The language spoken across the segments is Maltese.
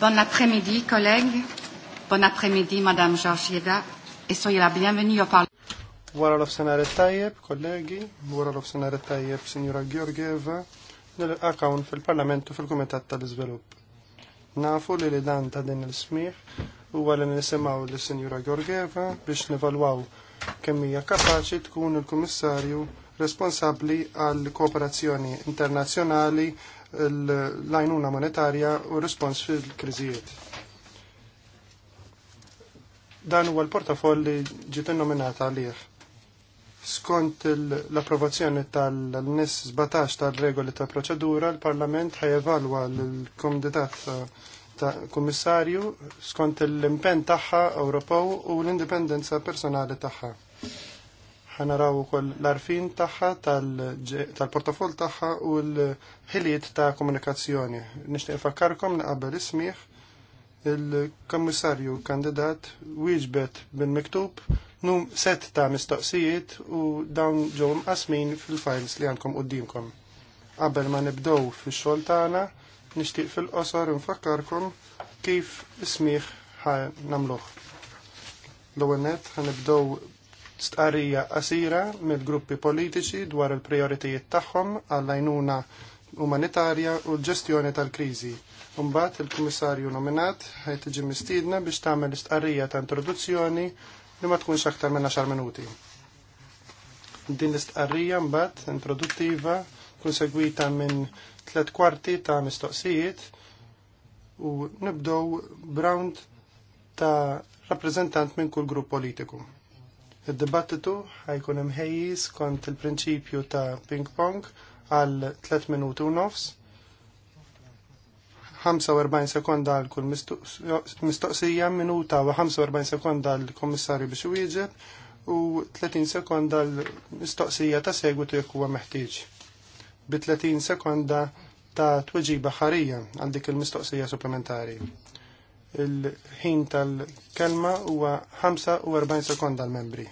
Bon après-midi, collègues. Bon après-midi, Madame Georgieva. Et soyez la bienvenue au Parlement. Wara l-ofsenar tajjeb, kollegi, wara l-ofsenar tajjeb, Signora Georgieva, nil-akawn fil-Parlamentu fil-Kumitat tal-Izvilupp. Nafu li li dan ta' din il-smiħ u għal nisimaw li Signora Georgieva biex nivalwaw kemmija kapaċi tkun il-Kummissarju responsabli għal kooperazzjoni internazzjonali l-lajnuna monetarja u rispons fil-kriżijiet. Dan huwa l-portafoll li ġiet innominata għalih. Skont l-approvazzjoni tal-NIS 17 tal-regoli ta' proċedura, l-Parlament ħajevalwa l-Komitat ta' Kummissarju skont l-impenn tagħha Ewropew u l-indipendenza personali tagħha ħanaraw ukoll l-arfin tagħha tal-portafol tagħha u l-ħiliet ta' komunikazzjoni. Nixtieq fakkarkom li qabel ismih il-kommissarju kandidat wieġbet bil-miktub num set ta' mistoqsijiet u dawn ġew mqasmin fil-files li għandkom qudiemkom. Qabel ma nibdew fix-xogħol tagħna, nixtieq fil-qosor nfakkarkom kif ismih ħa nagħmluh. L-ewwel nett ħanibdew stqarrija qasira mill-gruppi politiċi dwar il-prioritijiet tagħhom għall-għajnuna umanitarja u l-ġestjoni tal-kriżi. Mbagħad il-Kummissarju nominat ħajt tiġi mistiedna biex tagħmel istqarrija ta' introduzzjoni li ma tkunx aktar minn 10 minuti. Din l-istqarrija mbagħad introduttiva tkun segwita minn tliet kwarti ta' mistoqsijiet u nibdow brown ta' rappreżentant minn kull grupp politiku. Id-dibattitu ħajkun imħejjis kont il-prinċipju ta' ping-pong għal 3 minuti u nofs, 45 sekonda għal kull mistoqsija, minuta u 45 sekonda għal komissarju biex wieġeb u 30 sekonda għal mistoqsija ta' segwitu jekk huwa meħtieġ. Bi 30 sekonda ta' tweġiba ħarija għal dik il-mistoqsija supplementari il-ħin tal-kelma huwa 45 sekonda l-membri.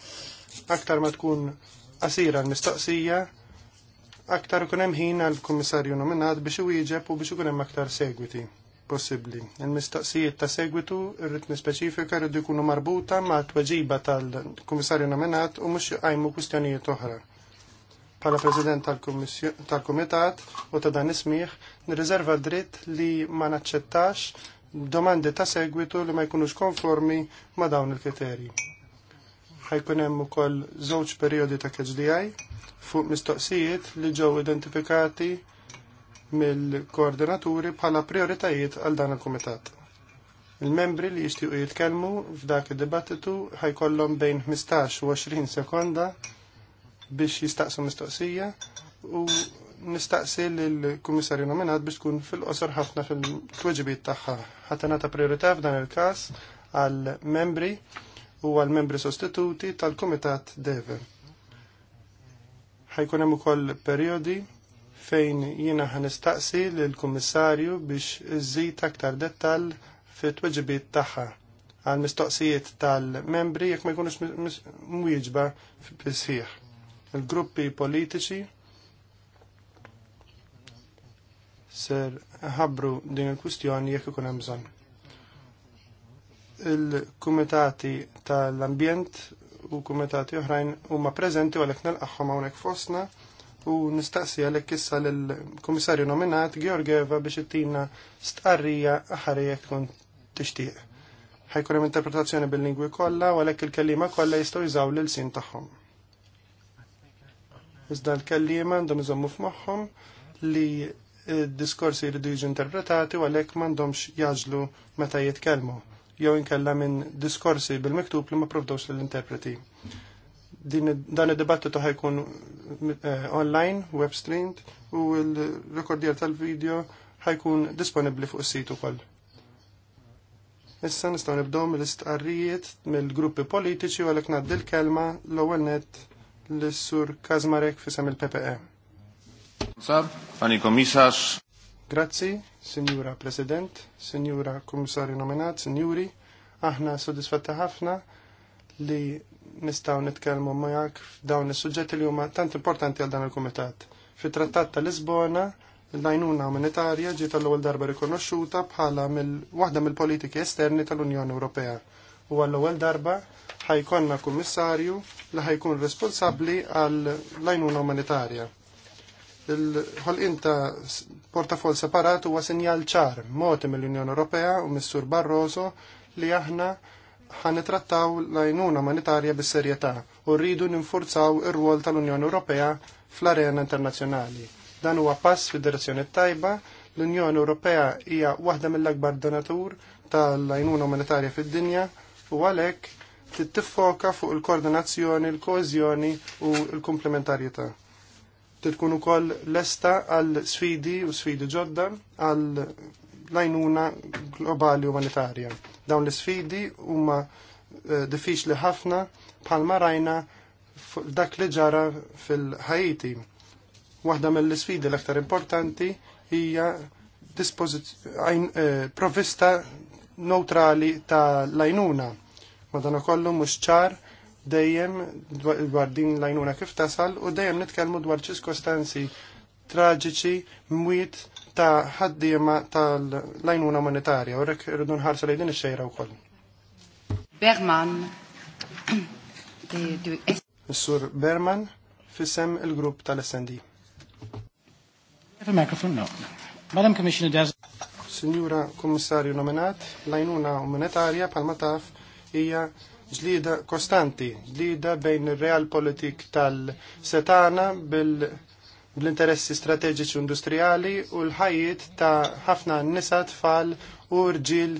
Aktar ma tkun asira l-mistoqsija, aktar ikun hemm ħin għall-kummissarju nominat biex iwieġeb u biex ikun hemm aktar segwiti possibbli. Il-mistoqsijiet ta' segwitu ir-ritmi speċifika rridu jkunu marbuta ma' tweġiba tal-kummissarju nominat u mhux jqajmu kwistjonijiet oħra. Pala President tal-Kumitat u ta' dan ismiħ, nirriserva dritt li ma naċċettax domandi ta' segwitu li ma jkunux konformi ma' dawn il-kriterji. Ħajkun hemm ukoll żewġ perjodi ta' KHDI fuq mistoqsijiet li ġew identifikati mill-koordinaturi bħala prioritajiet għal dan il-kumitat. Il-membri li jixtiequ jitkellmu f'dak id-dibattitu ħajkollhom bejn 15 u 20 sekonda biex jistaqsu mistoqsija u nistaqsi l-Kummissarju nominat biex tkun fil-qosor ħafna fil-tweġibiet tagħha. Ħadd ngħata priorità f'dan il-każ għall membri u għall membri sostituti tal-Kumitat Deve. Ħajkun hemm ukoll perjodi fejn jiena ħanistaqsi lill-Kummissarju biex iżżid aktar dettall fit-tweġibiet tagħha għal mistoqsijiet tal-membri jekk ma jkunux mwieġba bisħieħ. Il-gruppi politiċi ser ħabru din il-kustjoni jekk ikun hemm bżonn. Il-kumitati tal-ambjent u kumitati oħrajn huma preżenti u għalhekk nilqaħħom hawnhekk fostna u nistaqsi għalhekk issa lill-Kummissarju nominat Georgieva biex ittina stqarrija aħari jekk tkun tixtieq. Ħajkun hemm interpretazzjoni bil-lingwi kollha u għalhekk il-kelliema kollha jistgħu jżaw lil sin tagħhom. Iżda l-kelliema għandhom iżommu f'moħħom li diskorsi jridu jiġu interpretati u għalhekk m'għandhomx jaġlu meta jitkellmu jew inkella minn diskorsi bil-miktub li ma provdawx l-interpreti. Dan id-dibattitu jkun, eh, online, web streamed u l-rekordjer tal-video ħajkun disponibbli fuq is-sit ukoll. Issa nistgħu nibdew mill-istqarrijiet mill-gruppi politiċi u għalhekk ngħaddi l-kelma l-ewwel net lis sur Kazmarek fisem il-PPE. Pani komisarz. Grazzi, Signora President, Signora Komissarju nominat, Signori, aħna soddisfatti ħafna li nistaw nitkellmu majak f'dawn is-suġġetti li huma tant importanti għal dan il-Kumitat. Fit-Trattat ta' Lisbona, l-għajnuna umanitarja ġiet l-ewwel darba rikonoxxuta bħala mill waħda mill-politiki esterni tal-Unjoni Ewropea. U għall-ewwel darba ħajkonna kummissarju li ħajkun responsabbli għal l-għajnuna umanitarja il-ħolqin ta' portafol separat huwa sinjal ċar moti mill-Unjoni Ewropea u Missur Barroso li aħna ħanitrattaw l-għajnuna monetarja bis-serjetà u rridu ninfurzaw ir-rwol tal-Unjoni Ewropea fl-arena internazzjonali. Dan huwa pass fid-direzzjoni tajba l-Unjoni Ewropea hija waħda mill-akbar donatur tal-għajnuna monetarja fid-dinja u għalhekk tittifoka fuq il-koordinazzjoni, il-koeżjoni u l-komplementarjetà tkun ukoll lesta għal sfidi u sfidi ġodda għal lajnuna globali umanitarja. Dawn l-sfidi huma eh, diffiċli ħafna bħalma rajna dak li ġara fil-Ħajti. Waħda mill-sfidi l-aktar importanti hija eh, provvista neutrali ta' lajnuna. Madana kollu mhux ċar dejjem dwar din lajnuna kif tasal u dejjem nitkellmu dwar ċiskostanzi traġiċi mwiet ta' ħaddiema tal-lajnuna monetarja u rek rridu nħarsu lej din ix-xejra wkoll. Berman. Sur Berman fisem il-grupp tal-SND. Madam Commissioner Daz. Signora Kommissarju nominat, lajnuna monetarja palma taf hija ġlida kostanti, ġlida bejn il-real politik tal-setana bil-interessi strateġiċi industrijali u l-ħajiet ta' ħafna nisa tfal u rġil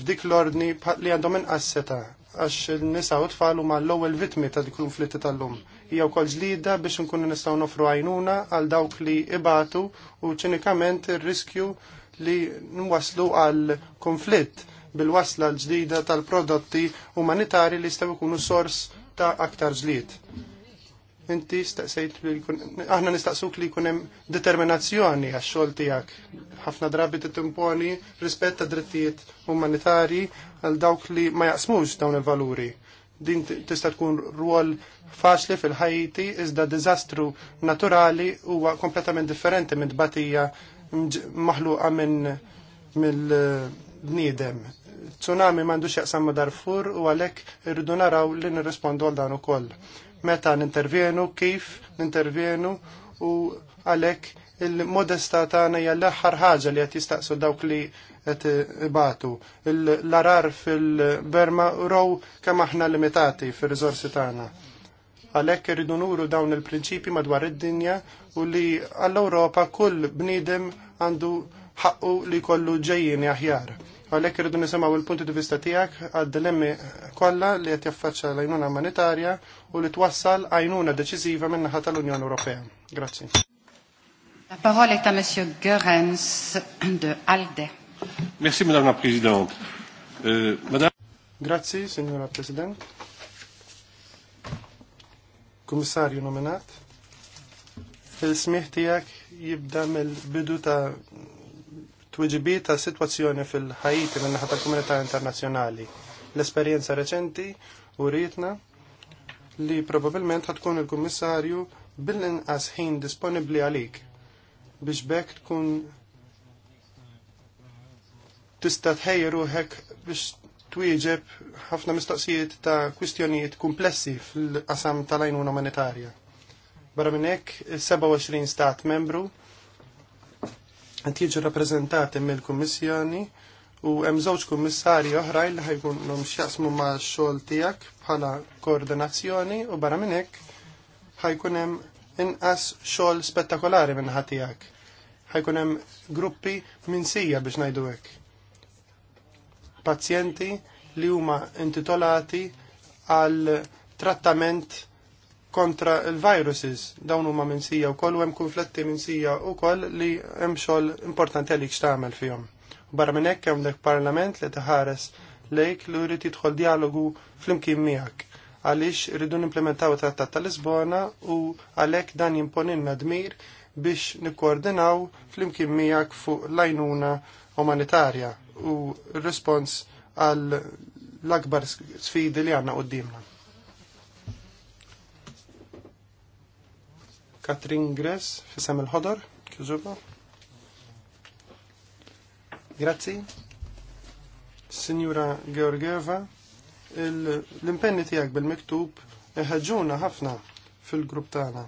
f'dik l-ordni li għandhom seta, għax nisa u tfal huma l-ewwel vittmi ta' dik konflitti tal-lum. Hija wkoll ġlida biex nkunu nistgħu nofru għajnuna għal dawk li ibatu u ċinikament ir-riskju li nwaslu għal konflitt bil-wasla l-ġdida tal-prodotti umanitari li jistgħu jkunu sors ta' aktar ġlied. Inti staqsejt li aħna nistaqsuk li jkun hemm determinazzjoni għax-xogħol tiegħek. Ħafna drabi titimponi rispett ta' drittijiet umanitari għal dawk li ma jaqsmux dawn il-valuri din tista' tkun rwol faċli fil-ħajti iżda diżastru naturali huwa kompletament differenti minn tbatija maħluqa minn mill bniedem. Tsunami mandu xieqsam Darfur u għalek irridu naraw li nirrispondu għal dan ukoll. Meta nintervjenu, kif nintervjenu u għalek il-modesta tagħna hija l-aħħar ħaġa li qed jistaqsu dawk li qed ibatu. L-arar fil-Berma row kemm aħna limitati fir-riżorsi tagħna għalhekk irridu nuru dawn il-prinċipi madwar id-dinja u li għall-Ewropa kull bniedem għandu ħakku li kollu ġejjin aħjar. Għalek irridu nisimaw il-punti di vista tiegħek għad-dilemmi kollha li qed jaffaċċa l ajnuna monetarja u li twassal għajnuna deċiziva min naħa tal-Unjoni Ewropea. Grazzi. La parola est à monsieur Goerens de ALDE. Merci madame la présidente. Euh, madame Grazzi, signora President. Kummissarju nominat. Il-smieħ tijak jibda mill-bidu ta' tweġibi ta' situazzjoni fil-ħajti minn naħa tal-komunità internazzjonali. L-esperjenza reċenti u rritna li probabilment ħatkun il-kummissarju bil-inqas ħin disponibli għalik biex bekk tkun tista' tħejru ruħek biex twieġeb ħafna mistoqsijiet ta' kwistjonijiet komplessi fil-qasam tal-għajnuna umanitarja. Barra minn hekk, 27 stat membru tiġi jiġu rappreżentati mill-Kummissjoni u hemm żewġ kummissarji oħrajn li ħajkunhom x'jaqsmu max-xogħol tiegħek bħala koordinazzjoni u barra minn hekk ħajkun hemm inqas xogħol spettakolari minn ħadd tiegħek. Ħajkun hemm gruppi minsija biex ngħidu hekk. Pazjenti li huma intitolati għal trattament kontra il-viruses. Dawn huma minsija wkoll u hemm kunfletti minsija wkoll li hemm xogħol importanti għalik x'tagħmel fihom. Barra minn hekk hemm parlament li taħares lejk li jrid jidħol dialogu flimkien miegħek għaliex irridu nimplementaw it-Trattat tal-Lisbona u għalhekk dan jimponinna dmir biex nikkoordinaw flimkien miegħek fuq l-għajnuna umanitarja u r-respons għall l-akbar sfidi li għandna qudiemna. Katrin Gress, fissam il-ħodor, kjużuba. Grazzi. Signora Georgieva, l-impenni tijak bil-miktub ħagġuna ħafna fil-grupp tagħna.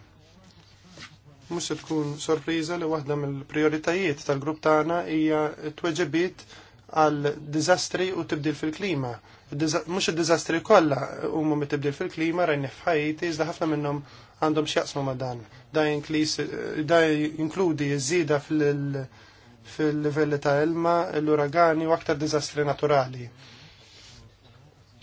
Musi tkun sorpriza li waħda mill-prioritajiet tal-grupp tagħna hija t-tweġibiet għal diżastri u tibdil fil-klima. Mhux id-diżastri kollha huma tibdil fil-klima rajni f'ħajti iżda ħafna minnhom għandhom x'jaqsmu ma' dan. Da jinkludi żieda fil-livelli ta' ilma, l-uragani u aktar diżastri naturali.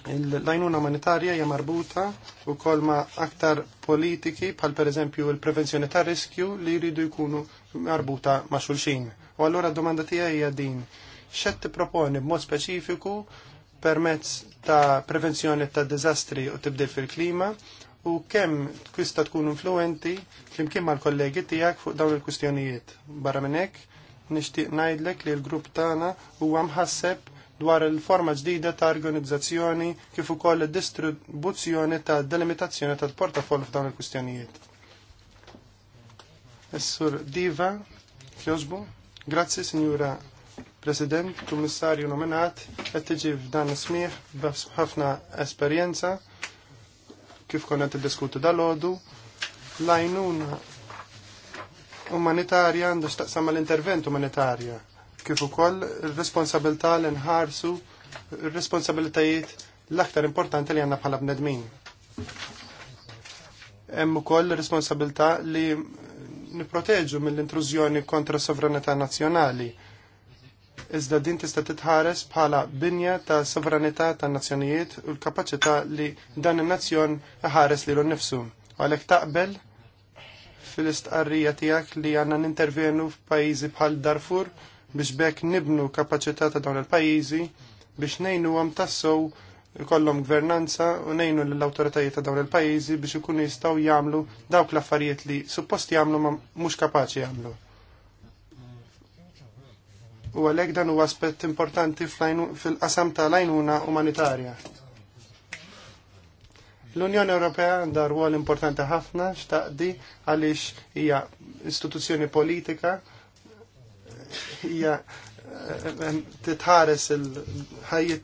L-lajnuna umanitarja hija marbuta wkoll ma' aktar politiki bħal pereżempju l-prevenzjoni ta' riskju li jridu jkunu marbuta ma' xulxin. U allura d-domanda tiegħi hija din. X'qed tipproponi b'mod speċifiku permezz ta' prevenzjoni ta' dizastri u tibdil fil-klima u kemm tista' tkun influenti flimkien mal-kollegi tiegħek fuq dawn il-kwistjonijiet. Barra minn hekk nixtieq ngħidlek li l-grupp tagħna huwa għamħasseb dwar il-forma ġdida ta' organizzazzjoni kif ukoll id-distribuzzjoni ta' delimitazzjoni tal-portafoll f'dawn il-kwistjonijiet. Essur sur Diva Fjosbu, grazzi Signora President, Kummissarju nominat, qed tiġi f'dan is-smieħ b'ħafna esperjenza kif konna t-diskutu dal-ħodu, lajnuna umanitarja għandu xtaqsam l-intervent umanitarja, kif ukoll il-responsabilità l-inħarsu, il responsabiltajiet l-aktar importanti li għanna bħala bnedmin. Hemm ukoll responsabilità li niproteġu mill-intrużjoni kontra s sovranità nazzjonali iżda din tista' titħares bħala binja ta' sovranità tan nazzjonijiet u l-kapaċità li dan in-nazzjon iħares lilu nnifsu. U għalhekk taqbel fil-istqarrija tiegħek li għandna nintervenu f'pajjiżi bħal Darfur biex bekk nibnu kapaċità ta' dawn il-pajjiżi biex ngħinuhom tassew kollom gvernanza u nejnu l-autoritajiet ta' dawn il-pajjiżi biex ikunu jistgħu jagħmlu dawk l-affarijiet li suppost jagħmlu ma mhux kapaċi jagħmlu u għalhekk dan huwa aspett importanti fil-qasam tal-għajnuna umanitarja. L-Unjoni Ewropea għandha rwol importanti ħafna x'taqdi għaliex hija istituzzjoni politika hija eh, titħares il-ħajjiet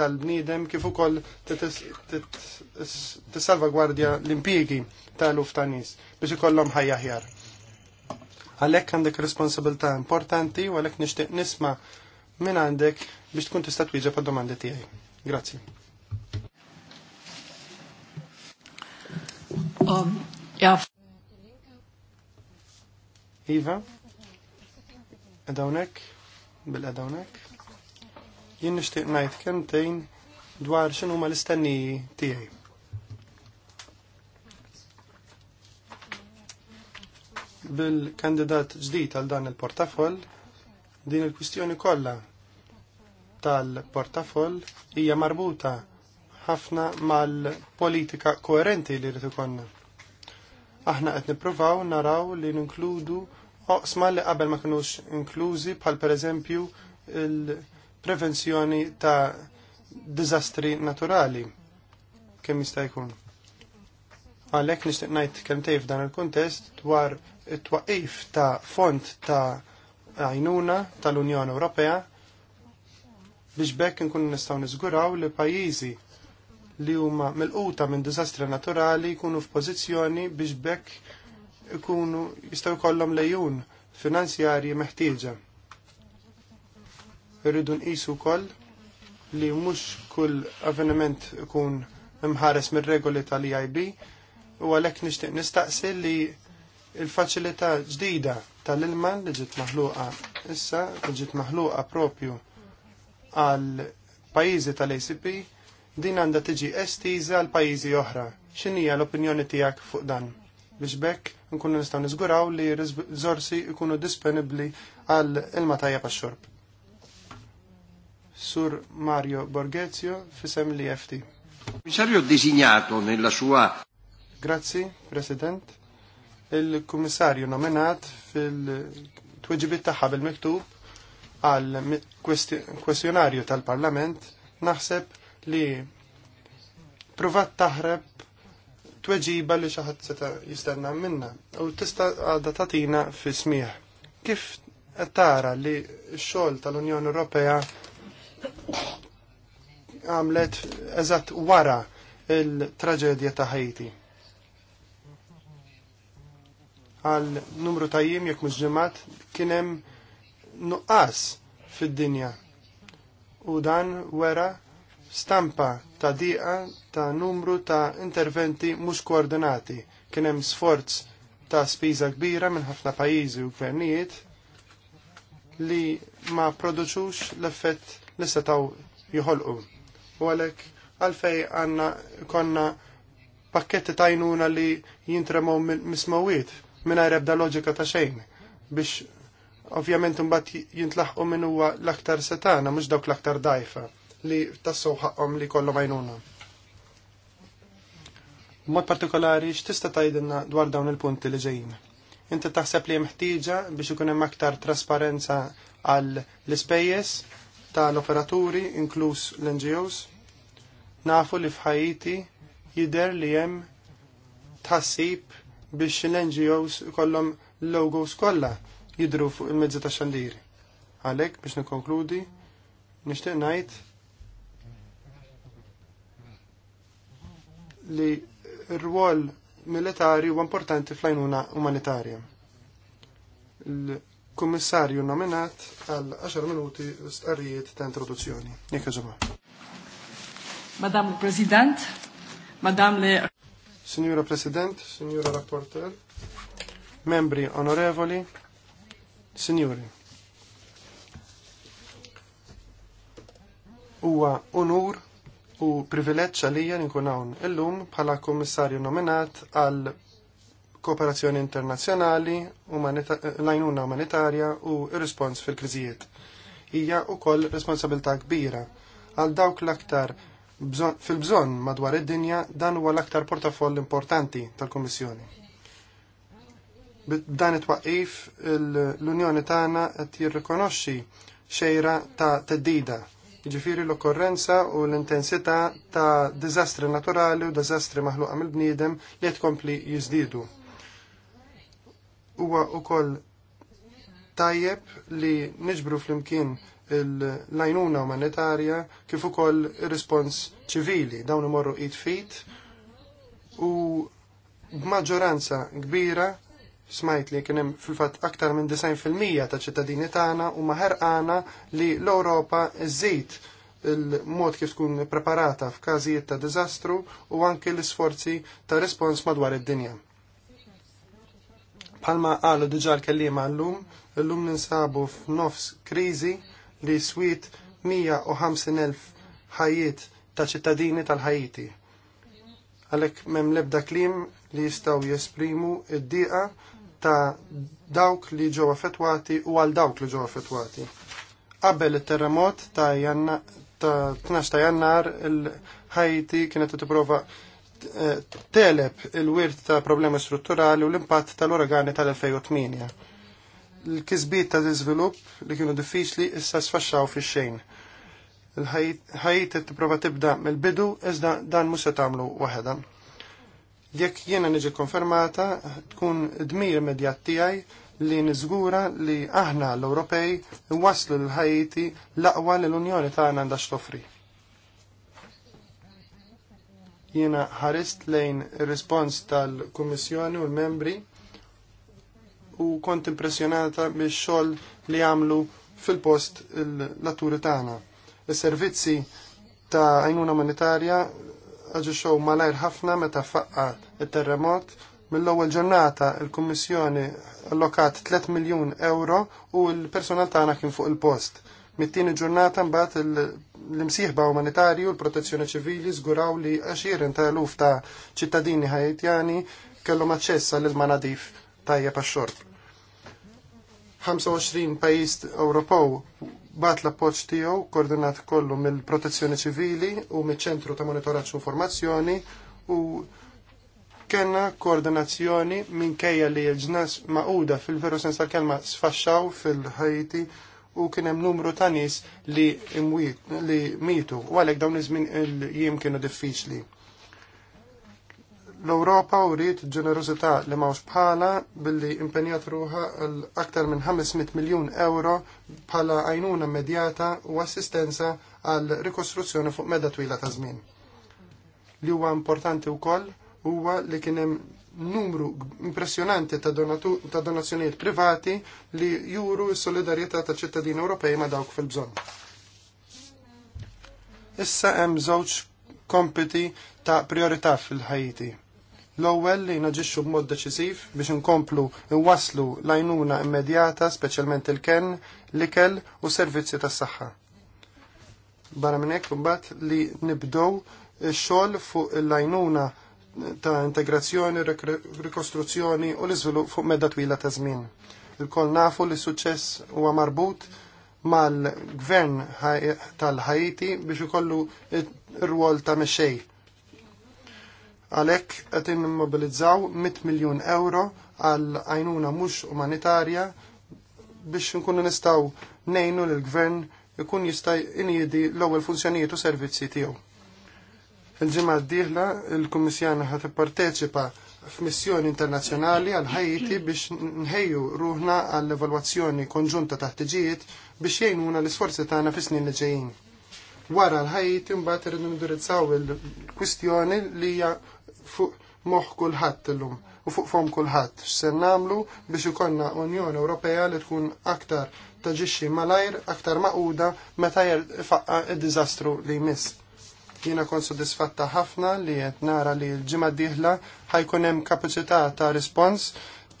tal-bniedem kif ukoll tissalvagwardja l-impjiegi tal-uf ta' nies biex ikollhom ħajja ħjar għalek għandek responsabilità importanti u għalhekk nixtieq nisma' minn għandek biex tkun tista' twieġeb pa' domandi tiegħi. Grazzi. Um, yeah. Iva, edawnek, bil-edawnek, jien nishtiq najt kentejn dwar xinu ma l istenni tijaj. bil-kandidat ġdid għal dan il-portafoll din il-kwistjoni kollha tal-portafoll hija marbuta ħafna mal-politika koerenti li rritu konna. Aħna qed nippruvaw naraw li ninkludu oqsma li qabel ma kinux inklużi bħal pereżempju il-prevenzjoni ta' dizastri naturali kemm jista' jkun. Għalhekk nixtieq ngħid kemm f'dan il-kuntest dwar it-twaqif ta' font ta' għajnuna tal-Unjoni Ewropea biex bekk nkun nistgħu niżguraw li pajjiżi li huma mill-quta minn diżastri naturali jkunu f'pożizzjoni biex bekk ikunu jistgħu jkollhom lejun finanzjarji meħtieġa. Irridu nqisu wkoll li mhux kull avveniment ikun imħares mir-regoli tal-EIB u għalhekk nixtieq nistaqsi li il-faċilità ġdida tal-ilma li ġiet maħluqa issa li ġiet maħluqa propju għal pajjiżi tal-ACP din għandha tiġi estiża għal pajjiżi oħra. ċinija l-opinjoni tiegħek fuq dan? Biex bekk nkunu nistgħu niżguraw li r-rizorsi ikunu disponibbli għal ilma tajja pax-xorb. Sur Mario Borghezio fisem li FT. Commissario designato nella sua Grazzi, President. Il-Kummissarju nominat fil-tweġibit tagħha bil-miktub għal kwestjonarju tal-Parlament naħseb li provat taħreb tweġiba li xi ħadd seta' jistenna minna u tista' għadda tatina fi smieħ. Kif qed tara li x-xogħol tal-Unjoni Ewropea għamlet eżatt wara il-traġedja ta' Haiti? għal numru ta' jekk mhux ġimgħat kien hemm nuqqas fid-dinja. U dan wera stampa ta' diqa ta' numru ta' interventi mhux koordinati. Kien hemm sforz ta' spiża kbira minn ħafna pajjiżi u gvernijiet li ma produċux l-effett li setaw jħolqu. U għalhekk għalfej għandna konna pakketti tajnuna li jintremaw mismawiet minna rebda loġika ta' xejn biex ovvjament mbagħad jintlaħqu minn huwa l-aktar setana mhux dawk l-aktar dajfa li tassew ħaqhom li kollu majnuna. Mod partikolari x'tista' tgħidilna dwar dawn il-punti li ġejjin. Inti taħseb li hemm ħtieġa biex ikun hemm aktar trasparenza għal l-ispejjeż tal-operaturi, inkluż l-NGOs, nafu li fħajiti jider li jem tħassib biex l-NGOs kollhom logos kolla jidru fuq il-mezzi ta' xandir. Għalhekk biex nikkonkludi nishtiq ngħid li r-rwol militari huwa importanti fl-għajnuna umanitarja. Il-kummissarju nominat għal 10 minuti stqarrijiet ta' introduzzjoni. Jekk Madam President, Madam le Signora President, Signora Rapporteur, membri onorevoli, signori. Huwa unur u privileġġ għalija nkun hawn illum bħala Kommissarju nominat għal kooperazzjoni internazzjonali, l-għajnuna umanitarja u rispons fil-kriżijiet. Hija wkoll responsabilità kbira għal dawk l-aktar Fil-bżonn madwar id-dinja dan huwa l-aktar portafoll importanti tal-Kummissjoni. B'dan it-twaqif l-Unjoni tagħna qed jirrikonoxxi xejra ta' teddida ġifiri l-okkorrenza u l-intensità ta' diżastri naturali u diżastri maħluqa mill-bniedem li tkompli jiżdiedu. Huwa ukoll tajjeb li niġbru flimkien l-lajnuna umanitarja kif ukoll ir-rispons ċivili dawn imorru id fit u b'maġġoranza kbira smajt li kienem fil-fat aktar minn 90% ta' ċittadini tagħna u ħerqana li l-Ewropa żżid il-mod kif tkun preparata f'każijiet ta' diżastru u anke l-isforzi ta' respons madwar id-dinja. Palma qalu diġà l-kelliem llum, illum ninsabu f'nofs kriżi li swit 150.000 ħajiet ta' ċittadini tal-Ħajiti. Għalhekk m'hemm l-ebda klim li jistgħu jesprimu id diqa ta' dawk li ġew affettwati u għal dawk li ġew affettwati. Qabel it-terremot ta' janna ta' 12 ta' jannar il-Ħajti kienet tipprova eh, teleb il-wirt ta' problemi strutturali u l-impatt tal-uragani tal-2008 l-kisbiet ta' dizvilup li kienu diffiċli issa sfaxxaw fi xejn. Il-ħajt tipprova tibda mill-bidu iżda dan mhux se tagħmlu waħedha. Jekk jiena niġi konfermata, tkun dmir immedjat tiegħi li niżgura li aħna l-Ewropej waslu l-ħajti l-aqwa li l-Unjoni tagħna għandha x'toffri. Jiena ħarist lejn ir-rispons tal-Kummissjoni u l-membri u kont impressjonata biex xogħol li għamlu fil-post l-atturi tagħna. Is-servizzi ta' għajnuna għagġu aġixxew malajr ħafna meta faqqa il terremot Mill-ewwel ġurnata il-Kummissjoni allokat 3 miljun euro u l-personal tagħna kien fuq il-post. Mit-tieni ġurnata mbagħad l-imsieħba umanitarju l-protezzjoni ċivili żguraw li għaxieren ta' eluf ta' ċittadini ħajtjani kellhom aċċess għall manadif tajjeb għax-xorb. 25 pajjiż Ewropew bat l-appoġġ tiegħu koordinat kollu mill-Protezzjoni Ċivili u miċ-Ċentru ta' Monitoraġġ u Informazzjoni u kena koordinazzjoni minkejja li l-ġnas maquda fil-veru sens tal-kelma sfaxxaw fil-Ħajti u kien hemm numru ta' nies li, li mitu u għalhekk dawn iż-żmien jiem kienu diffiċli. L-Europa uriet ġenerozità li mawx bħala billi impenjat ruħa l-aktar minn 500 miljon euro bħala għajnuna medjata u assistenza għal rikostruzzjoni fuq medda twila ta' żmien. Li huwa importanti wkoll huwa li kien hemm numru impressjonanti ta', ta donazzjonijiet privati li juru s-solidarjetà ta' ċittadini Ewropej ma' dawk fil-bżonn. Issa hemm żewġ kompiti ta' priorità fil-ħajti L-ewwel li naġixxu b'mod deċiżiv biex inkomplu nwasslu l-għajnuna immedjata speċjalment il-ken, l-ikel u servizzi tas-saħħa. Barra minn hekk imbagħad li nibdew ix-xogħol fuq l-għajnuna ta' integrazzjoni, rikostruzzjoni u l-iżvilupp fuq medda twila ta' żmien. Il-kol nafu li suċċess huwa marbut mal-gvern tal-Ħajti biex ikollu r-rwol ta' mexxej Għalhekk qed immobilizzaw 100 miljun euro għal għajnuna mhux umanitarja biex nkunu nistgħu nejnu l gvern ikun jista' injidi l-ewwel funzjonijiet u servizzi tiegħu. Il-ġimgħa d-dieħla il-Kummissjana ħadd ipparteċipa f'missjoni internazzjonali għal Ħajti biex nħejju ruħna għall evalwazzjoni konġunta ta' ħtiġijiet biex jgħinuna l-isforzi tagħna fis-snin li ġejjin. Wara l-Ħajti mbagħad irridu nindirizzaw il-kwistjoni li hija fuq moħ kulħadd illum u fuq fom kulħadd se nagħmlu biex ikollna Unjoni Ewropea li tkun aktar taġixxi malajr aktar maquda meta faqqa id-diżastru li jmiss. Jiena kon sodisfatta ħafna li qed nara li l-ġimgħa d-dieħla ħajkun hemm kapaċità ta' respons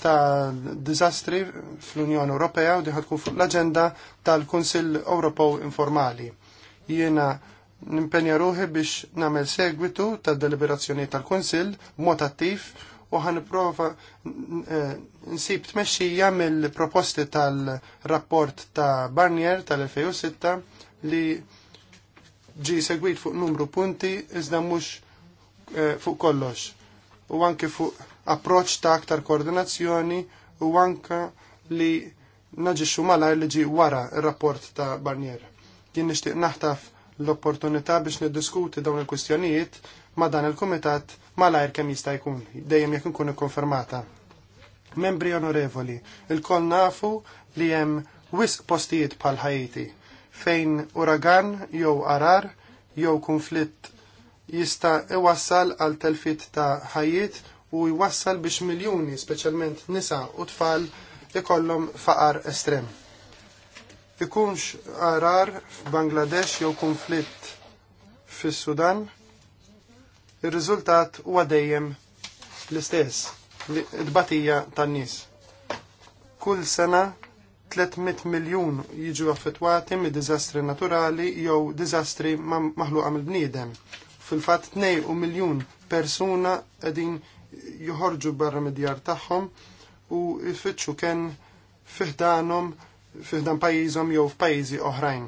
ta' diżastri fl-Unjoni Ewropea u diħad tkun fuq l-aġenda tal-Kunsill Ewropew informali. Jiena nimpenja ruħi biex namel segwitu tad deliberazzjoni tal-Konsil mod attiv u ħan prova eh, nsib tmexxija mill-proposti tal-rapport ta' Barnier tal-2006 li ġi segwit fuq numru punti iżda mhux eh, fuq kollox u anke fuq approċ ta' aktar koordinazzjoni u anke li naġixxu malajr li ġi wara ir-rapport ta' Barnier. Jien nixtieq naħtaf l-opportunità biex niddiskuti dawn il-kwistjonijiet ma' dan il-Kumitat malajr kemm jista' jkun, dejjem jekk nkun ikkonfermata. Membri onorevoli, il-kol nafu li hemm wisq postijiet bħal Ħajti fejn uragan jew arar jew konflitt jista' iwassal għal telfit ta' ħajjiet u jwassal biex miljuni, speċjalment nisa u tfal, ikollhom faqar estrem ikunx arar f'Bangladesh jew konflitt fis-Sudan, ir-riżultat huwa dejjem l-istess, id-batija tan-nies. Kull sena 300 miljun jiġu affettwati mid diżastri naturali jew diżastri maħluqa mill-bniedem. Fil-fatt 2 miljun persuna qegħdin joħorġu barra mid-djar tagħhom u jfittxu kien fiħdanhom fiħdan pajjiżhom jew f'pajjiżi oħrajn.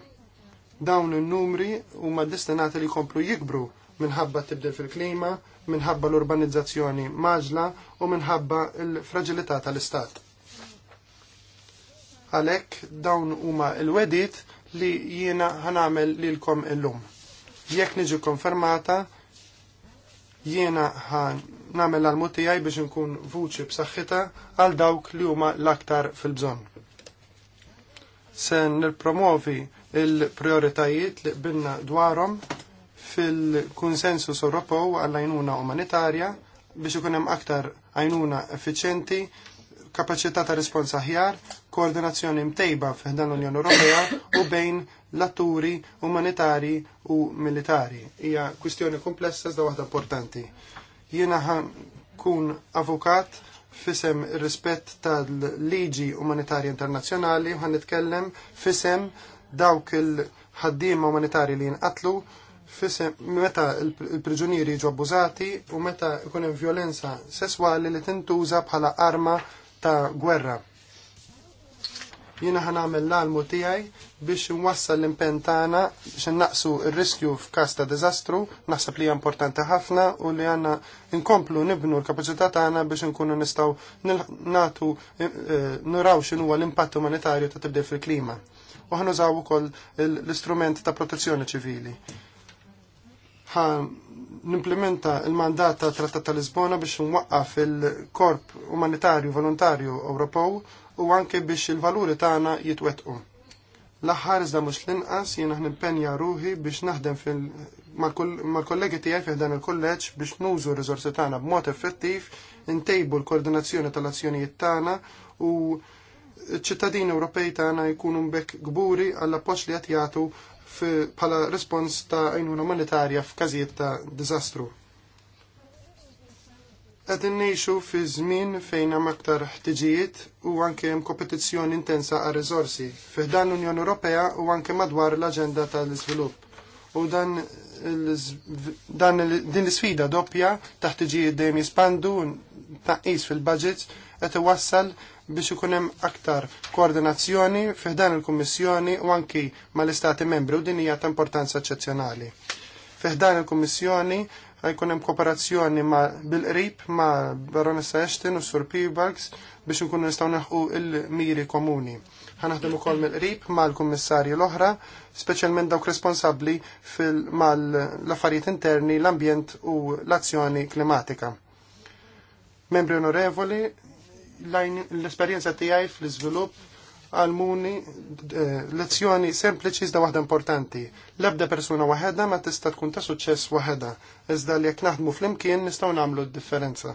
Dawn in-numri huma destinati li jkomplu jikbru minħabba tibdil fil-klima, minħabba l-urbanizzazzjoni maġla u minħabba l-fragilità tal-istat. Għalek dawn huma l-wedit li jiena ħanamel lilkom illum. Jekk niġi konfermata, jiena ħanamel għal-mutijaj biex nkun vuċi b'saħħita għal dawk li huma l-aktar fil-bżonn se nirpromovi il-prioritajiet li binna dwarhom fil-konsensus Ewropew għall-għajnuna umanitarja biex ikun hemm aktar għajnuna effiċenti, kapaċità ta' rispons aħjar, koordinazzjoni mtejba f'dan l-Unjoni Ewropea u bejn l-atturi umanitari u militari. Hija kwistjoni komplessa iżda waħda importanti. Jiena kun avukat fisem rispett tal-liġi umanitarji internazzjonali u ħanitkellem fisem dawk il-ħaddim umanitarji li jinqatlu fisem meta il-priġunieri jiġu abbużati u meta ikun hemm violenza sesswali li tintuża bħala arma ta' gwerra Jiena ħan għamil l-almu tijaj biex nwassal l-impentana biex naqsu il-riskju f'kas ta' dizastru, naħseb li importanti ħafna u li għanna nkomplu nibnu l-kapacità tagħna biex nkunu nistgħu natu eh, eh, nuraw xinu l-impatt umanitarju ta' tibdil fil-klima. U ħan użaw ukoll l-istrument ta' protezzjoni ċivili. Ħan nimplementa il-mandat ta' Trattat ta' Lisbona biex nwaqqaf il-Korp Umanitarju Volontarju Ewropew u anke biex il-valuri tagħna jitwettqu. L-aħħar iżda mhux l-inqas jien aħna impenja ruħi biex naħdem fil mal-kollegi tiegħi fih dan il-kulleġġ biex nużu r-riżorsi tagħna b'mod effettiv, intejbu l-koordinazzjoni tal-azzjonijiet tagħna u ċittadini Ewropej tagħna jkunu mbekk gburi għall appoġġ li qed jagħtu bħala respons ta' għajnuna monetarja f'każijiet ta' diżastru. Għadin ngħixu fi żmien fejn hemm aktar ħtiġijiet u anke hemm kompetizzjoni intensa għar riżorsi fiħdan l-Unjoni Ewropea u anke madwar l-aġenda tal-iżvilupp. U dan dan din l-sfida doppja ta' ħtiġijiet dejjem jispandu tnaqqis fil-budgets qed iwassal biex ikun hemm aktar koordinazzjoni fiħdan il-Kummissjoni u anke mal-Istati membri u din hija ta' importanza eċċezzjonali. Fiħdan il-Kummissjoni ħajkun hemm kooperazzjoni ma' bil-qrib ma' Baronessa Ashton u Sur Peebles biex nkunu nistgħu naħqu il-miri komuni. Ħanaħdem ukoll mill-qrib mal-kummissarji l-oħra, speċjalment dawk responsabbli mal-affarijiet interni, l-ambjent u l-azzjoni klimatika. Membri onorevoli, l-esperjenza tiegħi fl-iżvilupp għalmuni eh, lezzjoni sempliċi iżda waħda importanti. L-ebda persuna waħedha ma tista' tkun ta' suċċess waħedha, iżda li jekk naħdmu flimkien nistgħu nagħmlu d-differenza.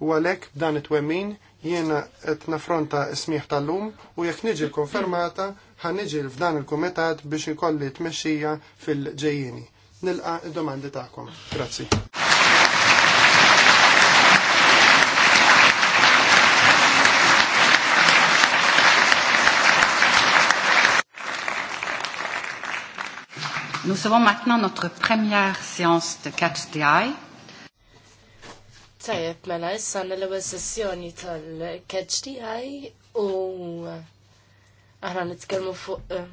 U għalhekk b'dan it-twemmin jiena qed nafronta smieħ tal-lum u jekk niġi konfermata ħan niġi f'dan il-kumitat biex ikolli tmexxija fil-ġejjieni. Nilqa' id-domandi tagħkom. Grazzi. Nous avons maintenant notre première séance de Catch the Eye. mela, issa l ewwel sessjoni tal-Catch the Eye u eh, aħna nitkellmu fuq eh,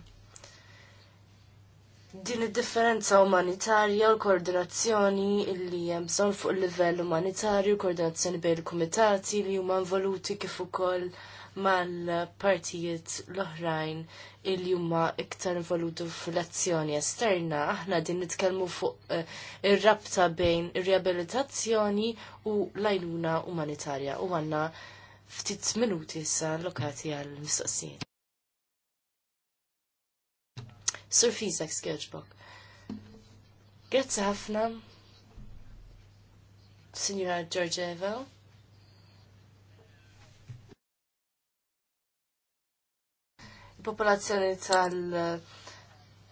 din id-differenza umanitarja u l-koordinazzjoni li hemm bżonn fuq il-livell umanitarju, koordinazzjoni bejn il-kumitati li huma involuti kif ukoll mal-partijiet l-oħrajn il huma iktar involuti fl-azzjoni esterna. Aħna din nitkellmu fuq eh, ir-rabta bejn ir-riabilitazzjoni u l-għajnuna umanitarja u għanna ftit minuti issa lokati għal-mistoqsijiet. Sur Fizak Sketchbook. Grazzi ħafna, Signora Georgieva. popolazzjoni tal-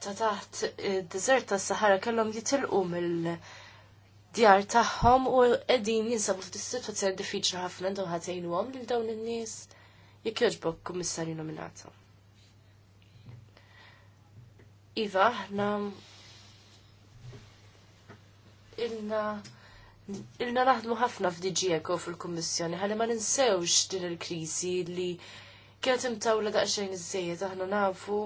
ta' taħt id-deżert tas sahara kellhom jitilqu mill-djar tagħhom u qegħdin jinsabu f'sitwazzjoni diffiċli ħafna dawn ħatejnuhom lil dawn in-nies jekk jogħġbok kummissarju nominata. Iva, aħna ilna ilna naħdmu ħafna f'DG Eco fil-Kummissjoni ħalli ma ninsewx din il-kriżi li kienet imtawla daqsxejn iż aħna nafu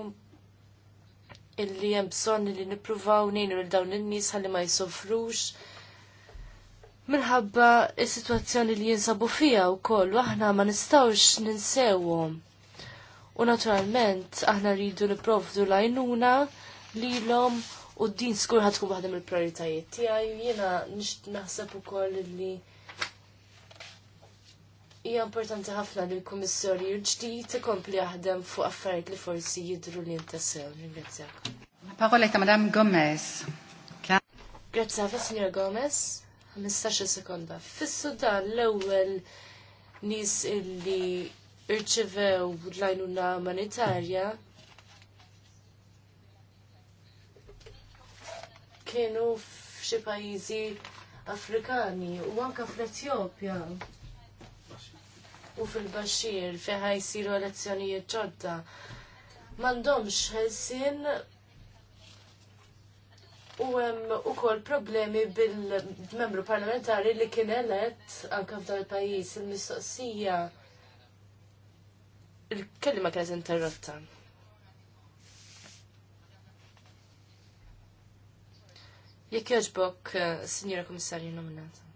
illi hemm bżonn li nippruvaw ngħinu lil dawn in-nies ħalli ma jsofrux minħabba is-sitwazzjoni li jinsabu fija wkoll aħna ma nistgħux ninsewhom. U naturalment aħna rridu nipprovdu lajnuna lilhom u din skur tkun waħda mill-prijoritajiet tiegħi jiena naħseb ukoll li hija importanti ħafna li l-Kummissarju l-ġdid ikompli jaħdem fuq affarijiet li forsi jidru li ntasew. Ringrazzjak. Parola ta' Madam Gomez. Grazzi ħafna Signora Gomez. 15 sekonda. Fis-Sudan l-ewwel nies illi irċivew l-għajnuna umanitarja kienu f'xi pajjiżi Afrikani u anke fl-Etjopja u fil-Bashir fi ħajsiru elezzjonijiet ġodda. Mandomx ħelsin u hemm ukoll problemi bil-membru parlamentari li kien elett anke f'dan il-pajjiż il-mistoqsija il-kelma kienet interrotta. Jekk jogħġbok, eh, Sinjora Kummissarju nominata.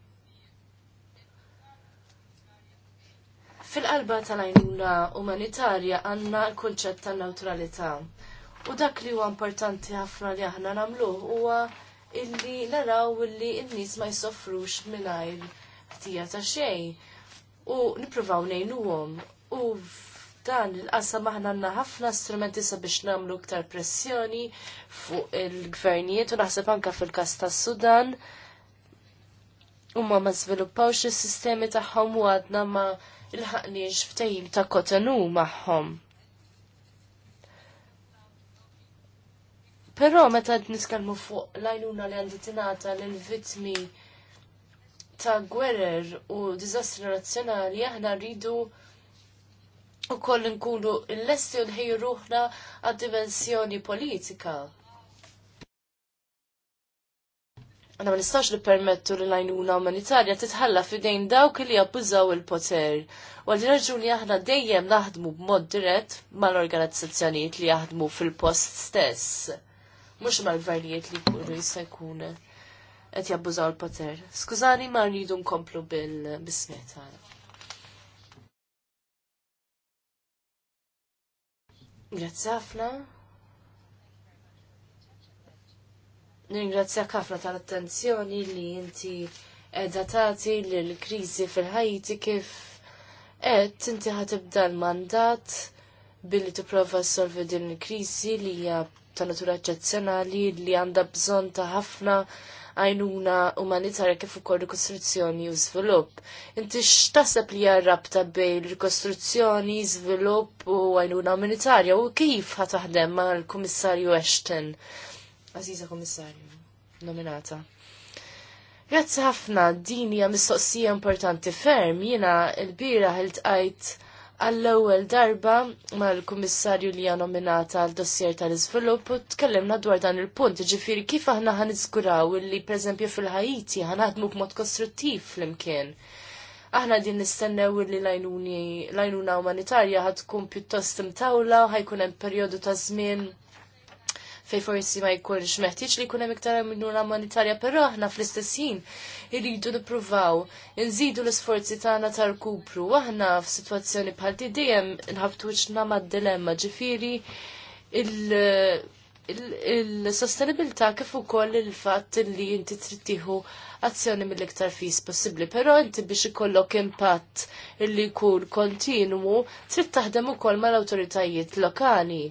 Fil-qalba tal-għajnuna umanitarja għanna l-konċett ta' neutralità U dak li huwa importanti ħafna li aħna nagħmluh huwa illi naraw illi n-nies ma jsofrux mingħajr ħtija ta' xejn. U nippruvaw ngħinuhom u dan il-qasam aħna għandna ħafna strumenti sabiex nagħmlu iktar pressjoni fuq il-gvernijiet u naħseb anke fil-każ tas-Sudan. Huma ma żviluppawx is-sistemi tagħhom u għadna ma' il ħakni f'tejjim ta' kotenu magħhom. Però meta niskalmu fuq lajnuna li għandi tingħata lil vittmi ta' gwerer u diżastri nazzjonali aħna rridu u koll nkunu l-lesti l-ħiju ruħna għad dimensjoni politika għanna ma nistax li permettu li l-għajnuna umanitarja titħalla fidejn dawk li jabbużaw il-poter. U għal raġuni aħna dejjem naħdmu b'mod dirett mal-organizzazzjonijiet li jaħdmu fil-post stess. Mux mal-gvernijiet li jkunu jista' jkun qed jabbużaw il-poter. Skużani ma rridu nkomplu bil-bismeta. Grazzi ħafna. ningrazzja ħafna tal-attenzjoni li inti edha tagħti lill-kriżi fil-ħajti kif qed inti ħatibda l-mandat billi tipprova solvi din il-kriżi li hija ta' natura eċċezzjonali li għandha bżonn ta' ħafna għajnuna umanitarja kif ukoll rikostruzzjoni u żvilupp. Inti x'taħseb li hija rabta bejn rikostruzzjoni, żvilupp u għajnuna umanitarja u kif ħataħdem mal-Kummissarju Ashton Aziza Komissarju, nominata. Grazzi ħafna, din hija mistoqsija importanti ferm. Jiena l-bira iltqajt għall-ewwel darba mal-kummissarju li hija nominata għal dossier tal-iżvilupp u tkellimna dwar dan il-punt, ġifieri kif aħna ħaniżguraw illi pereżempju fil-Ħajiti ħanaħdmu b'mod kostruttiv flimkien aħna din nistennew li l-għajnuna umanitarja ħad tkun pjuttost imtawla u ħajkun hemm perjodu ta' żmien fej forsi ma jkunx meħtieġ li jkun hemm iktar minnuna monetarja, però aħna fl-istess ħin irridu nippruvaw inżidu l-isforzi tagħna tal-kupru. Aħna f'sitwazzjoni bħal di dejjem nħabtu wiċċna mad-dilemma ġifieri il- il-sostenibilità il kif ukoll il-fatt li inti trid tieħu azzjoni mill-iktar fis possibbli, però inti biex ikollok impatt li jkun kontinwu trid taħdem ukoll mal-awtoritajiet lokali.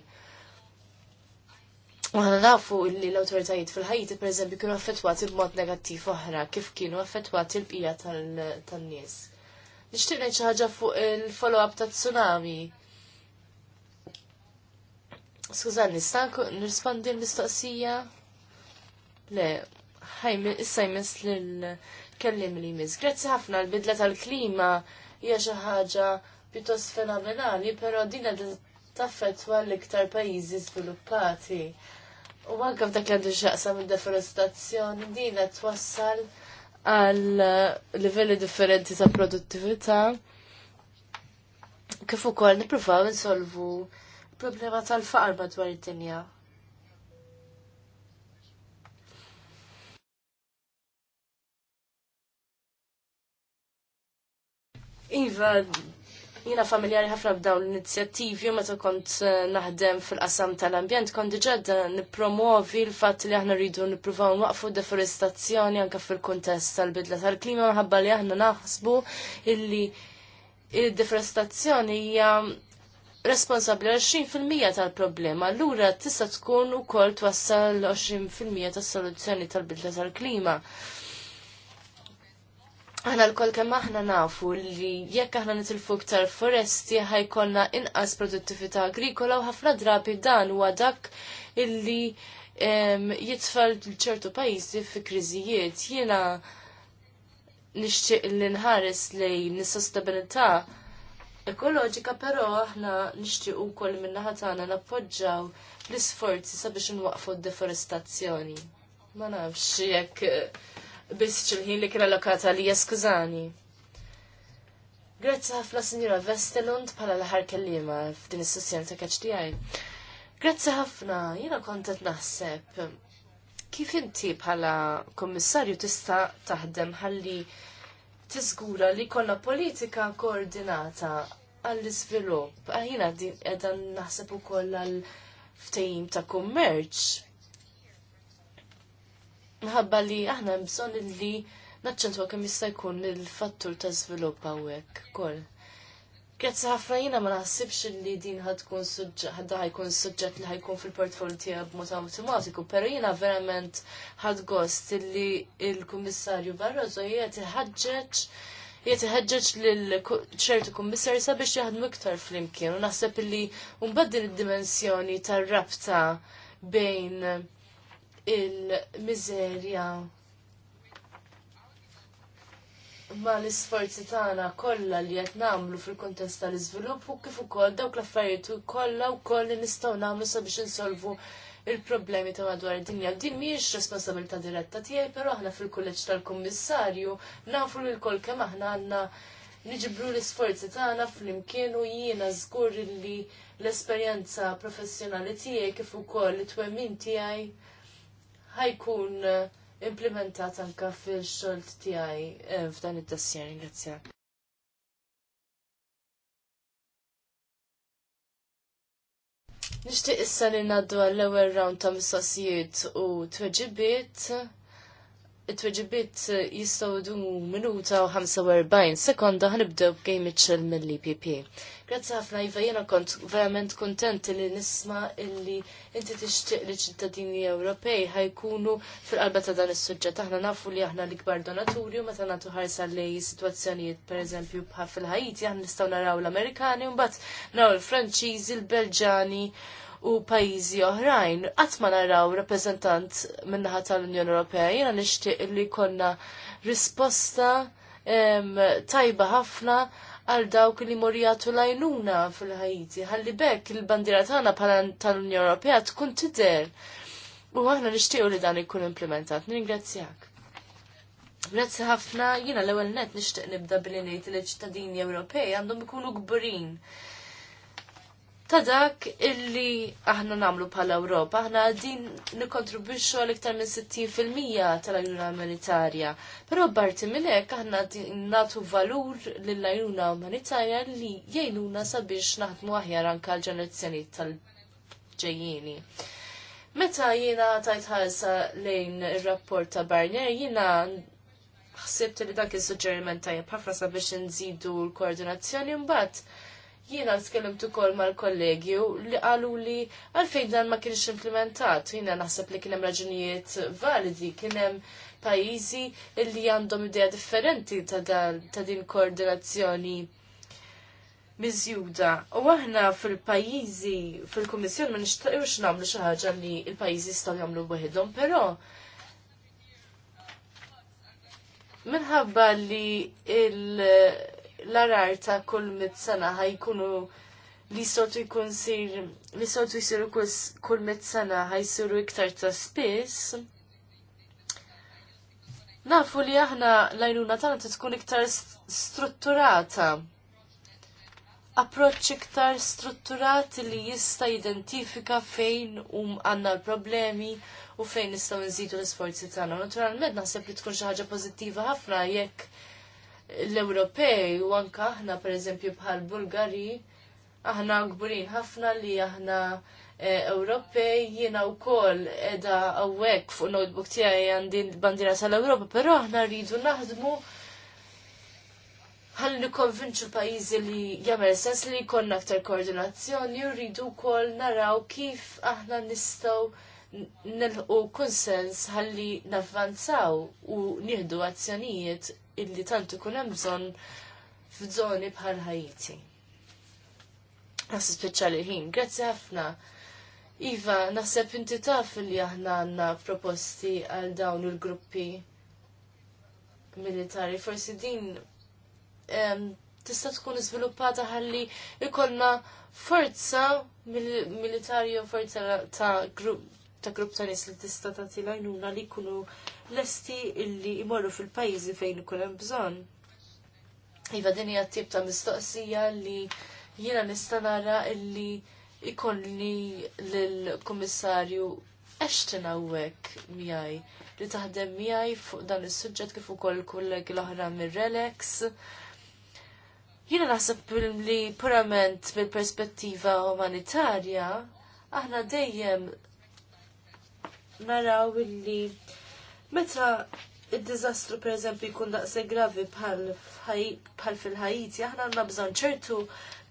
Għana nafu illi l-autoritajiet fil-ħajti per eżempju kienu affettwati b'mod negattiv oħra kif kienu affettwati l-bqija tan-nies. Nixtieq ngħid xi ħaġa fuq il-follow-up ta' tsunami. Skużan, nista' nirrispondi l-mistoqsija? Le, ħaj, issa jmiss lil kellim li jmiss. Grazzi ħafna l-bidla tal-klima hija xi ħaġa pjuttost fenomenali, però din qed taffettwa l-iktar pajjiżi żviluppati U anke f'dak li għandu xaqsa id-deforestazzjoni dina twassal għal livelli differenti ta' produttività kif ukoll nippruvaw insolvu problema tal-faqar madwar id-dinja. Iva, Jina familjari ħafna b'daw l-inizjattivi u meta kont eh, naħdem fil-qasam tal-ambjent kont diġedda nippromovi l-fatt li aħna rridu nippruvaw nwaqfu deforestazzjoni anke fil-kuntest tal-bidla tal-klima minħabba li aħna naħsbu illi il-deforestazzjoni hija responsabli għal 20% tal-problema, allura tista' tkun ukoll twassal l-20% tas-soluzzjoni tal-bidla tal-klima. tal bidla tal klima Aħna l-koll kemm aħna nafu li jekk aħna nitilfu ktar foresti ħajkollna inqas produttività agrikola u ħafna drabi dan huwa dak illi jitfal ċertu pajjiżi fi kriżijiet. Jiena nixtieq li nħares lejn is-sostenibilità ekoloġika, però aħna nixtieq ukoll min-naħa tagħna nappoġġaw l-isforzi sabiex inwaqfu d-deforestazzjoni. Ma nafx jekk biss ċilħin li kien allokata li jaskużani. Grazzi ħafna Sinjura Vestelund bħala l-ħar kellima f'din is-sessjoni ta' tiegħi. Grazzi ħafna, jiena kont naħseb kif inti bħala kommissarju tista' taħdem ħalli tiżgura li kollha politika koordinata għall-iżvilupp. Aħjina qiegħda naħseb ukoll għal ftehim ta' kummerċ minħabba li aħna bżon li naċċentwa kemm jista' jkun il-fattur ta' żvilupp hawnhekk ukoll. Grazzi ħafna jiena ma naħsibx li din ħadkun suġġett ħadda ħajkun suġġett li ħajkun fil-portfolio tiegħek b'mod awtomatiku, però jiena verament ħad gost li l-Kummissarju Barroso jieti iħaġġeġ jiet iħeġġeġ lill-ċertu kummissarju sabiex jaħdmu iktar flimkien u naħseb li mbagħad din id-dimensjoni tar-rabta bejn il mizerja ma l-isforzi tagħna kollha li qed nagħmlu fil-kuntest tal-iżvilupp u kif ukoll dawk l-affarijiet kollha wkoll li nistgħu nagħmlu sabiex insolvu il-problemi ta' madwar id-dinja. Din mhijiex responsabilità diretta tiegħi, però aħna fil-kulleġġ tal-Kummissarju nafu lil kol kemm aħna għandna niġibru l-isforzi tagħna flimkien u jiena żgur li l-esperjenza professjonali tiegħi kif ukoll it-twemmin tiegħi ħajkun eh, implementat anka fil-xolt tiegħi eh, f'dan id-dossier. ringrazzja. Nishtiq issa li naddu għall-ewwel round ta' mistoqsijiet u tweġibiet it-tweġibit jistaw dumu minuta u 45 sekonda ħanibdew b'game iċċel mill-IPP. Grazzi ħafna Iva, jena kont verament kontent li nisma illi inti tixtieq li ċittadini Ewropej ħajkunu fil-qalba ta' dan is-suġġett. Aħna nafu li aħna l-ikbar donaturi u meta nagħtu ħarsa li sitwazzjonijiet pereżempju bħal fil-Ħajti aħna nistgħu naraw l-Amerikani u mbagħad naraw l franċiżi l belġani u pajjiżi oħrajn, qatt ma naraw rappreżentant min-naħa tal-Unjoni Ewropea, jiena nixtieq li jkollna risposta em, tajba ħafna għal dawk li morijatu lajnuna fil-ħajti. Ħalli bekk il-bandira tagħna bħala tal-Unjoni Ewropea tkun tidher. U aħna nixtiequ li dan ikun implementat. Ningrazzjak. Grazzi ħafna, jiena l-ewwel net nixtieq nibda billi ngħid li ċittadini Ewropej għandhom ikunu gburin ta' dak illi aħna namlu bħala Ewropa, aħna din nikontribwixxu għal iktar minn 60% tal-ajuna umanitarja. Però barti minn hekk aħna nagħtu valur lill-ajuna umanitarja li jgħinuna sabiex naħdmu aħjar anke l-ġenerazzjonijiet tal ġejjini Meta jiena tajt lejn ir-rapport ta' Barnier, jiena ħsibt li dak is-suġġeriment tajjeb ħafna sabiex nżidu l-koordinazzjoni mbagħad Jiena tkellimt ukoll mal-kollegju li qalu li għalfejn dan ma kienx implementat. Jiena naħseb li kien hemm raġunijiet validi, kien hemm pajjiżi li għandhom idea differenti ta' din koordinazzjoni miżjuda. U aħna fil-pajizi, fil-Komissjon, ma nixtaqgħux nagħmlu xi ħaġa li l-pajjiżi jistgħu jagħmlu waħedhom, però minħabba li il- l-arar ta' kull mit-sena ħajkunu li sortu jkun sir, li sortu jisiru kull mit-sena ħajsiru iktar ta' spiss. Nafu li aħna l-għajnuna tagħna tkun iktar strutturata approċċ iktar strutturat li jista' jidentifika fejn hum għandna l-problemi u fejn nistgħu nżidu l-isforzi tagħna. Naturalment naħseb li tkun xi ħaġa pożittiva ħafna jekk l-Ewropej u anka aħna pereżempju bħal Bulgari aħna gburin ħafna li aħna eh, Ewropej jiena wkoll edha hawnhekk fuq notebook tiegħi għandi bandira sal-Ewropa, però aħna rridu naħdmu ħalli nikkonvinċu pajjiżi li jagħmel sens li jkollna aktar koordinazzjoni u rridu wkoll naraw kif aħna nistgħu nilħu konsens ħalli navvanzaw u nieħdu azzjonijiet illi tant ikun hemm bżonn f'żoni bħal Ħajiti. Nas speċjali ħin, grazzi ħafna. Iva, naħseb inti taf li aħna għandna proposti għal dawn il-gruppi militari. Forsi din tista' tkun iżviluppata ħalli ikollna forza militari u forza ta' grupp ta' grupp ta' nies li tista' tagħti lajnuna li jkunu lesti illi imorru fil-pajjiżi fejn ikun hemm bżonn. Iva din hija tip ta' mistoqsija li jiena nista' nara illi ikolli lill-Kummissarju Ashton hawnhekk miegħi li taħdem miegħi fuq dan is-suġġett kif ukoll kolleg l-oħra mir-Relex. Jiena naħseb li purament mill-perspettiva umanitarja, aħna dejjem naraw illi Meta il dizastru per eżempju jkun daqse gravi bħal fil-ħajiti, aħna għandna bżonn ċertu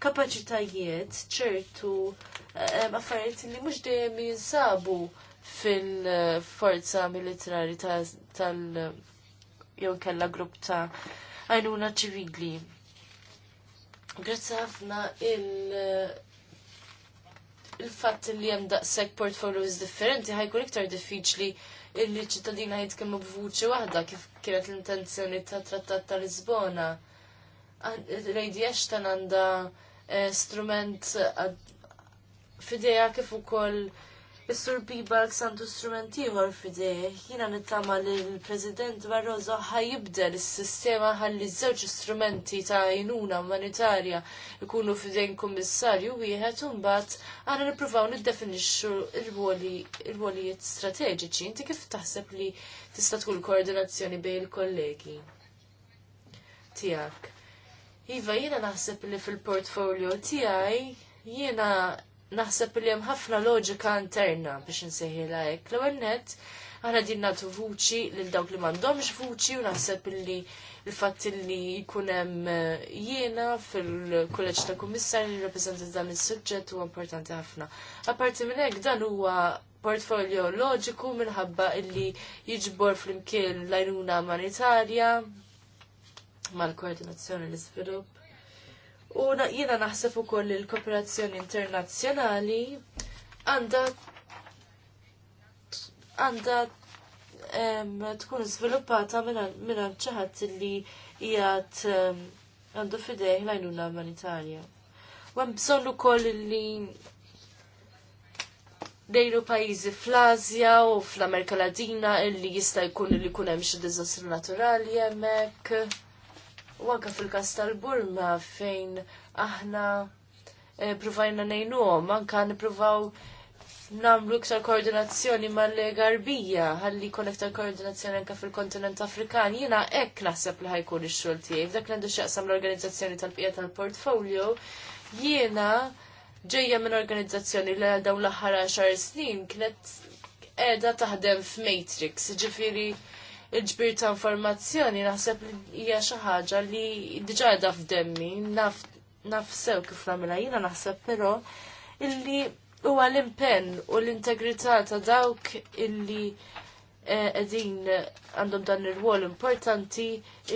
kapaċitajiet, ċertu eh, eh, affarijiet li mhux dejjem jinsabu fil-forza militari tal- jew kella grupp ta' għajnuna ċivili. Grazzi ħafna il- il-fatt li hemm daqshekk portfolios differenti ħajkun iktar diffiċli illi ċittadina jitkellmu b'vuċi waħda kif kienet l-intenzjoni ta' trattat ta' Lisbona. Rejdi Ashton għandha eh, strument eh, fideja kif ukoll Is-sur Bibalk santu strumenti ieħor f'idejh. Jiena nittama li l-President Barroso ħajibda is-sistema ħalli żewġ strumenti ta' għajnuna umanitarja jkunu f'idejn kummissarju wieħed u bat għana nippruvaw niddefinixxu l-wolijiet strateġiċi. Inti kif taħseb li tista' tkun koordinazzjoni bejn il-kollegi Tijak. Iva, jiena naħseb li fil-portfolio tiegħi jiena naħseb li hemm ħafna loġika interna biex nsejħi hekk. L-ewwel nett aħna din nagħtu vuċi lil dawk li m'għandhomx vuċi u naħseb li l fatt li jkun hemm eh, jiena fil-kulleġġ ta' kummissar li rappreżenta dan is-suġġett huwa importanti ħafna. Apparti minn hekk dan huwa portfolio loġiku minħabba illi jiġbor fl-imkien l-għajnuna umanitarja mal-koordinazzjoni l-izvilupp U jiena naħseb ukoll il-kooperazzjoni internazzjonali għandha għandha tkun sviluppata minn xi ħadd li hija għandu fidejh l-għajnuna umanitarja. U hemm bżonn ukoll li dejru pajjiżi fl-Asja u fl-Amerika Latina illi jista' jkun li jkun hemm xi diżastru naturali hemmhekk u anka fil-kas tal-Burma fejn aħna e, provajna nejnuhom, anka nipruvaw namlu iktar koordinazzjoni mal-garbija, ħalli kon iktar koordinazzjoni anke fil-kontinent Afrikan. Jiena hekk naħseb li ħajkun ix-xogħol tiegħi. F'dak l għandu x'jaqsam l-organizzazzjoni tal-bqija tal-portfolio, jiena ġejja minn organizzazzjoni li dawn l-aħħar 10 snin kienet qiegħda taħdem f'Matrix, ġifieri il-ġbir ta' informazzjoni naħseb li hija xi ħaġa li diġà qiegħda f'demmi, naf, naf sew kif nagħmilha jiena naħseb però illi huwa l-impenn u l-integrità ta' dawk illi qegħdin eh, għandhom dan ir-rwol importanti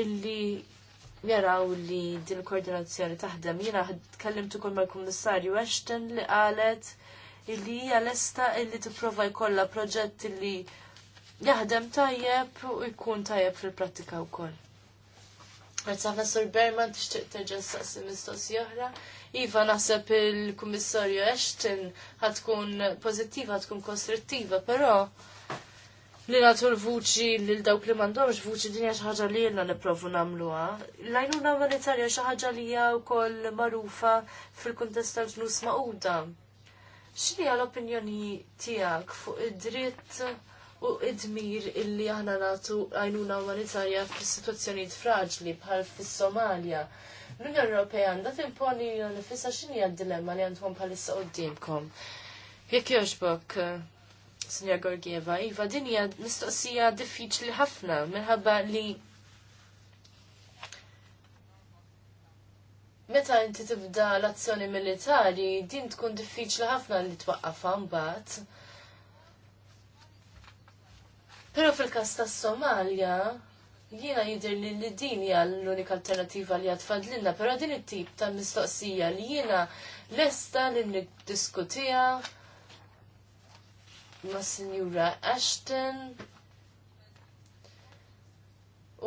illi jaraw li din il-koordinazzjoni taħdem. Jiena tkellimt ukoll mal-Kummissarju Ashton li qalet illi hija lesta illi tipprova jkollha proġett illi jaħdem tajjeb u jkun tajjeb fil-prattika wkoll. koll. ħafna Sur Berman tixtieq terġa' saqsi mistoqsija oħra. Iva naħseb il-Kummissarju Ashton ħatkun pożittiva, tkun kostrittiva, però li nagħtu l-vuċi lil dawk li m'għandhomx vuċi din hija xi ħaġa li jilna nipprovu nagħmluha. L-għajnuna umanitarja xi ħaġa li hija wkoll magħrufa fil-kuntest tal-ġnus maquda. X'inhi l-opinjoni tiegħek fuq id-dritt u id-dmir illi aħna nagħtu għajnuna umanitarja fis-sitwazzjonijiet fraġli bħal fis-Somalja. L-Unjoni Ewropea għandha timponi nifissa x'inhi d-dilemma li għandhom bħalissa qudiemkom. Jekk jogħġbok, Sinja Gorgieva, iva din hija mistoqsija diffiċli ħafna minħabba li meta inti tibda l-azzjoni militari din tkun diffiċli ħafna li twaqqafha mbagħad. Però fil-każ tas somalia jiena jidher li l din hija l-unika alternativa li l-inna, però din it-tip ta' mistoqsija li jiena lesta li niddiskutiha ma' Sinjura Ashton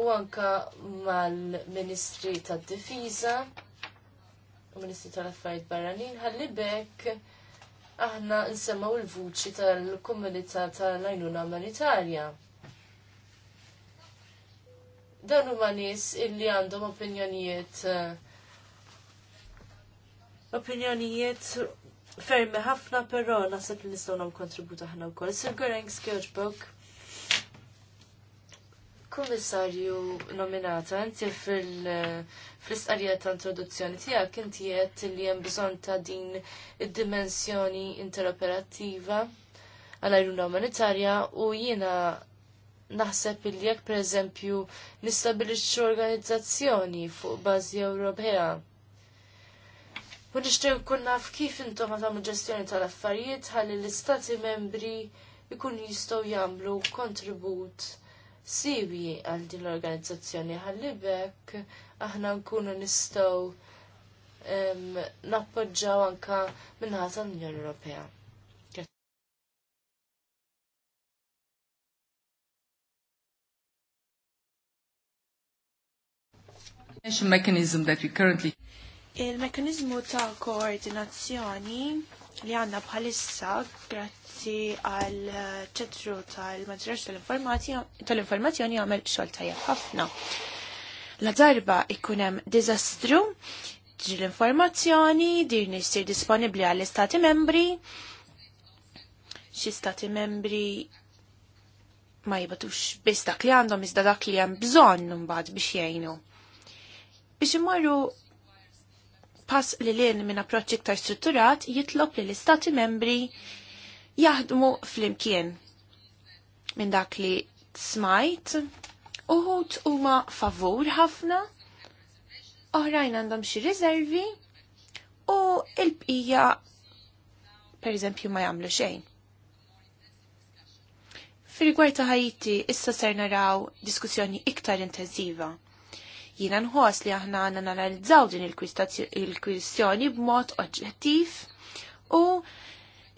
u anka mal-Ministri tad-Difiża u Ministri tal-Affarijiet Barranin ħalli bekk aħna nsemmaw il-vuċi tal-komunità tal-għajnuna umanitarja. Dan huma nies illi għandhom opinjonijiet eh, opinjonijiet fermi ħafna, però naħseb li nistgħu nagħmlu kontribut aħna wkoll. Sir Gorengs Kirchberg kummissarju nominata, inti fil istqarrija ta' introduzzjoni tiegħek inti qed li hemm bżonn ta' din id-dimensjoni interoperattiva għal-ajruna umanitarja u jiena naħseb li jekk pereżempju nistabilixxu organizzazzjoni fuq bażi Ewropea. U nixtieq kun naf kif intom ma tagħmlu ġestjoni tal-affarijiet ħalli l-istati membri jkun jistgħu jagħmlu kontribut Siwi għal din l-organizzazzjoni ħallibek aħna nkunu nistgħu nappoġġaw anka minnaħa l unjoni Ewropea. mechanism that we currently Il-mekanizmu ta' koordinazzjoni li għanna bħalissa grazzi għal eh, ċentru tal-Madrax tal-Informazzjoni għamel xogħol tajjeb ħafna. La darba ikun hemm diżastru, ġi l-informazzjoni, din issir disponibbli għall-Istati membri, xi stati membri ma jibatux biss dak li għandhom iżda dak li hemm bżonn mbagħad biex jgħinu. Biex imorru pass li lin minn approċċ iktar strutturat jitlob li l-istati membri jaħdmu fl-imkien. Minn dak li smajt, uħut huma favur ħafna, oħrajn għandhom xi riservi u l-bqija pereżempju ma jagħmlu xejn. Fir-rigward ta' Ħajti issa ser naraw diskussjoni iktar intensiva jina nħos li aħna għanna nanalizzaw din il-kwistjoni b'mod oġġettiv u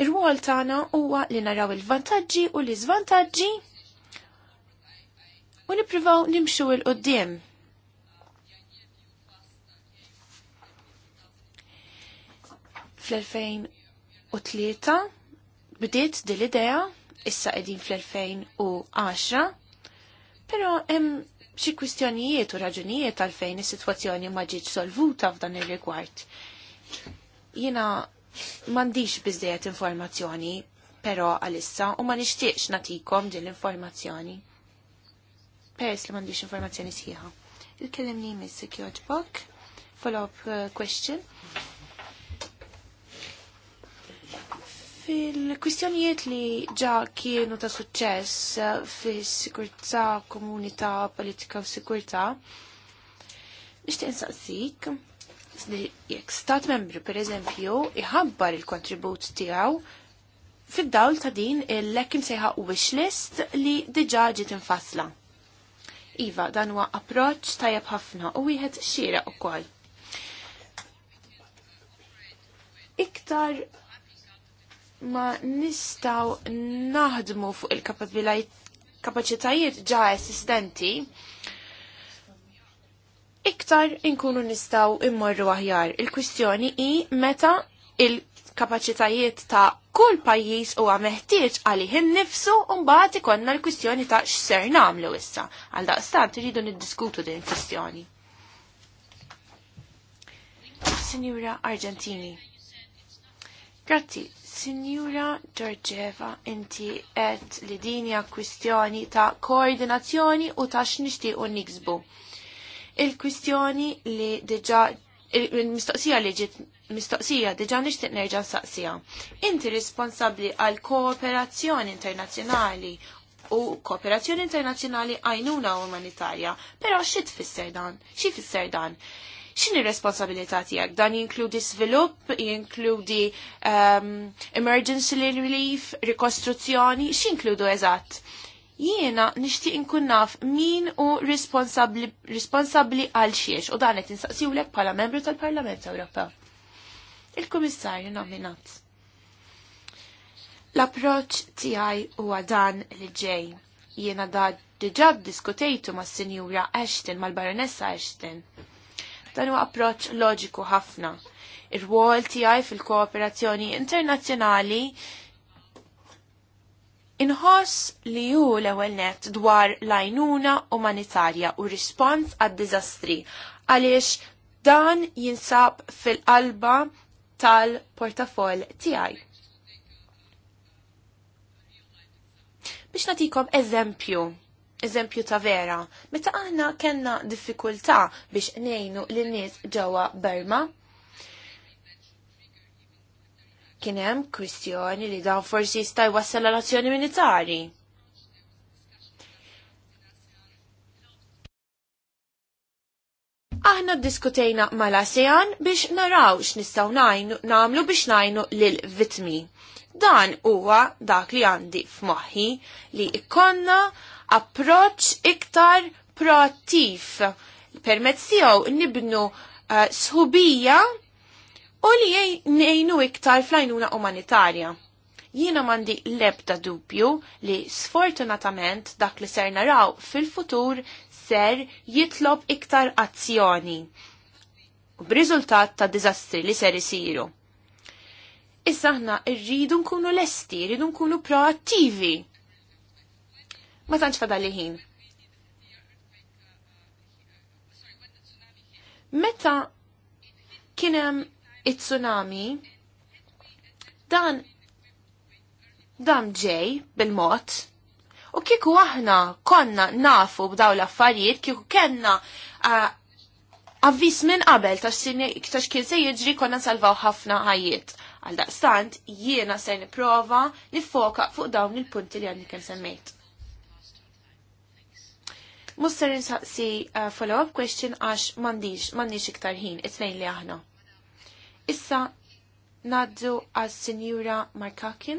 Ir-rwol tagħna huwa li naraw il-vantaġġi u l-iżvantaġġi u nippruvaw nimxu il qudiem fl-2003 bdiet din l-idea, issa qegħdin fl-2010, però hemm xi kwistjonijiet u raġunijiet għalfejn is-sitwazzjoni ma ġietx solvuta f'dan ir-rigward. Jiena mandiċ bizdejet informazzjoni, pero għalissa, u ma nishtiqx natikom din l-informazzjoni. Pers li mandiċ informazzjoni sħiħa. Il-kellimni Secured Book, follow-up uh, question. Fil-kwistjonijiet li ġa kienu ta' suċċess uh, fis sikurta komunità, politika u sikurtà, nixtieq insaqsik jekk stat membru per eżempju iħabbar il-kontribut tiegħu fid-dawl ta' din il-lekkim sejħa wishlist li diġa ġiet infassla. Iva, dan huwa approċċ tajjeb ħafna u wieħed xira ukoll. Iktar ma nistaw naħdmu fuq il-kapaċitajiet ġa assistenti, iktar inkunu nistaw immorru aħjar. Il-kwistjoni i meta il-kapacitajiet ta' kull pajjiż huwa meħtieġ għalih innifsu u mbagħad ikollna l-kwistjoni ta' x'ser nagħmlu issa. Għal daqstant iridu niddiskutu din il-kwistjoni. Sinjura Argentini. Grazzi, Sinjura Giorgieva, inti qed li dinja kwistjoni ta' koordinazzjoni u ta' x'nixtiequ niksbu il-kwistjoni li diġa il-mistoqsija li ġiet mistoqsija diġa nixtieq nerġa' saqsija. Inti responsabbli għal kooperazzjoni internazzjonali u kooperazzjoni internazzjonali għajnuna umanitarja, però xi tfisser dan? Xi fisser dan? X'inhi responsabilità tiegħek? Dan jinkludi svilupp, jinkludi um, emergency relief, rikostruzzjoni, inkludu eżatt? jiena nixtieq inkun naf min hu responsabbli għal xiex u dan qed insaqsiwlek bħala membru tal-Parlament Ewropew. Il-Kummissarju nominat. L-approċċ tiegħi huwa dan li ġej. Jiena da diġà diskutejtu mas-Sinjura Ashton mal-Baronessa Ashton. Dan huwa approċċ loġiku ħafna. ir wol tiegħi fil-kooperazzjoni internazzjonali Inħoss li ju l-ewel net dwar lajnuna umanitarja u rispons għad dizastri għaliex dan jinsab fil-qalba tal-portafol tiegħi. Biex natikom eżempju, eżempju ta' vera, meta aħna kena diffikultà biex nejnu l-nies ġewwa berma. Kien hemm kwistjoni li dan forsi jista' jwassal azzjoni militari. aħna diskutejna mal-ASEAN biex naraw x'nistgħu najnu namlu biex najnu lil vitmi. Dan huwa dak li għandi f'moħħi li ikonna approċċ iktar proattiv. Permezz tiegħu nibnu uh, sħubija u li nejnu iktar flajnuna umanitarja. Jiena mandi lebda dubju li sfortunatament dak li ser naraw fil-futur ser jitlob iktar azzjoni u b'riżultat ta' dizastri li ser isiru. Issa aħna rridu nkunu lesti, rridu nkunu proattivi. Ma tantx fadali ħin. Meta kienem it-tsunami dan dan ġej bil-mod u kieku aħna konna nafu b'daw l-affarijiet kieku kenna uh, avvis minn qabel ta' ktax kien se jiġri konna salvaw ħafna ħajjiet. Għal daqstant jiena se niprofa nifoka fuq dawn il-punti li għandi kemm semmejt. Muster nsaqsi uh, follow-up question għax mandiġ, mandiġ iktar ħin, it-tnejn li aħna. Issa naddu għas Sinjura Markakin.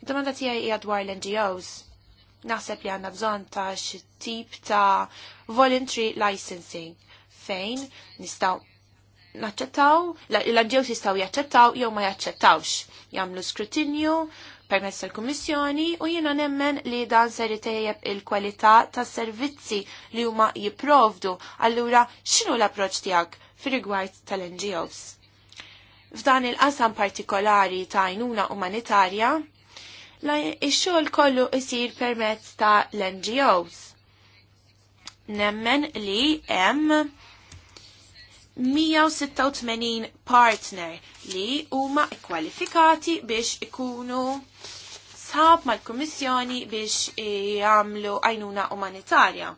Id-domanda tiegħi hija dwar l-NGOs. Naħseb li għandna bżonn ta' xi tip ta' voluntary licensing fejn nistgħu naċċettaw, l-NGOs jistgħu jaċċettaw jew ma jaċċettawx. Jagħmlu skrutinju permezz tal-Kummissjoni u jiena nemmen li dan ser itejjeb il-kwalità tas-servizzi li huma jipprovdu. Allura x'inhu l-approċċ tiegħek fir-rigward tal-NGOs? F'dan il-qasam partikolari ta' għajnuna umanitarja, ix-xogħol kollu isir permezz ta' l-NGOs. Nemmen li hemm 186 partner li huma kwalifikati biex ikunu sħab mal-Kummissjoni biex jagħmlu għajnuna umanitarja.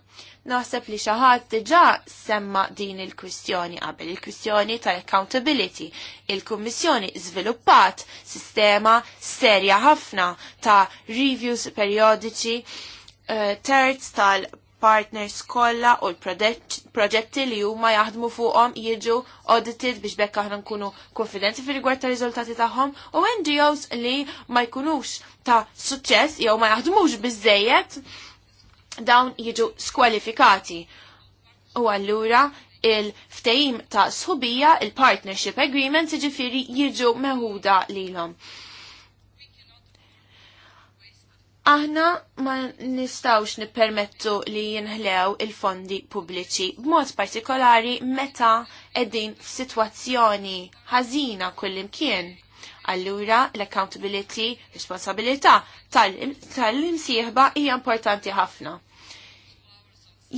Naħseb li xi ħadd diġà semma din il-kwistjoni qabel il-kwistjoni tal-accountability. Il-Kummissjoni żviluppat sistema serja ħafna ta' reviews periodiċi eh, terz tal partners kollha u l-proġetti li huma jaħdmu fuqhom jiġu audited biex bekk aħna nkunu konfidenti fir-rigward tar riżultati tagħhom u NGOs li ma jkunux ta' suċċess jew ma jaħdmux biżejjed dawn jiġu skwalifikati. U allura il-ftehim ta' sħubija, il-partnership agreement, jiġifieri jiġu meħuda lilhom. Aħna ma nistawx nippermettu li jinħlew il-fondi pubbliċi, b'mod partikolari meta edin f'sitwazzjoni ħażina kullimkien. Allura l-accountability, responsabilità tal-imsieħba tal hija importanti ħafna.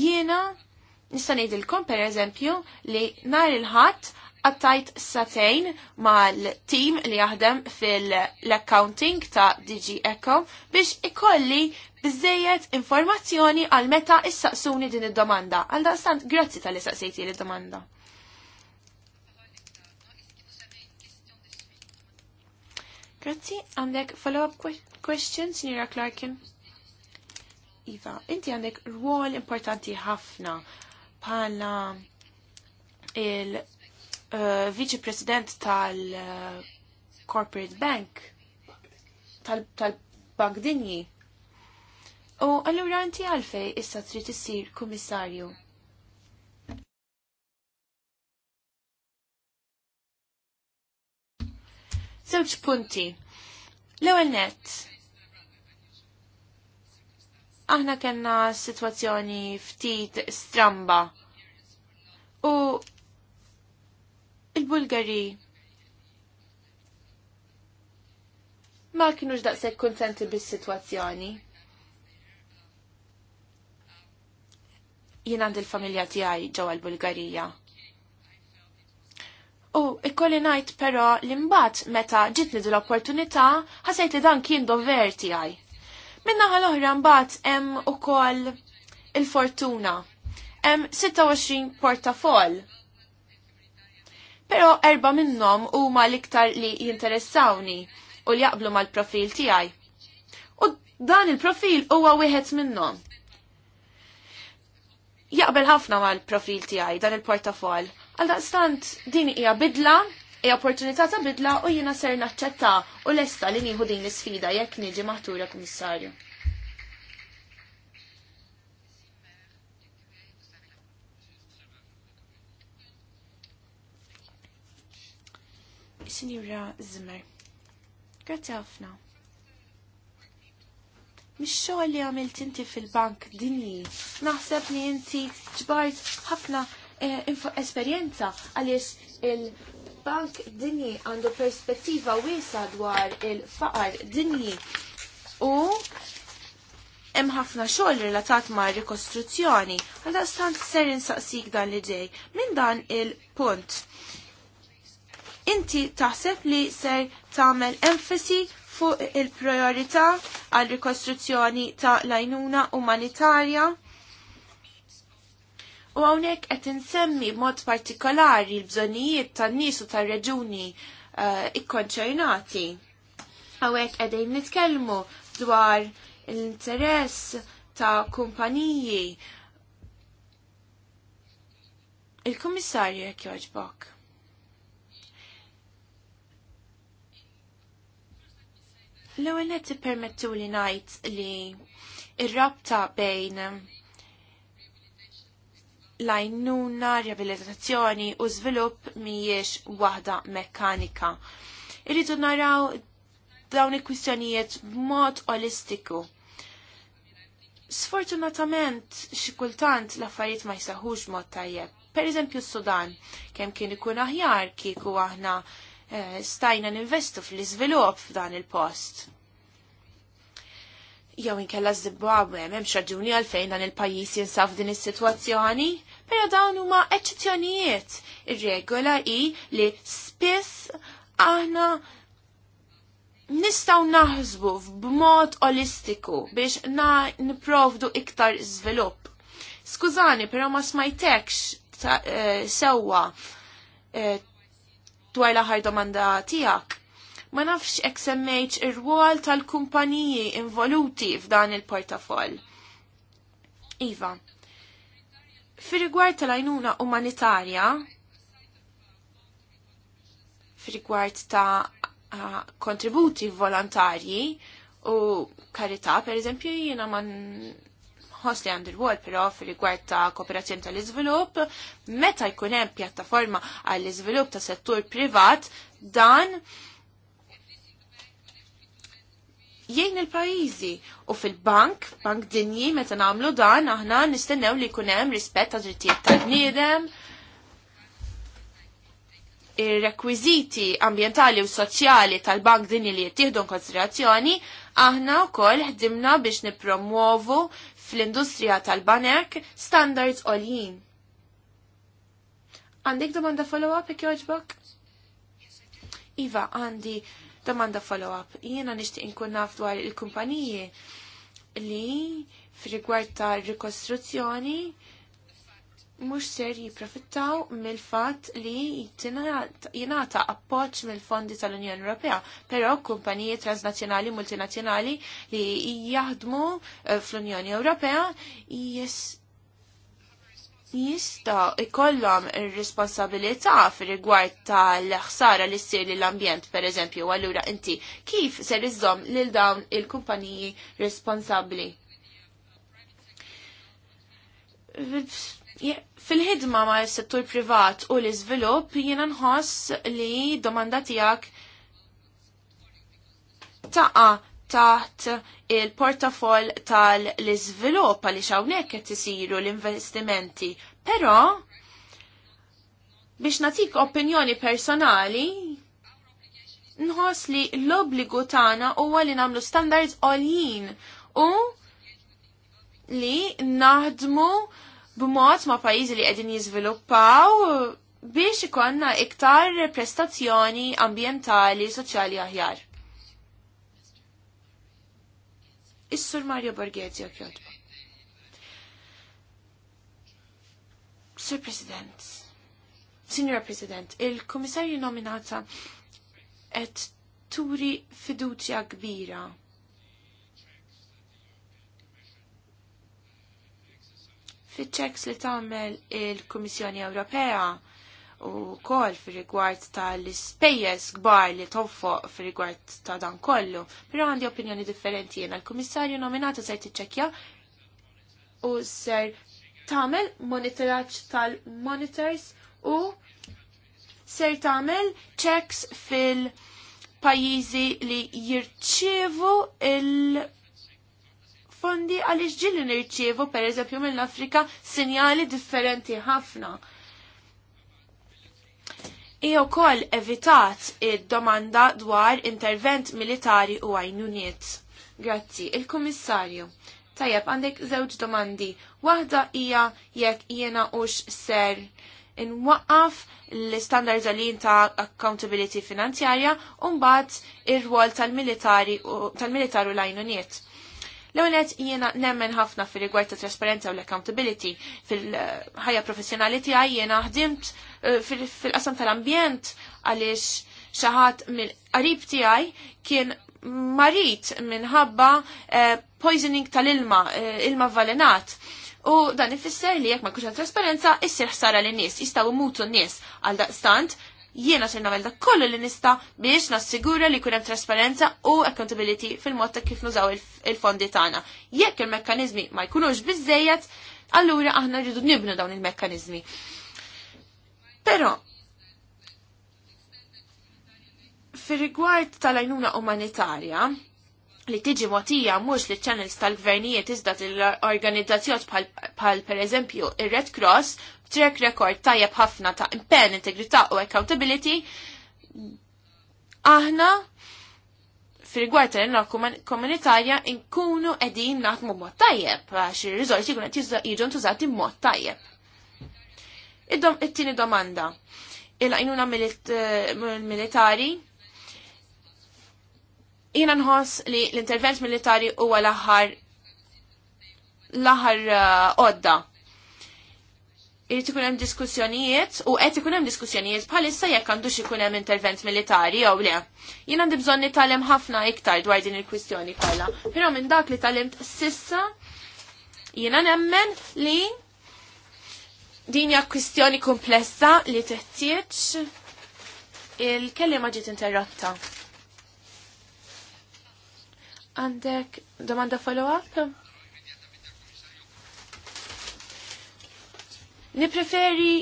Jiena nista' ngħidilkom pereżempju li nhar il-ħadd għattajt satejn mal-team li jaħdem fil-accounting ta' DG Echo biex ikolli bizzejet informazzjoni għal meta issaqsuni din id-domanda. Għal daqstant, grazzi tal saqsejti l-domanda. Grazzi, għandek follow-up question, Signora Clarkin? Iva, inti għandek rwol importanti ħafna bħala il- vice eh, viċi president tal-Corporate Bank, tal-Bank Dinji. U allura inti għalfej issa trid issir kummissarju. Żewġ punti. L-ewwel nett. Aħna kellna sitwazzjoni ftit stramba. U il-Bulgari ma kienux daqshekk kontenti bis-sitwazzjoni. Jien għandi l-familja tiegħi ġewwa l-Bulgarija. U ikkolli ngħid però li mbagħad meta ġitni din l-opportunità ħasejt li dan kien dover tiegħi. Minn-naħa l-oħra mbagħad hemm ukoll il-fortuna. Hemm 26 portafoll pero erba minnom huma l-iktar li jinteressawni u li jaqblu mal-profil tiegħi. U dan il-profil huwa wieħed minnhom. Jaqbel ħafna mal-profil tiegħi dan il-portafol. Għal daqstant din hija bidla, hija opportunità ta' bidla u jiena ser naċċetta u lesta li nieħu din l-isfida jekk niġi maħtura kummissarju. Sinjura Zimmer. Grazie ħafna. Mix-xogħol li għamilt inti fil-bank dinni, naħseb li inti ġbart ħafna eh, esperjenza għaliex il-bank dinni għandu perspettiva wiesa dwar il-faqar dinji u hemm ħafna xogħol relatat ma' rikostruzzjoni, għal stant ser insaqsik dan li ġej minn dan il-punt inti taħseb li ser tagħmel enfasi fuq il-priorità għal rikostruzzjoni ta' lajnuna umanitarja. U hawnhekk qed insemmi mod partikolari l-bżonnijiet tan-nies u tar-reġuni uh, ikkonċernati. Hawnhekk qegħdin nitkellmu dwar l-interess ta' kumpaniji. Il-Kummissarju jekk jogħġbok. L-ewwel qed tippermettuli li ngħid li r rabta bejn lajnuna, riabilitazzjoni u żvilupp mhijiex waħda mekkanika. Irridu naraw dawn il-kwistjonijiet b'mod olistiku. Sfortunatament, xi kultant l-affarijiet ma jsaħux mod tajjeb. Per eżempju, s-Sudan, kemm kien ikun aħjar kieku aħna Eh, stajna ninvestu fl-iżvilupp f'dan il-post. Jew inkella Zimbabwe m'hemmx raġuni għalfejn dan il-pajjiż jinsaf din is-sitwazzjoni, però dawn huma eċċezzjonijiet. Ir-regola hi li spiss aħna nistaw naħsbu b'mod olistiku biex na iktar żvilupp. Skużani, però ma smajtekx eh, sewwa eh, dwar l-aħħar domanda tiegħek. Ma nafx hekk semmejt ir-rwol tal-kumpaniji involuti f'dan il-portafoll. Iva, fir-rigward tal-għajnuna umanitarja, fir-rigward ta' kontributi volontarji u karità, per eżempju, jiena man nħoss li għandu l-wol però fil-rigward ta' kooperazzjoni tal-iżvilupp, meta jkun hemm pjattaforma għall-iżvilupp ta' settur privat, dan jgħin il-pajizi u fil-bank, bank dinji, meta namlu dan, aħna nistennew li kunem rispett ta' drittijiet tal-bniedem, ir-rekwiziti ambientali u soċjali tal-bank dinji li jittieħdu konsiderazzjoni, aħna wkoll ħdimna biex nipromuovu fl-industrija tal-banek standards għoljin. Għandik domanda follow-up ikki oġbok? Iva, għandi domanda follow-up. Jiena nishti inkun naf dwar il-kumpaniji li f'rigward tal rikostruzzjoni mux ser jiprofittaw mill-fat li jinata appoċ mill-fondi tal-Unjoni Ewropea, pero kumpaniji transnazjonali, multinazjonali li jaħdmu eh, fl-Unjoni Ewropea jista ikollom il responsabilità fir-rigward tal-ħsara li ssir lill ambjent pereżempju, allura inti kif ser iżżomm lil dawn il-kumpaniji responsabbli? Fil-ħidma ma' settur privat u l-izvilup jiena nħoss li domanda tijak taqa taħt il-portafol tal-izvilup għal hawnhekk qed isiru l-investimenti. Però biex natik opinjoni personali nħoss li l-obbligu tagħna huwa li nagħmlu standards għoljin u li naħdmu b'mod ma' pajjiżi li qegħdin jiżviluppaw biex ikonna iktar prestazzjoni ambientali soċjali aħjar. Is-Sur Mario Borghezzi jekk jogħġbu. Sir President, Signora President, il-Kummissarju nominata qed turi fiduċja kbira fiċ checks li tagħmel il-Kummissjoni Ewropea u kol fil rigward tal-spejjes gbar li toffo fil rigward ta' dan kollu, pero għandi opinjoni differenti jena. L-komissarju nominata ser tiċċekja u ser tamel monitoraċ tal-monitors u ser tamel checks fil-pajizi li jirċivu il- jirrispondi għaliex ġilli nirċievu pereżempju mill-Afrika sinjali differenti ħafna. Ijo kol evitat id-domanda dwar intervent militari u għajnuniet. Grazzi, il-Kummissarju. Tajab, għandek żewġ domandi. Waħda hija jekk jiena ux ser inwaqqaf l-standards għalin ta' accountability finanzjarja un bat ir-rwol tal-militari tal u l-għajnuniet l għunet jiena nemmen ħafna fil rigward ta' trasparenza u l-accountability fil-ħajja professjonali tiegħi jiena ħdimt eh, fil-qasam tal-ambjent għaliex xaħat mill-qarib tiegħi kien marit minħabba eh, poisoning tal-ilma, eh, ilma valenat. U dan ifisser li jekk ma kuxa trasparenza issir ħsara lin nies jistgħu mutu n-nies għal daqstant jiena se nagħmel dak kollu li nista' biex nassigura li jkun hemm trasparenza u accountability fil-mod ta' kif nużaw il-fondi tagħna. Jekk il-mekkaniżmi ma jkunux biżejjed, allura aħna rridu nibnu dawn il-mekkaniżmi. Però fir rigward tal-għajnuna umanitarja, li tiġi motija mhux li channels tal-gvernijiet iżda l-organizzazzjoni bħal per eżempju ir-Red Cross track record tajjeb ħafna ta' impen, integrità u accountability aħna fil-rigward tal komunitarja nkunu qegħdin naħdmu mod tajjeb għax ir-riżorsi jkun qed jiġu ntużati mod tajjeb. Id-tieni domanda. Il-għajnuna eh, militari Jina nħoss li l-intervent militari huwa l-aħħar l-aħħar għodda. Uh, Irrid ikun hemm diskussjonijiet u qed ikun hemm diskussjonijiet bħalissa jekk għandux ikun hemm intervent militari jew le. Jien għandi bżonn nitalem ħafna iktar dwar din il-kwistjoni kollha. Però minn dak li talemt sissa jiena nemmen li din hija kwistjoni komplessa li teħtieġ il-kelliema ġiet interrotta. Għandek domanda follow-up? Nipreferi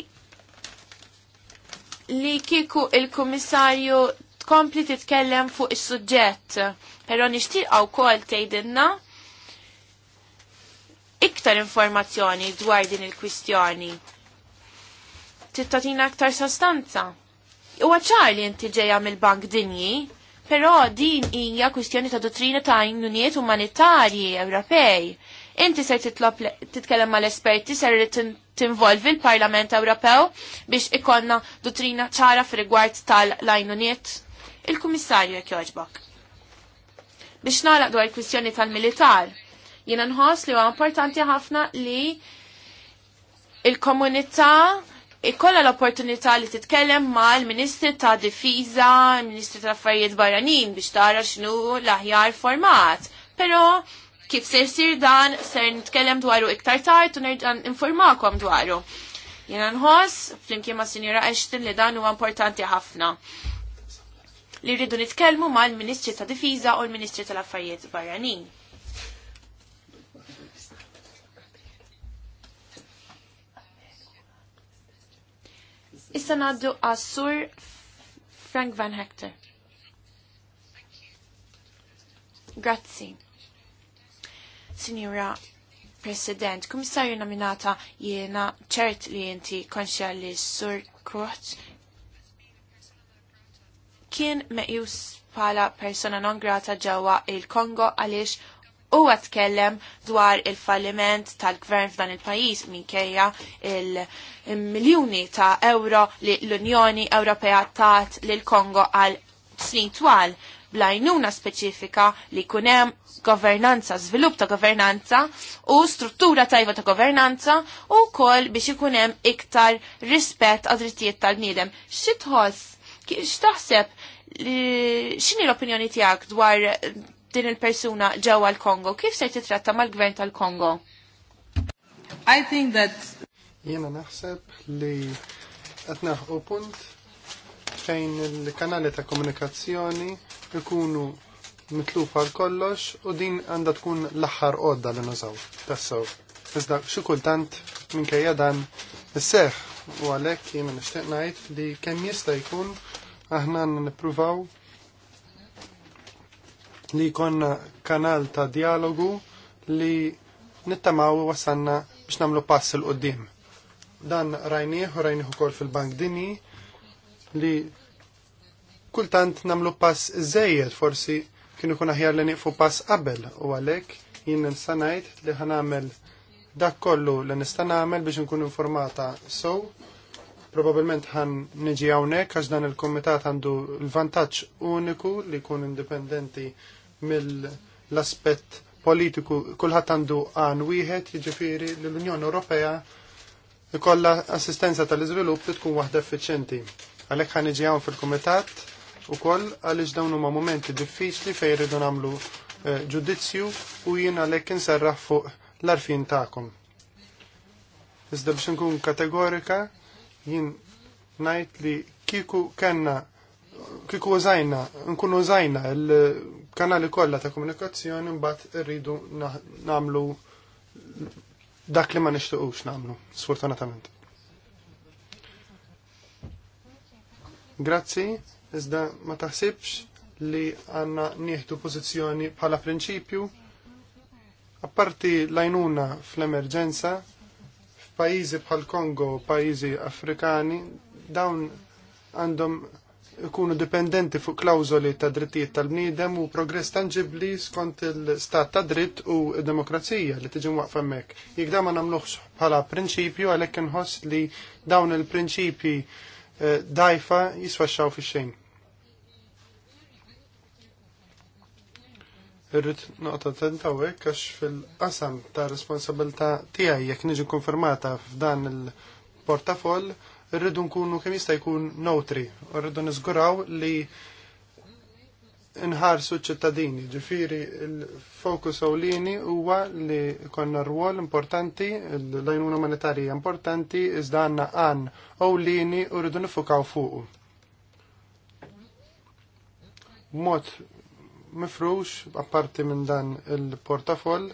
li kiku il-komissarju tkompli titkellem fuq is-suġġett, però nixtieq wkoll tgħidilna iktar informazzjoni dwar din il-kwistjoni. Tittatina aktar sostanza. Huwa ċar li inti ġejja mill-Bank Dinji, Però din hija kwistjoni ta' dottrina ta' inunijiet umanitarji Ewropej. Inti se titlob titkellem mal-esperti ser tinvolvi l-Parlament Ewropew biex ikonna dottrina ċara f'rigward tal-lajnuniet. Il-Kummissarju jekk joġbok. Biex naraq dwar kwistjoni tal-militar, jiena nħoss li huwa importanti ħafna li il-komunità ikkolla l-opportunità li titkellem ma' l-Ministri ta' Difiża, l-Ministri ta' Affarijiet Barranin biex tara x'nu l-aħjar format. Però kif ser sir dan ser nitkellem dwaru iktar tard u nerġan informakom dwaru. Jena nħoss, flimkien ma' Sinjora Ashton li dan huwa importanti ħafna. Li rridu nitkellmu ma' l-Ministri ta' Difiża u l-Ministri tal-Affarijiet Barranin. Issa naddu għas-sur Frank Van Hector. Grazzi. Signora President, komissarju nominata jiena ċert li inti konxja li Sur Kroċ kien meqjus bħala persona non grata ġewwa il-Kongo għaliex u għatkellem dwar il-falliment tal-gvern f'dan il-pajis minkejja il-miljoni ta' euro li l-Unjoni Ewropea tat l kongo għal snin twal blajnuna speċifika li kunem governanza, svilup ta' governanza u struttura tajba ta' governanza u kol biex ikunem iktar rispett għad drittijiet tal-bniedem. Xitħoss, xtaħseb, xini l-opinjoni tijak dwar din il-persuna ġewwa l-Kongo, kif se titratta mal-gvern tal-Kongo? I think that jiena naħseb li qed naħqu punt fejn il-kanali ta' komunikazzjoni ikunu mitlufa l-kollox u din għandha tkun l-aħħar qodda li nużaw tassew. Iżda xi kultant minkejja dan is-seħ u għalhekk jiena nixtieq ngħid li kemm jista' jkun aħna nippruvaw li jkollna kanal ta' dialogu li nittamaw wasanna biex nagħmlu pass il qoddim Dan rajnieh u rajnieh ukoll fil-Bank Dini li kultant nagħmlu pass żejjed forsi kienu kun aħjar li nieqfu pass qabel u għalhekk jien nista' ngħid li ħanamel dak kollu li nista' nagħmel biex nkun informata so Probabilment ħan niġi hawnhekk għax dan il-kumitat għandu l-vantaġġ uniku li jkun indipendenti mill-aspett politiku kulħadd għandu għan wieħed, jiġifieri l-Unjoni Ewropea ikolla assistenza tal-iżvilupp li tkun waħda effiċjenti. Għalhekk ħan hawn fil-kumitat ukoll għaliex dawn huma momenti diffiċli fejn iridu nagħmlu eh, ġudizzju u jien għalhekk inserraħ fuq l-arfin tagħkom. Iżda biex nkun kategorika, jien ngħid li kieku kellna kieku użajna, nkunu użajna l kanali kollha ta' komunikazzjoni mbagħad irridu nagħmlu dak li ma nixtiequx nagħmlu, sfortunatament. Grazzi, iżda ma taħsibx li għanna nieħdu pożizzjoni bħala prinċipju apparti lajnuna fl-emerġenza f'pajjiżi bħal Kongo, pajjiżi Afrikani, dawn għandhom ikunu dipendenti fuq klawżoli ta' drittijiet tal-bniedem u progress tangibli skont il-stat ta' dritt u demokrazija li tiġi waqfa hemmhekk. Jek da ma nagħmluhx bħala prinċipju għalhekk inħoss li dawn il-prinċipji eh, dajfa jiswaxxaw fix-xejn. Irrid noqta tentawek għax fil-qasam ta' responsabilta tiegħi jekk niġi konfermata f'dan il-portafoll rridu nkunu kemm jista' jkun notri, u rridu niżguraw li nħarsu ċittadini, ġifiri il-fokus awlini huwa li konna rwol importanti, l-lajnuna monetarija importanti, iżda għanna għan awlini u rridu nifukaw fuqu. Mod mifrux, apparti minn dan il-portafoll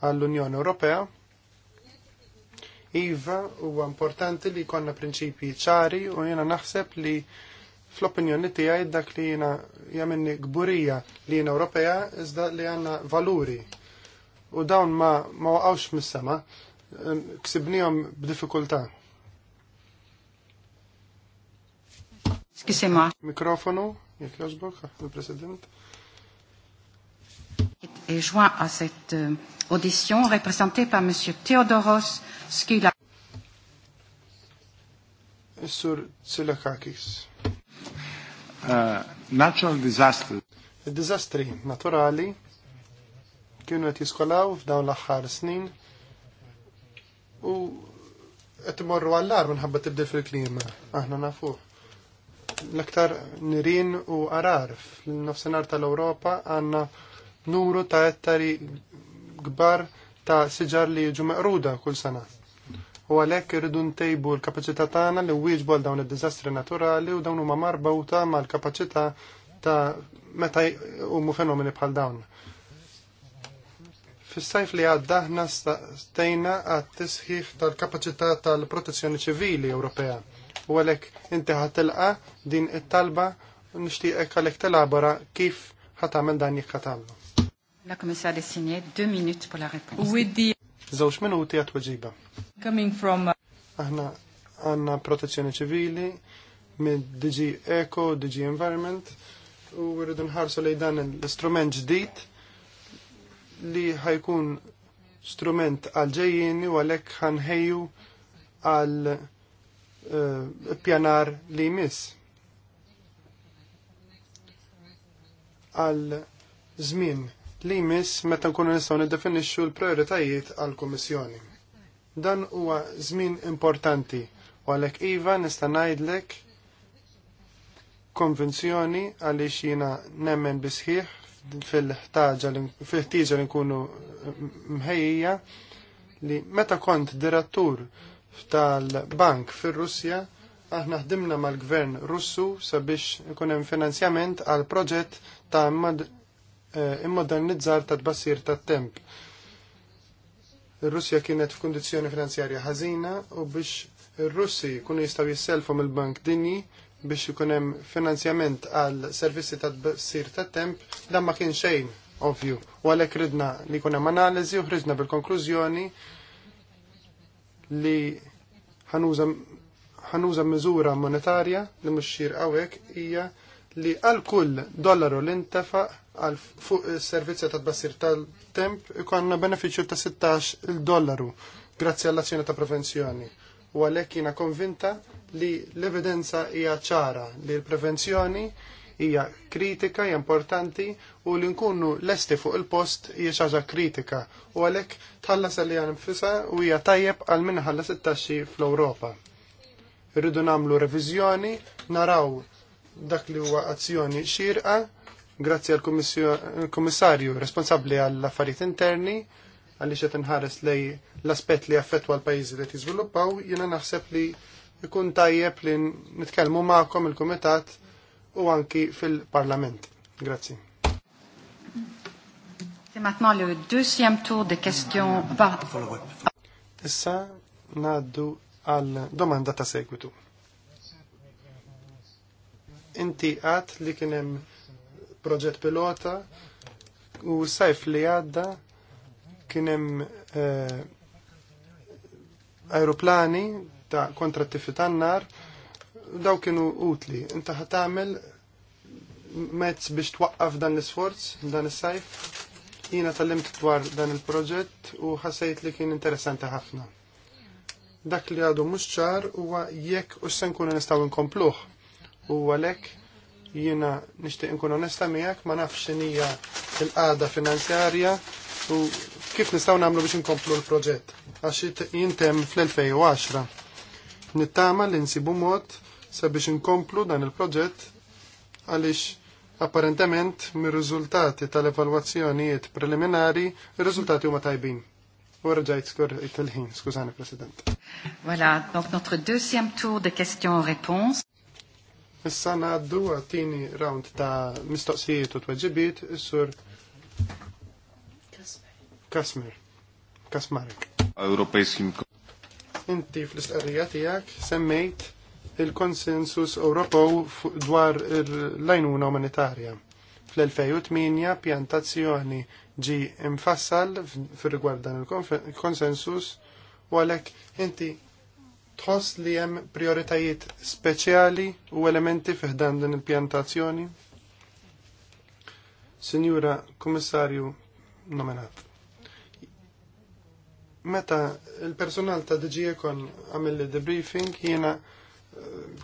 għall-Unjoni Ewropea, Iva huwa importanti li konna prinċipji ċari u jena naħseb li fl-opinjoni tiegħi dak li jena jamenni gburija li jena Ewropea iżda li għandna valuri. U dawn ma ma waqgħux mis-sema, ksibnihom b'diffikultà. Skisima. Mikrofonu, jek jazbok, il-President et joint à cette euh, audition, représenté par M. Theodoros Skila. Sur Tsilakakis. Uh, natural disaster. Il-dizastri naturali kienu qed jiskolaw f'dawn l-aħħar snin u qed imorru għall-ar minħabba tibdil fil-klima. Aħna nafu. L-aktar nirien u arar fil-nofsinhar tal-Ewropa għandna numru ta' ettari kbar ta' siġar li jiġu meqruda kull sena. U għalhekk irridu ntejbu l-kapaċità tagħna li wieġbu għal dawn id-diżastri naturali u dawn huma marbuta mal-kapaċità ta' meta huma fenomeni bħal dawn. Fis-sajf li għadda ħna stejna għat tisħiħ tal-kapaċità tal-protezzjoni ċivili Ewropea. U għalhekk inti ħatilqa din it-talba nixtieqek għalhekk telabora kif ħatamel dan jekk ħatamlu. La Commissaire Dessignée, deux minutes pour la réponse. With the... Zawx minuti għat Coming from... Uh, Aħna għanna protezzjoni ċivili, minn DG Eco, DG Environment, u rridu nħarsu li dan l-istrument ġdid li ħajkun strument għal-ġejjini u għalek ħanħeju għal uh, pjanar li jmiss. Għal żmien li jmiss meta nkunu nistgħu niddefinixxu l-prioritajiet għall-Kummissjoni. Dan huwa żmien importanti u għalhekk iva nista' ngħidlek konvenzjoni għaliex jiena nemmen bisħiħ fil-ħtaġa fil-ħtieġa li nkunu mħejja li meta kont direttur tal-bank fir-Russja aħna ħdimna mal-gvern Russu sabiex ikun hemm finanzjament għal proġett ta' Eh, immodernizzar ta' tbassir ta' temp. Ir-Russja kienet f'kundizzjoni finanzjarja ħażina u biex ir-Russi kunu jistgħu jisselfu mill-Bank Dinji biex ikun hemm finanzjament għal servizzi ta' tbassir ta' temp dan ma kien xejn ovvju. U għalhekk ridna li jkun hemm analiżi u ħriġna bil-konklużjoni li ħanuża ħanuża miżura monetarja li mhux xir hawnhekk hija li għal kull dollaru li ntefa għal fuq servizja ta' tbassir tal-temp ikonna beneficju ta' 16 il-dollaru grazzi għall-azzjoni ta' prevenzjoni. U għalhekk jiena konvinta li l-evidenza hija ċara li l-prevenzjoni hija kritika, hija importanti u li nkunu lesti fuq il-post hija xaġa kritika u għalhekk tħallas li għan nfisa u hija tajjeb għal ħalla 16 fl-Ewropa. Irridu nagħmlu reviżjoni, naraw dak li huwa azzjoni xirqa grazzi għal komissarju responsabli għall affarijiet interni għalli xe tinħares lej l-aspet li affettwa l-pajizi li tiżviluppaw, jena naħseb li jkun tajjeb li nitkellmu ma'kom il-Kumitat u anki fil-Parlament. Grazzi. Issa naddu għal domanda ta' segwitu. Inti għat li kienem proġett pilota u sajf li għadda kienem eh, aeroplani ta' kontrattifi tan-nar daw kienu utli. Inta għamil mezz biex twaqqaf dan l-isforz, dan is-sajf. Jiena tal-limt dwar dan il-proġett u ħasejt li kien interessanti ħafna. Dak li għadu mhux ċar huwa jekk u se nkunu nistgħu nkompluh u għalhekk jiena nixtieq inkun onesta miegħek ma nafx x'inhija l-qagħda finanzjarja u kif nistgħu nagħmlu biex inkomplu l-proġett għax jintem fl-2010. Nittama li nsibu mod sabiex inkomplu dan il-proġett għaliex apparentement mir-riżultati tal-evalwazzjonijiet preliminari ir-riżultati huma tajbin. U rġajt it-telħin, skużani, President. Voilà, donc notre deuxième tour de questions-réponses. Issa ngħaddu għattini round ta' mistoqsijiet u t-wagġibiet sur Kasmer. Kasmarek. Europejskim. Inti fl-istqarrija tiegħek semmejt il-konsensus Ewropew dwar l-lajnuna umanitarja. Fl-2008 pjantazzjoni ġi infassal fir rigward dan il-konsensus u għalhekk inti tħoss li hemm prioritajiet speċjali u elementi fiħdan din il-pjantazzjoni? Sinjura Kummissarju nominat. Meta il-personal ta' DG Econ għamil debriefing jiena eh,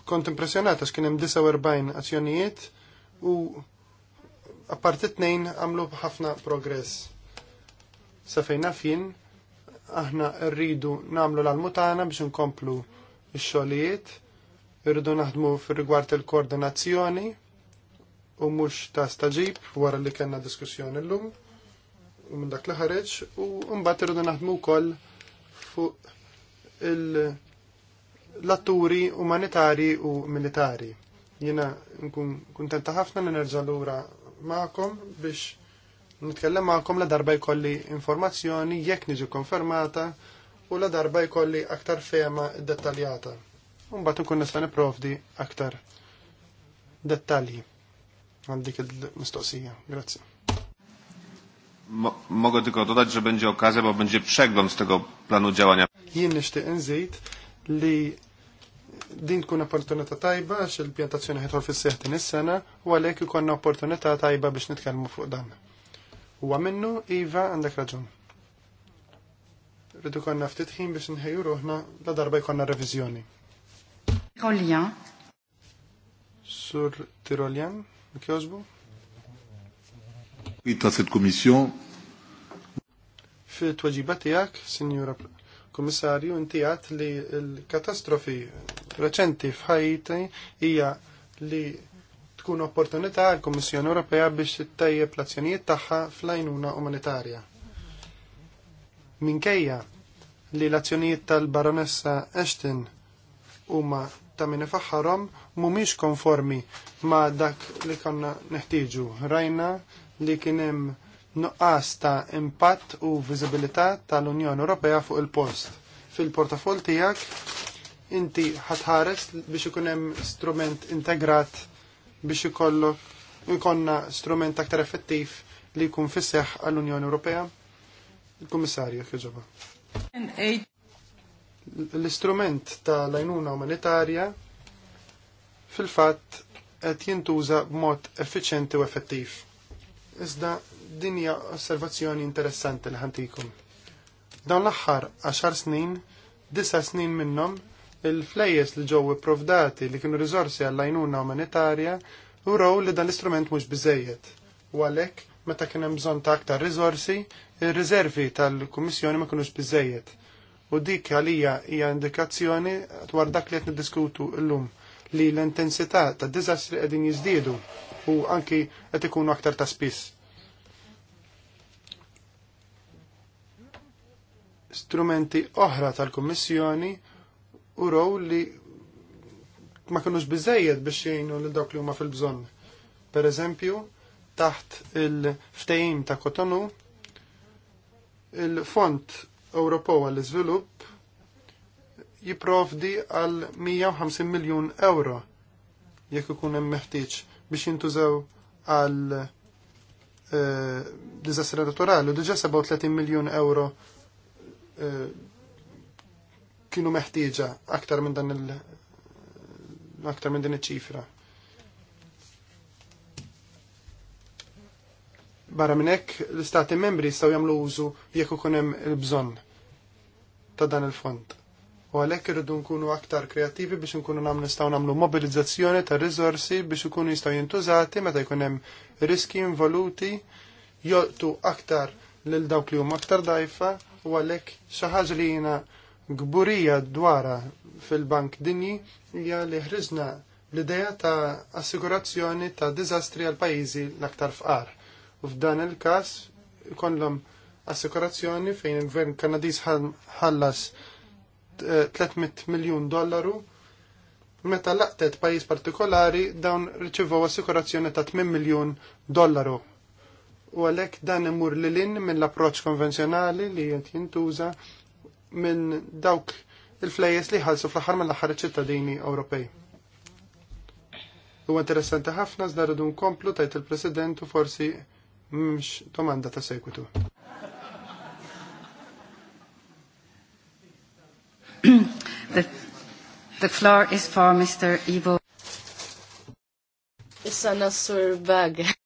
kont impressjonata x'kien hemm 49 azzjonijiet u apparti tnejn għamlu ħafna progress. Sa fejna fin aħna rridu namlu l-almutana biex nkomplu x-xogħlijiet, irridu naħdmu fir-rigward il-koordinazzjoni u mhux ta' staġib wara li kellna diskussjoni llum u minn dak li ħareġ u mbagħad irridu naħdmu wkoll fuq l-atturi umanitari u militari. Jiena nkun kuntenta ħafna li nerġa' lura magħkom biex Nitkellem magħkom la darba jkolli informazzjoni jekk niġi konfermata u la darba jkolli aktar fema dettaljata. Mbagħad ikun nista' nipprovdi aktar dettalji għal dik il-mistoqsija. Grazzi. Mogę tylko dodać, że będzie okazja, bo będzie przegląd z tego planu działania. Jien nixtieq inżid li din tkun opportunità tajba għax il-pjantazzjoni ħetħol fis-seħtin is-sena u għalhekk ikollna opportunità tajba biex nitkellmu fuq dan. Huwa minnu iva għandek raġun. Rridu konna ftitħin biex nħeju ruħna la darba jkonna revizjoni. Tirolian. Sur Tirolian, kjożbu? Ta' sit komisjon. Fil-tweġiba tiegħek, Sinjura Kummissarju, inti li l-katastrofi reċenti f'Ħajti hija li tkun opportunità għal kummissjoni Ewropea biex tittejjeb l-azzjonijiet tagħha fl-għajnuna umanitarja. Minkejja li l-azzjonijiet tal-Baronessa Ashton huma ta' minn ifaħħarhom mhumiex konformi ma' dak li konna neħtieġu. Rajna li kien hemm nuqqas ta' impatt u viżibilità tal-Unjoni Ewropea fuq il-post. Fil-portafol tiegħek inti ħatħares biex ikun hemm strument integrat biex ikollok ikonna strument aktar effettiv li jkun fisseħ għall-Unjoni Ewropea? Il-Kummissarju, kħiġoba. L-istrument ta' lajnuna umanitarja fil-fatt qed jintuża b'mod effiċenti u effettiv. Iżda din hija osservazzjoni interessanti li ħantikum. Dawn l-aħħar għaxar snin, disa snin minnhom il-flejjes li ġew ipprovdati li kienu riżorsi għall-għajnuna umanitarja uraw li dan l-istrument mhux biżejjed. U għalhekk meta kien hemm bżonn ta' aktar riżorsi, ir-riservi tal-Kummissjoni ma kinux biżejjed. U dik għalija hija indikazzjoni dwar dak li qed niddiskutu llum li l-intensità tad diżastri qegħdin jiżdiedu u anki qed ikunu aktar ta' spiss. strumenti oħra tal-Kummissjoni u row li ma kinux biżejjed biex jgħinu lil dawk li huma fil-bżonn. Per eżempju, taħt il-ftehim ta' Kotonu, il-Fond Ewropew għall-Iżvilupp jipprovdi għal 150 miljun euro jekk ikun hemm meħtieġ biex jintużaw għal eh, disastri naturali u diġa 37 miljun euro eh, kienu meħtieġa aktar minn dan il aktar minn din iċ-ċifra. Barra minn hekk l-istati membri jistgħu jagħmlu użu jekk ikun hemm il-bżonn ta' dan il-fond. U għalhekk irridu nkunu aktar kreattivi biex nkunu nagħmlu nistgħu nagħmlu mobilizzazzjoni ta' riżorsi biex ikunu jistgħu jintużati meta jkun hemm riski involuti joqtu aktar lil dawk li huma aktar dajfa u għalhekk xi ħaġa li jiena gburija dwara fil-Bank Dinji hija li ħriżna l-idea ta' assigurazzjoni ta' diżastri għal pajjiżi l-aktar fqar. U f'dan il-każ ikollhom assikurazzjoni fejn il-Gvern Kanadiż ħallas 300 eh, miljun dollaru meta laqtet pajjiż partikolari dawn riċevew assikurazzjoni ta' 8 miljun dollaru. U għalhekk dan imur lilin mill-approċċ konvenzjonali li qed jintuża minn dawk il-flejes li ħalsu fl-aħħar mill ħar ċittadini Ewropej. Huwa interessanti ħafna żda dun nkomplu tajt il-President u forsi m'x domanda ta' segwitu. the, the floor is for Mr. Ivo. Issa nassur bag.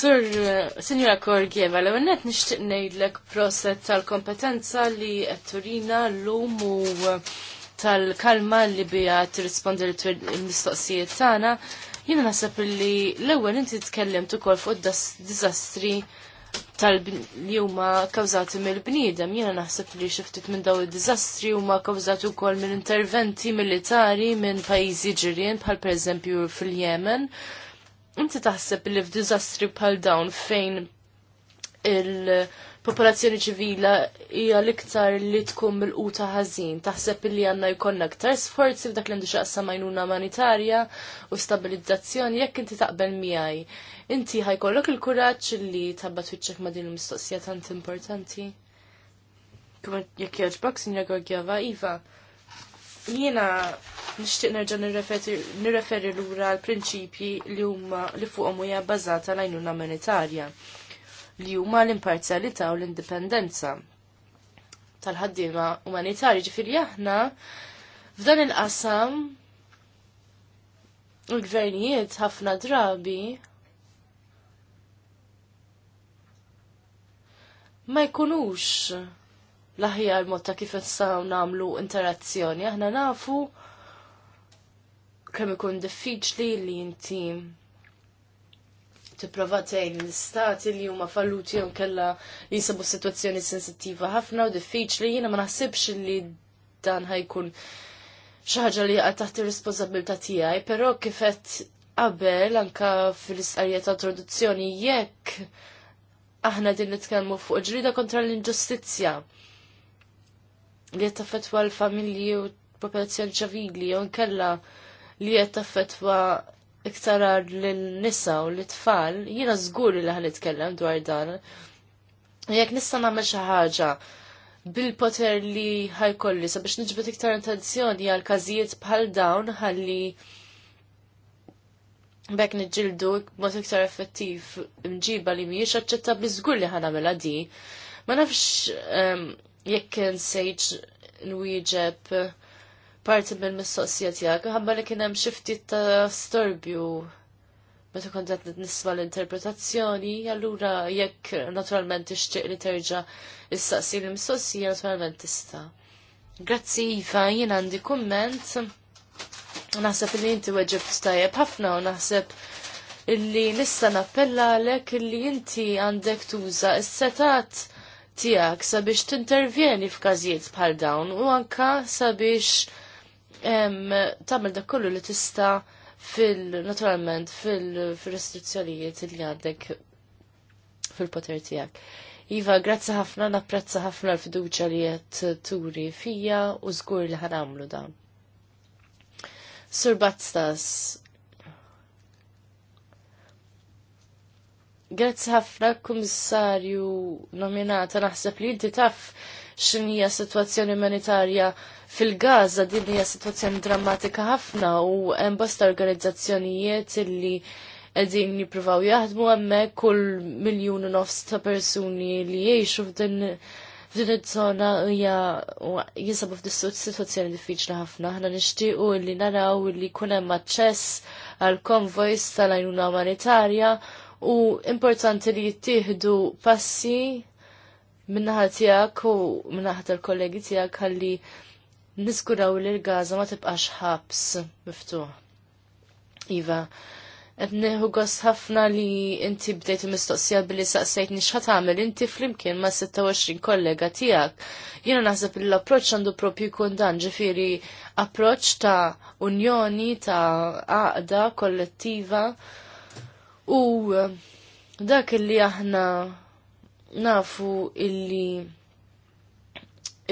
Sur, eh, Signora Korgieva, l għennet nishtiq nejdlek proset tal-kompetenza li għatturina l-lum u eh, tal-kalma li bija t-rispondi l-mistoqsijiet tana. Jina nasab li l-ewel inti t-tkellimt ukoll fuq dizastri tal-li huma kawzati mill-bniedem. Jiena naħseb li xiftit minn daw id-diżastri huma kawzati wkoll minn interventi militari minn pajjiżi ġirien bħal pereżempju fil-Yemen. Inti taħseb li f'diżastri bħal dawn fejn il-popolazzjoni ċivila hija l-iktar li tkun mill-quta ħażin, taħseb li għandna jkollna aktar sforzi f'dak li għandu xaqsam għajnuna umanitarja u stabilizzazzjoni jekk inti taqbel miegħi. Inti ħajkollok il-kuraġġ li tabba twiċċek ma' din il-mistoqsija tant importanti. Kemm Jekk jaġbok, Sinja Gorgjava, Iva, Jiena nixtieq nerġa' nirreferi lura l-prinċipji li huma li fuqhom hija bbażata l-għajnuna umanitarja li huma l-imparzjalità u l-indipendenza tal-ħaddiema umanitarji. Ġifieri aħna f'dan il-qasam il-gvernijiet ħafna drabi ma jkunux l-aħjar mod ta' kif nistgħu nagħmlu interazzjoni. Aħna nafu kemm ikun diffiċli li inti tipprova tgħin l-istati li huma falluti jew kellha jinsabu sitwazzjoni sensittiva ħafna u diffiċli jiena ma naħsibx li dan ħajkun xi ħaġa li qatt taħt ir-responsabilità tiegħi, però kif qed qabel anka fil-istqarrija ta' introduzzjoni jekk aħna din nitkellmu fuq ġrida kontra l-inġustizzja li qed taffettwa l-familji u popolazzjoni ċavili u nkella li qed taffettwa iktar l nisa u l-tfal, jiena zgur li ħan nitkellem dwar dan. Jekk nista' nagħmel xi ħaġa bil-poter li ħajkolli sabiex nġbet iktar intenzjoni għal każijiet bħal dawn ħalli bekk nġildu mod iktar effettiv mġiba li mhijiex aċċettabbli żgur li ħanamela di. Ma nafx ehm, jekk l nwieġeb parti mill mistoqsija tiegħek, ħabba li kien hemm xi ftit ta' storbju meta kont qed nisma' l-interpretazzjoni, allura jekk naturalment tixtieq li terġa' issaqsi l-mistoqsija naturalment tista'. Grazzi Iva, jien għandi kumment. Naħseb li inti weġibt tajjeb ħafna u naħseb illi nista nappella għalek illi inti għandek tuża s-setat tijak sabiex tintervjeni f'każijiet bħal dawn u anka sabiex tagħmel dak kollu li tista' fil-naturalment fil-restrizzjonijiet li għandek fil-poter tiegħek. Iva, grazzi ħafna, napprezza ħafna l-fiduċa li jett turi fija u zgur li ħanamlu dan. Sur Batstas, Grazzi ħafna kummissarju nominata naħseb li inti taf x'inhija sitwazzjoni umanitarja fil-Gaza din hija sitwazzjoni drammatika ħafna u hemm bosta organizzazzjonijiet illi qegħdin jippruvaw jaħdmu hemmhekk kull miljun u nofs ta' persuni li jgħixu f'din f'din iż-żona hija jinsabu f'din sitwazzjoni diffiċli ħafna. Aħna nixtiequ li naraw li jkun hemm aċċess għal konvojs tal-għajnuna umanitarja u importanti li jittieħdu passi min-naħa tijak u minnaħa tal-kollegi tijak għalli niskuraw li l-gaza ma tibqax ħabs miftuħ. Iva, Etniħu għos ħafna li inti bdejti mistoqsija billi saqsejt nixħat għamil inti flimkien ma' 26 kollega tijak. Jiena naħseb li l-approċ għandu propju jkun dan ġifiri approċ ta' unjoni, ta' għaqda kollettiva U eh, dak illi aħna nafu illi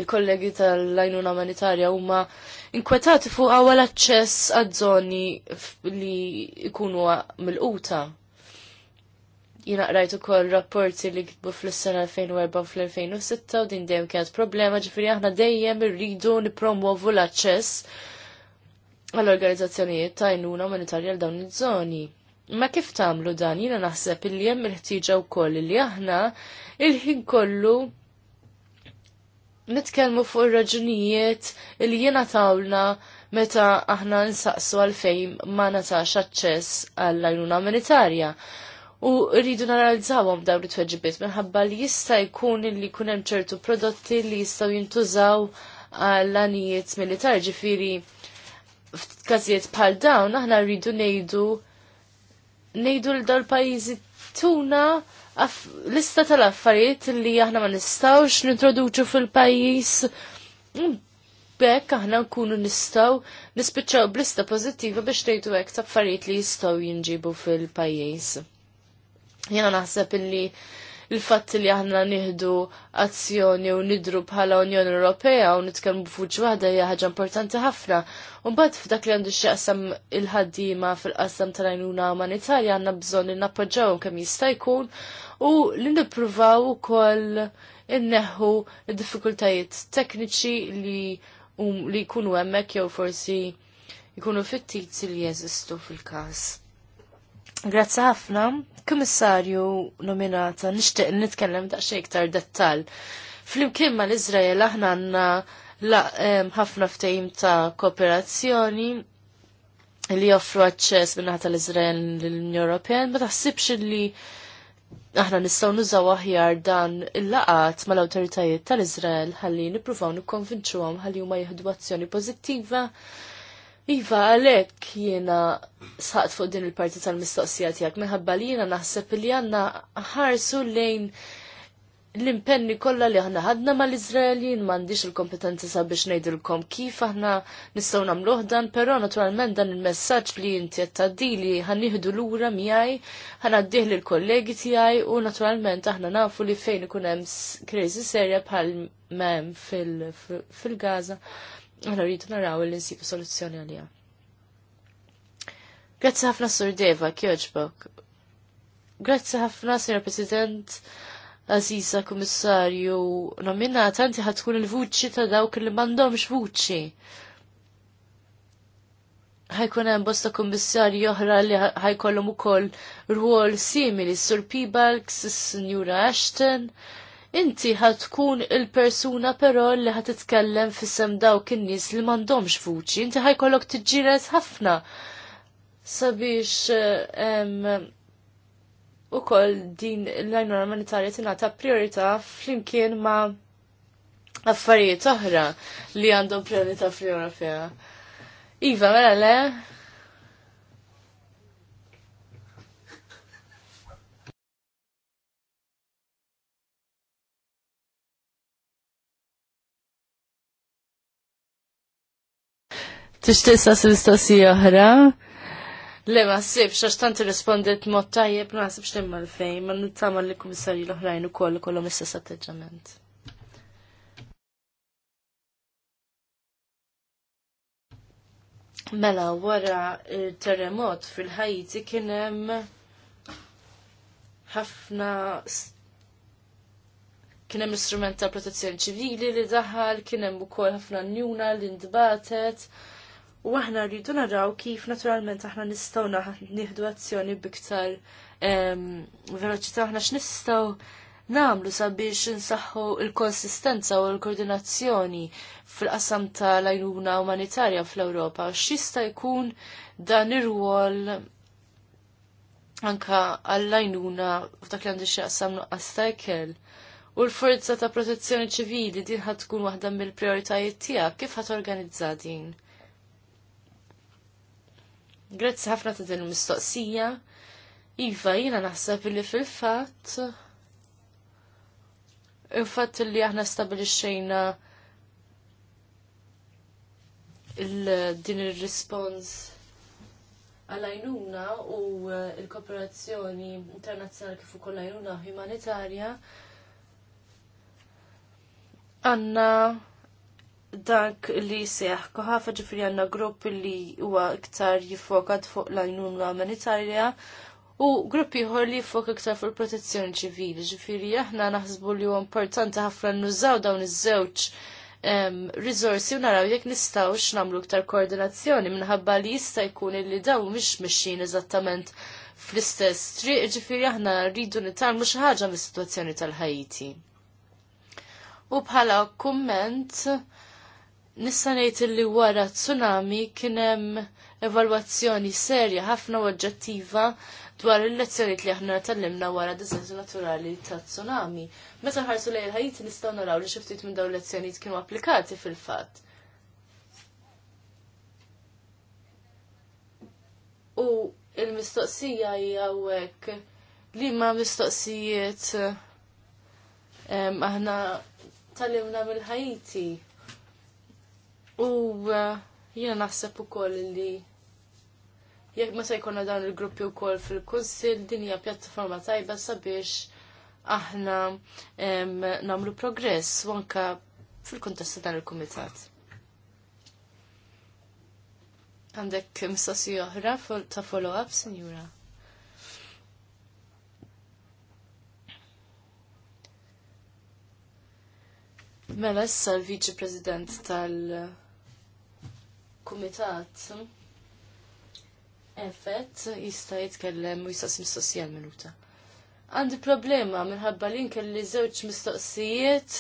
il-kollegi tal-lajnuna umanitarja huma inkwetati fuq għawal aċċess għadżoni żoni li ikunu mill-quta. Jina qrajt ukoll rapporti li kitbu fl-sena 2004 u fl-2006 u din dejjem kienet problema ġifieri aħna dejjem irridu nippromovu l-aċċess għall-organizzazzjonijiet ta' għajnuna umanitarja l dawn iż-żoni. Ma kif tagħmlu dan jiena naħseb illi hemm il-ħtieġa wkoll li aħna il-ħin kollu nitkellmu fuq ir-raġunijiet li jiena tawlna meta aħna nsaqsu għalfejn ma natax aċċess għall-għajnuna militarja. U rridu naralizzawhom dawn it-tweġibiet minħabba li jista' jkun li jkun hemm ċertu prodotti li jistgħu jintużaw għall anijiet militari ġifieri f'każijiet bħal dawn aħna rridu ngħidu nejdu l-dal pajizi tuna lista tal-affarijiet li aħna ma nistawx nintroduċu fil-pajis. Mm, bekk aħna nkunu nistaw nispiċċaw blista pozittiva biex nejdu hekk ta' affarijiet li jistaw jinġibu fil-pajis. Jena naħseb illi il-fatt li aħna nieħdu azzjoni u nidru bħala Unjoni Ewropea u nitkellmu b'fuġ waħda hija ħaġa importanti ħafna. U mbagħad f'dak li għandu x'jaqsam il-ħaddiema fil-qasam tal-għajnuna umanitarja għandna bżonn li nappoġġaw kemm jista' jkun u li nippruvaw ukoll inneħħu d-diffikultajiet tekniċi li um, li jkunu hemmhekk jew forsi jkunu fit-tizzi li jeżistu fil-każ. Grazzi ħafna, kummissarju nominata, nixtieq nitkellem daqsxejn iktar dettal. Flimkien mal iżrael aħna għandna ħafna ftehim ta' kooperazzjoni li joffru aċċess minnaħat tal-Izrael l-Unjoni Ewropea, ma taħsibx li aħna nistgħu nużaw aħjar dan il-laqat mal-awtoritajiet tal-Izrael ħalli nippruvaw nikkonvinċuhom ħalli huma jieħdu azzjoni pożittiva Iva, għalek jiena saqt fuq din il-parti tal-mistoqsija tiegħek minħabba li jiena naħseb li għandna ħarsu lejn l-impenni kollha li aħna ħadna mal-Iżraelin m'għandix il-kompetenza sabiex ngħidilkom kif aħna nistgħu namluħdan, pero però naturalment dan il-messaġġ li li qed l ħannieħdu lura miegħi, ħanaddih l kollegi tiegħi u naturalment aħna nafu li fejn ikun hemm serja bħal m'hemm fil-Gaza. Fil Għana rritu naraw li nsibu soluzzjoni għalija. Grazzi ħafna Sur Deva, kjoġbok. Grazzi ħafna Sir President, Aziza Kummissarju, nominata tanti ħatkun il-vuċi ta' dawk li mandomx vuċi ħajkun hemm bosta kummissarji oħra li ħajkollhom ukoll rwol simili sur Pibalks, is-Sinjura Ashton, inti ħad tkun il-persuna però li ħad fissem dawk in-nies li m'għandhomx vuċi, inti ħajkollok tiġġieled ħafna sabiex eh, u koll din l-għajnuna umanitarja ta' priorita flimkien ma affarijiet oħra li għandhom priorita fl-Ewropea. Iva, mela le, Tixtieq sas l oħra. Le ma sibx, għax tant irrispondet mod tajjeb, ma s-sib li mal fej ma n-tama li kummissarji l-oħrajn ukoll kollhom istess atteġġament. Mela, wara terremot fil-ħajti kien hemm ħafna kien hemm istrument ta' protezzjoni ċivili li daħal, kien hemm ukoll ħafna njuna li ntbatet, U aħna rridu naraw kif naturalment aħna nistgħu nieħdu azzjoni biktar veloċità aħna x'nistgħu nagħmlu sabiex insaħħu l-konsistenza u l-koordinazzjoni fil-qasam tal-għajnuna umanitarja fl-Ewropa. X'jista' jkun dan ir-rwol anka għall-għajnuna f'dak li għandu xi qasam nuqqas ta' ikel. U l-forza ta' protezzjoni ċivili din ħad tkun waħda mill-prioritajiet tiegħek kif ħad din? Grazzi ħafna ta' din il-mistoqsija. Iva, jina naħseb li fil-fat. Il-fat li aħna stabilixxejna din il-respons għal ajnuna u il-kooperazzjoni internazzjonali kif ukoll għajnuna humanitarja għanna dak li seħ koħafa ġifri għanna grupp li huwa iktar jifokat fuq l-għajnuna umanitarja u grupp ieħor li jifokat iktar fuq protezzjoni ċivili. Ġifiri aħna naħsbu li huwa importanti ħafna nużaw dawn iż-żewġ rizorsi u naraw jekk nistgħux nagħmlu iktar koordinazzjoni minħabba li jista' jkun li dawn mhix mixin eżattament fl-istess triq, ġifiri aħna rridu nitalmu xi ħaġa mis-sitwazzjoni tal-Ħajti. U bħala kumment, Nista' ngħid li wara tsunami kien hemm evalwazzjoni serja ħafna u oġġettiva dwar il-lezzjonijiet li aħna tallimna wara diżastru naturali ta' tsunami. Meta ħarsu lejn ħajti nistgħu naraw li xi ftit minn dawn lezzjonijiet kienu applikati fil-fatt. U il-mistoqsija hija hekk li ma mistoqsijiet aħna tallimna mill-ħajti U uh, jiena naħseb ukoll li jekk ma se jkollna dawn il-gruppi wkoll fil-kunsill din hija pjattaforma tajba sabiex aħna nagħmlu progress u anke fil-kuntest dan il-kumitat. Għandek mistoqsija oħra ta' follow-up, sinjura? Mela issa l-Viċi President tal- kumitat effett jista' jitkellem u jistaqsim mistoqsija minuta Għandi problema minħabba li nkelli żewġ mistoqsijiet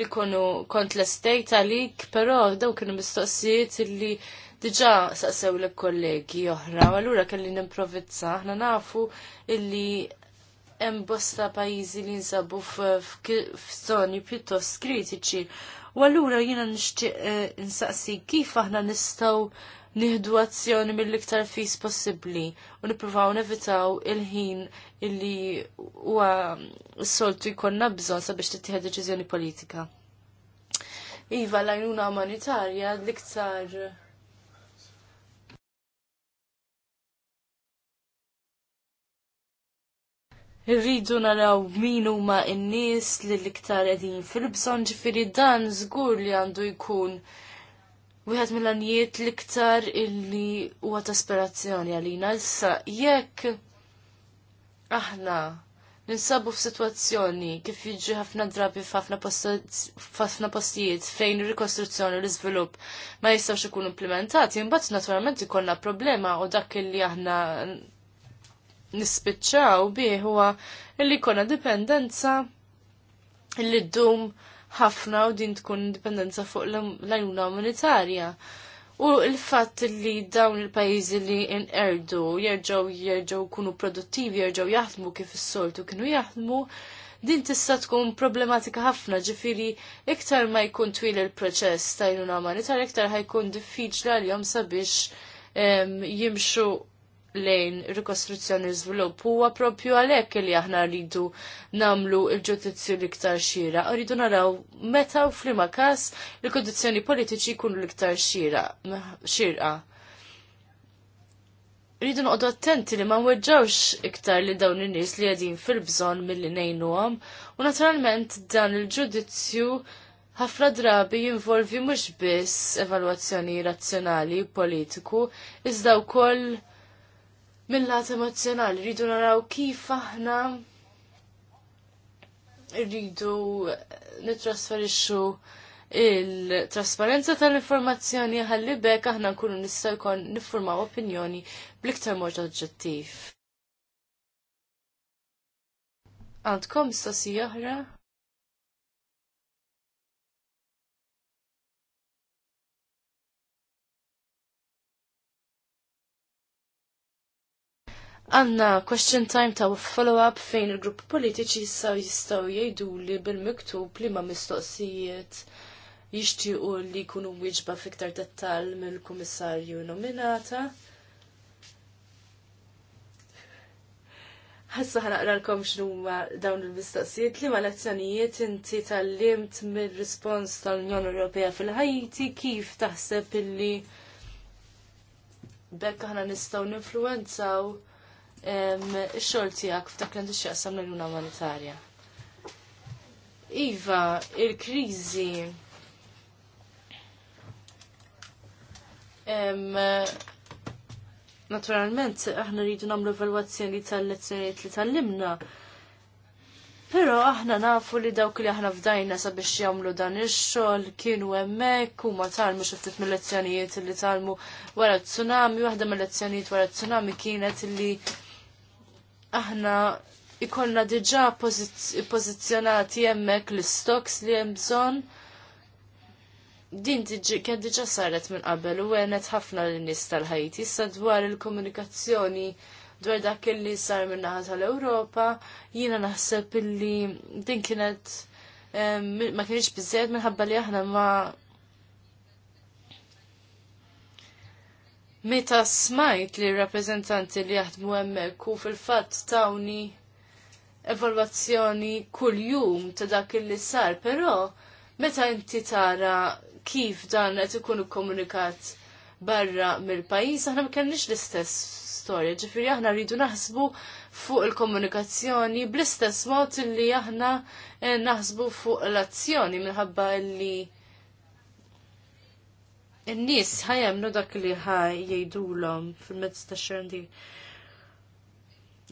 li konu kont l estate għalik, però daw kienu mistoqsijiet li diġa saqsew l kollegi oħra, għallura kelli nimprovizza, aħna nafu illi hemm bosta pajjiżi li nsabu f'żoni pjuttost kritiċi U allura jiena nixtieq eh, insaqsi kif aħna nistgħu nieħdu azzjoni mill-iktar fis possibbli u nippruvaw nevitaw il-ħin illi huwa s-soltu jkollna bżonn sabiex tittieħed deċiżjoni politika. Iva l-għajnuna umanitarja l-iktar Irridu naraw min huma n-nies li l-iktar qegħdin fil-bżonn ġifieri dan żgur li għandu jkun wieħed mill-għanijiet l-iktar illi huwa ta' sperazzjoni għalina issa jekk aħna ninsabu f'sitwazzjoni kif jiġi ħafna drabi f'ħafna postijiet fejn ir-rikostruzzjoni u l-iżvilupp ma jistgħux ikunu implementati, imbagħad naturalment ikollna problema u dak illi aħna nispiċċaw bih huwa li jkollna dipendenza li ddum ħafna u din tkun dipendenza fuq l ajuna umanitarja. U il-fatt li dawn il-pajizi li in-erdu jerġaw jerġaw kunu produttivi, jerġaw jaħdmu kif is-soltu kienu jaħdmu, din tista' tkun problematika ħafna ġifiri iktar ma jkun twil il-proċess ta' jnuna umanitarja, iktar ħajkun diffiċli għal-jom sabiex jimxu lejn rikostruzzjoni żvilupp huwa propju għalhekk li aħna rridu namlu l-ġudizzju l-iktar xira. Rridu naraw meta u flima każ il-kondizzjoni politiċi jkunu l-iktar xira Rridu noqdu attenti li ma nweġġawx iktar li dawn in-nies li qegħdin fil-bżonn milli ngħinuhom u naturalment dan il-ġudizzju ħafna drabi jinvolvi mhux biss evalwazzjoni razzjonali politiku, iżda wkoll mill-lat emozjonali, rridu naraw kif aħna rridu nitrasferixxu il-trasparenza tal-informazzjoni ħalli bekk aħna nkunu nistgħu jkun niffurmaw opinjoni bl-iktar mod oġġettiv. Għandkom stasija oħra? Għanna question time ta' follow-up fejn il-grupp politiċi jissaw jistaw jgħidu li bil-miktub li ma' mistoqsijiet jixtiequ li jkunu wieġba fiktar dettal mill-kummissarju nominata. Ħassa ħanaqralkom x'numa dawn il-mistaqsijiet li ma lezzjonijiet inti tallimt mill rispons tal-Unjoni Ewropea fil-Ħajti kif taħseb illi bekk aħna nistgħu ninfluwenzaw xogħol tiegħek f'dak li għandu x'jaqsam l-luna monetarja. Iva, il-kriżi naturalment aħna rridu nagħmlu evalwazzjoni tal-lezzjonijiet li tallimna. Però aħna nafu li dawk li aħna fdajna sabiex jagħmlu dan ix-xogħol kienu hemmhekk huma talmu xi ftit mill-lezzjonijiet li talmu wara tsunami, waħda mill-lezzjonijiet wara tsunami kienet li aħna ikonna diġa pozizjonati jemmek l-stoks li jemżon. Din kien diġa saret minn qabel u għenet ħafna l-nis tal-ħajti, issa dwar il-komunikazzjoni dwar dak li sar minn naħa tal-Ewropa, jina naħseb illi din kienet eh, ma kienx bizzejed minħabba li aħna ma meta smajt li rappresentanti li jaħdmu hemmhekk u fil-fatt tawni evalwazzjoni kuljum ta' dak li sar, però meta inti tara kif dan qed ikun ikkomunikat barra mill-pajjiż aħna ma kellniex l-istess storja, ġifieri aħna rridu naħsbu fuq il-komunikazzjoni bl-istess mod li aħna eh, naħsbu fuq l-azzjoni minħabba li n-nies ħajemnu dak li ħaj jgħidulhom fil-mezz ta' xerndi.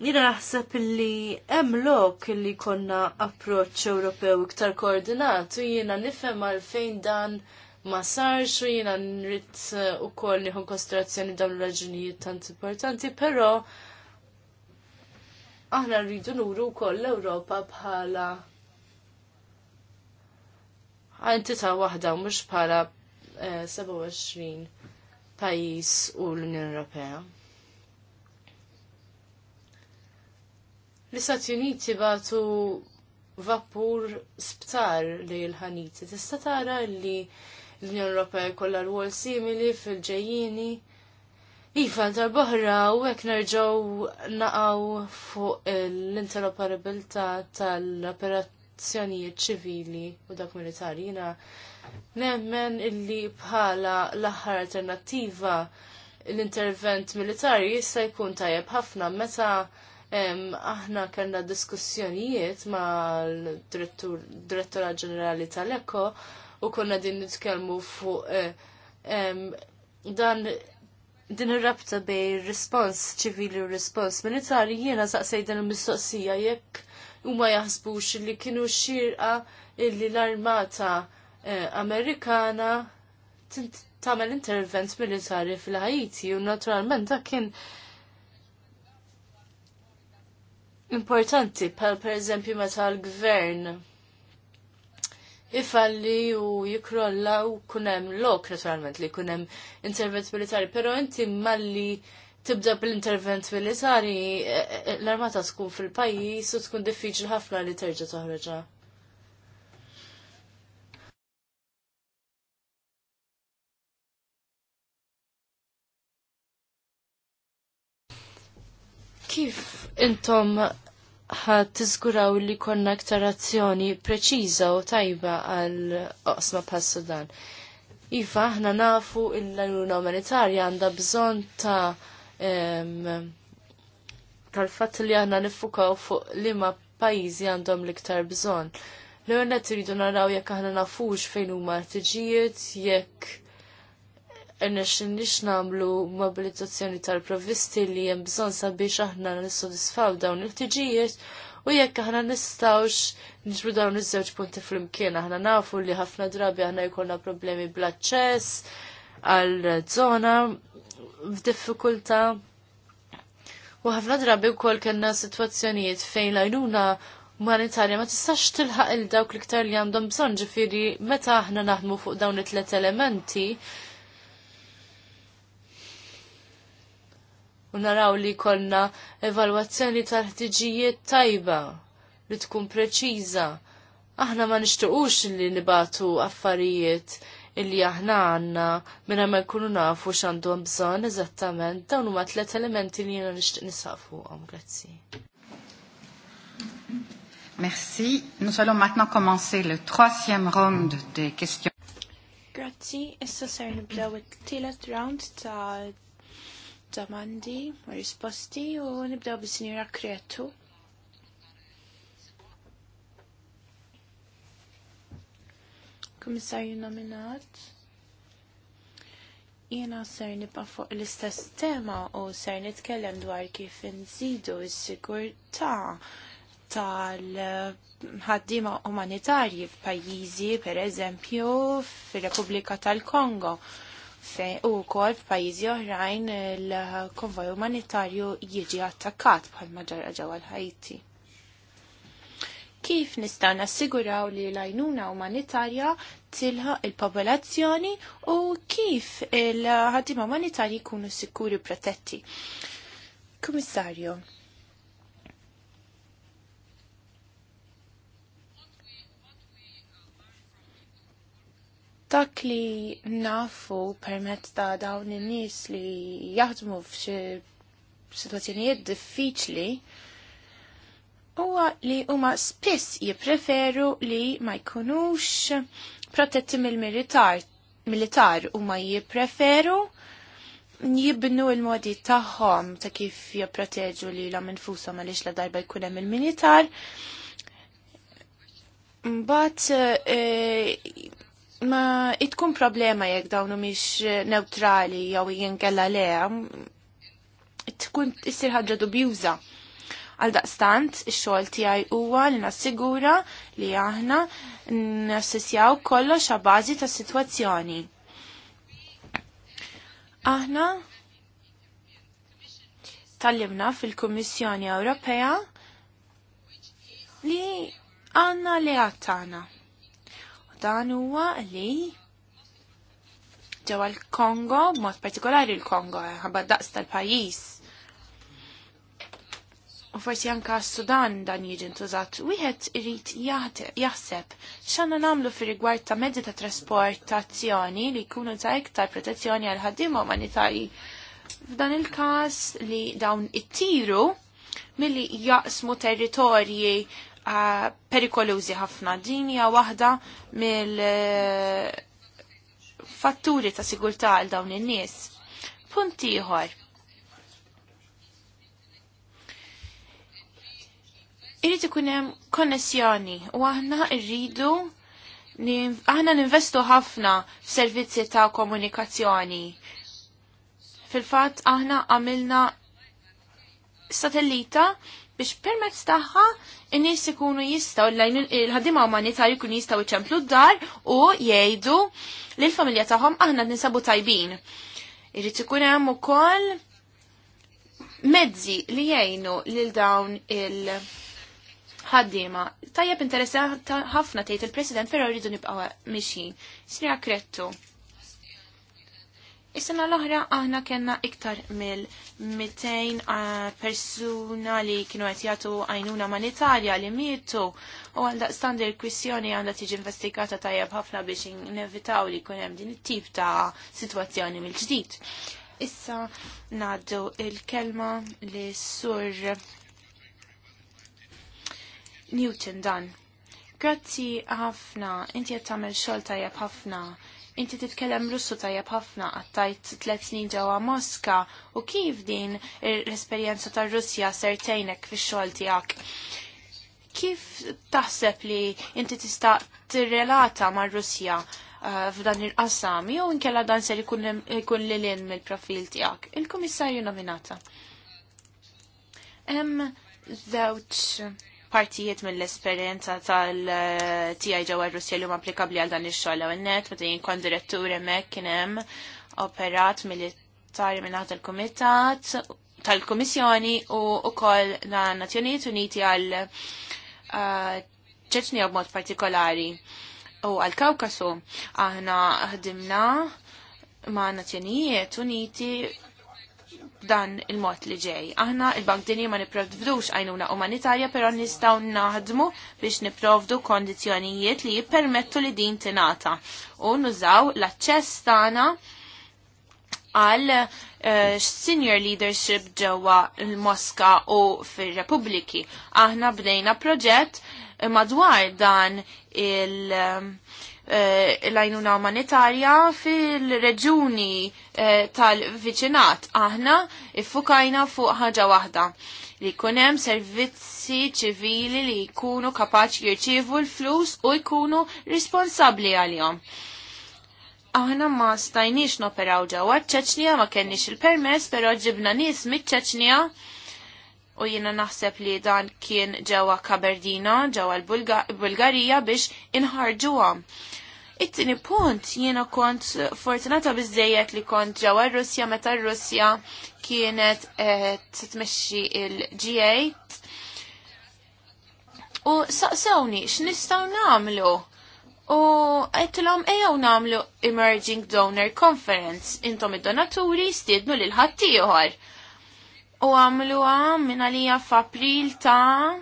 Jina naħseb li hemm lok li konna approċċ Ewropew iktar koordinat u jiena nifhem għalfejn dan ma sarx u jiena nrid eh, ukoll nieħu konsiderazzjoni dawn l-raġunijiet tant importanti, però aħna rridu nuru wkoll l-Ewropa bħala entità waħda mhux bħala 27 pajis u l-Unjoni Ewropea. L-Istati Uniti batu vapur sptar li l-ħaniti. Tista' tara li l-Unjoni Ewropea kollha rwol simili fil-ġejjini. Iva, tal-boħra u hekk nerġgħu naqgħu fuq l-interoperabilità tal-operazzjonijiet ċivili u dak militari. Jiena Nemmen illi bħala l-aħħar alternattiva l-intervent militari jista' jkun tajjeb ħafna meta aħna kellna diskussjonijiet mal direttura ġenerali tal-Eko u konna din nitkellmu fuq eh, dan din ir-rabta bej respons ċivili u respons militari jiena saqsej dan il-mistoqsija jekk huma jaħsbux li kienu xirqa illi l-armata Eh, Amerikana tagħmel intervent militari fil-Ħajti u naturalment dak kien importanti pal per eżempju meta l-gvern ifalli u jikrolla u kunem lok naturalment li kunem intervent militari, pero inti malli tibda bil-intervent militari eh, eh, l-armata tkun fil-pajis u tkun diffiċli ħafna li terġa' toħroġa. kif intom ħad tiżguraw li konna aktar azzjoni preċiża u tajba għal oqsma pas Sudan. Iva, aħna nafu l-Unjoni Umanitarja għandha bżonn ta' tal-fatt li aħna nifukaw fuq liema pajjiżi għandhom l-iktar bżonn. L-għanna tridu naraw jekk aħna nafux fejn huma artiġijiet, jekk nix namlu mobilizzazzjoni tal-provisti li jem bżon sabiex aħna nissodisfaw dawn il-ħtiġijiet U jekk aħna nistawx nġbru dawn iż-żewġ punti flimkien, aħna nafu li ħafna drabi aħna jkollna problemi bl-aċċess għal żona f'diffikultà. U ħafna drabi wkoll kellna sitwazzjonijiet fejn lajnuna humanitarja ma tistax tilħaq il dawk l-iktar li għandhom bżonn ġifieri meta aħna naħdmu fuq dawn it-tlet elementi, u naraw li kollna evalwazzjoni tal-ħtiġijiet tajba li tkun preċiża. Aħna ma nixtiequx li nibatu affarijiet illi aħna għanna minna ma jkunu nafu x'għandhom bżonn eżattament dawn huma tliet elementi li jiena nixtieq nisaq fuqhom. Grazzi. Merci. Nous allons maintenant commencer le troisième round des questions. Grazzi, issa ser nibdew it-tielet round ta' domandi u risposti u nibdew bis-sinjura Kretu. Kummissarju nominat. Jiena ser nibqa' fuq l-istess tema u ser nitkellem dwar kif inżidu s-sigurtà tal-ħaddima umanitarji f'pajjiżi, per eżempju, fir-Repubblika tal-Kongo Se u kol f'pajjiżi oħrajn il-konvoj umanitarju jiġi attakkat bħal ġara ġewwa l-Ħajti. Kif nistgħu nassiguraw li l-għajnuna umanitarja tilħa il-popolazzjoni u kif il-ħaddiema umanitarji jkunu sikuri protetti? Kummissarju, Dak li nafu permezz ta' dawn in-nies li jaħdmu f'xi situazzjonijiet diffiċli huwa li huma spiss jippreferu li ma jkunux protetti mill-militar militar huma jippreferu jibnu il-modi tagħhom ta' kif jipproteġu li la minfusa għaliex la darba jkun hemm il-militar. Mbagħad eh, ma itkun problema jekk dawnu miex eh, neutrali jew jinkella leha, tkun issir ħaġa dubjuża. Għal daqstant, ix-xogħol tiegħi huwa li nassigura li aħna nassisjaw kollox xa bażi ta' sitwazzjoni. Aħna tallimna fil-Kummissjoni Ewropea li għanna li għattana dan huwa li ġewwa l-Kongo, mod partikolari l-Kongo, ħabba daqs tal-pajjiż. U forsi anka sudan dan jiġi ntużat, wieħed irid jaħseb x'għandna nagħmlu fir-rigward ta' mezzi ta' trasportazzjoni li jkunu ta' iktar protezzjoni għal ħaddim umanitarji. F'dan il-każ li dawn ittiru milli jaqsmu territorji perikolużi ħafna. Din hija waħda mill-fatturi eh, ta' sigurtà għal dawn in-nies. Punt ieħor. Irrid ikun hemm konnessjoni u aħna rridu aħna ninvestu ħafna f'servizzi ta' komunikazzjoni. Fil-fatt aħna għamilna satellita biex permezz tagħha n-nis ikunu jistgħu l il-ħaddiema umanitarji jkunu jistgħu iċemplu d-dar u jgħidu l familja tagħhom aħna nisabu tajbin. Irid ikun hemm ukoll mezzi li jgħinu lil dawn il- ħaddiema. Tajjeb interessata ħafna tgħid il-President ferro rridu nibqgħu mixin. Sri Krettu. Is-sena l-oħra aħna kena iktar mill 200 ah, persuna li kienu qed jagħtu għajnuna manitarja li mietu u għal daqstan kwissjoni għandha tiġi investigata tajjeb ħafna biex nevitaw li jkun hemm din it-tip ta' sitwazzjoni mill-ġdid. Issa ngħaddu il-kelma li sur Newton dan. Grazzi ħafna, inti qed tagħmel xogħol tajjeb ħafna Inti titkellem Russu tajjeb ħafna għattajt tlet snin ġewwa Moska u kif din l-esperjenza tar-Russja sertejnek fix-xogħol tiegħek. Kif taħseb li inti tista' tirrelata mar-Russja uh, f'dan il-qasam jew inkella dan ser ikun li lin mill-profil tiegħek. Il-kummissarju nominata. Hemm żewġ partijiet mill-esperienza tal-TI ġewwa Russja li huma applikabbli għal dan ix-xogħol hawnhekk meta jien kont direttur hemmhekk kien hemm operat militari minn naħa tal-kumitat tal-Kummissjoni u wkoll na Nazzjonijiet Uniti għal uh, ċeċnija b'mod partikolari u għal Kawkasu aħna ħdimna ma' Nazzjonijiet Uniti Dan il-mod li ġej. Aħna il-Bank Dinji ma niprovdux għajnuna umanitarja, però nistgħu naħdmu biex niprovdu kondizzjonijiet li jippermettu li din tingħata u nużaw l-aċċess tagħna għal uh, senior leadership ġewwa l-Moska u fir-Repubbliki. Aħna bdejna proġett eh, madwar dan il- Eh, l-għajnuna umanitarja fil-reġuni eh, tal-viċinat. Aħna iffukajna fuq ħaġa waħda li kunem servizzi ċivili li jkunu kapaċi jirċivu l-flus u jkunu responsabli għalihom. Aħna ma stajniex noperaw ġewwa ċeċnija ma kenniex il-permess, però ġibna nies miċ-ċeċnija u jiena naħseb li dan kien ġewwa Kaberdina, ġewwa l-Bulgarija biex inħarġuhom. It-tini punt jiena kont fortunata bizzejet li kont ġewwa r-Russja meta r-Russja kienet eh, titmexxi il-G8. U saqsawni x'nistgħu nagħmlu U għetlom ejaw namlu Emerging Donor Conference, intom id-donaturi stidnu lil ħaddieħor. U għamlu għam minn għalija f'April ta'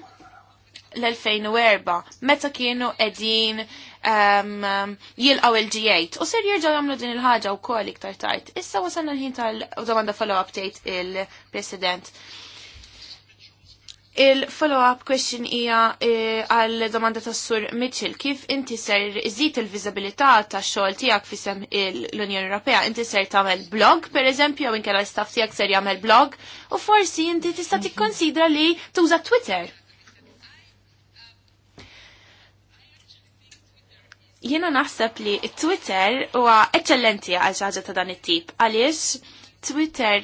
l-2004, meta kienu edin Um, um, jilqaw il-G8 u ser jirġaw jamlu din il-ħagġa u koll iktar tajt. Issa wasalna l-ħin tal-domanda follow-up tgħid il-President. Il-follow-up question hija eh, għal domanda tas sur Mitchell. Kif inti ser iżid il-viżabilità tax-xogħol tiegħek fisem l-Unjoni Ewropea? Inti ser tagħmel blog, pereżempju, jew inkella l-istaff tiegħek ser jagħmel blog, u forsi inti tista' tikkonsidra li tuża Twitter Jiena naħseb li Twitter huwa eċċellenti għal ħaġa ta' dan it-tip għaliex Twitter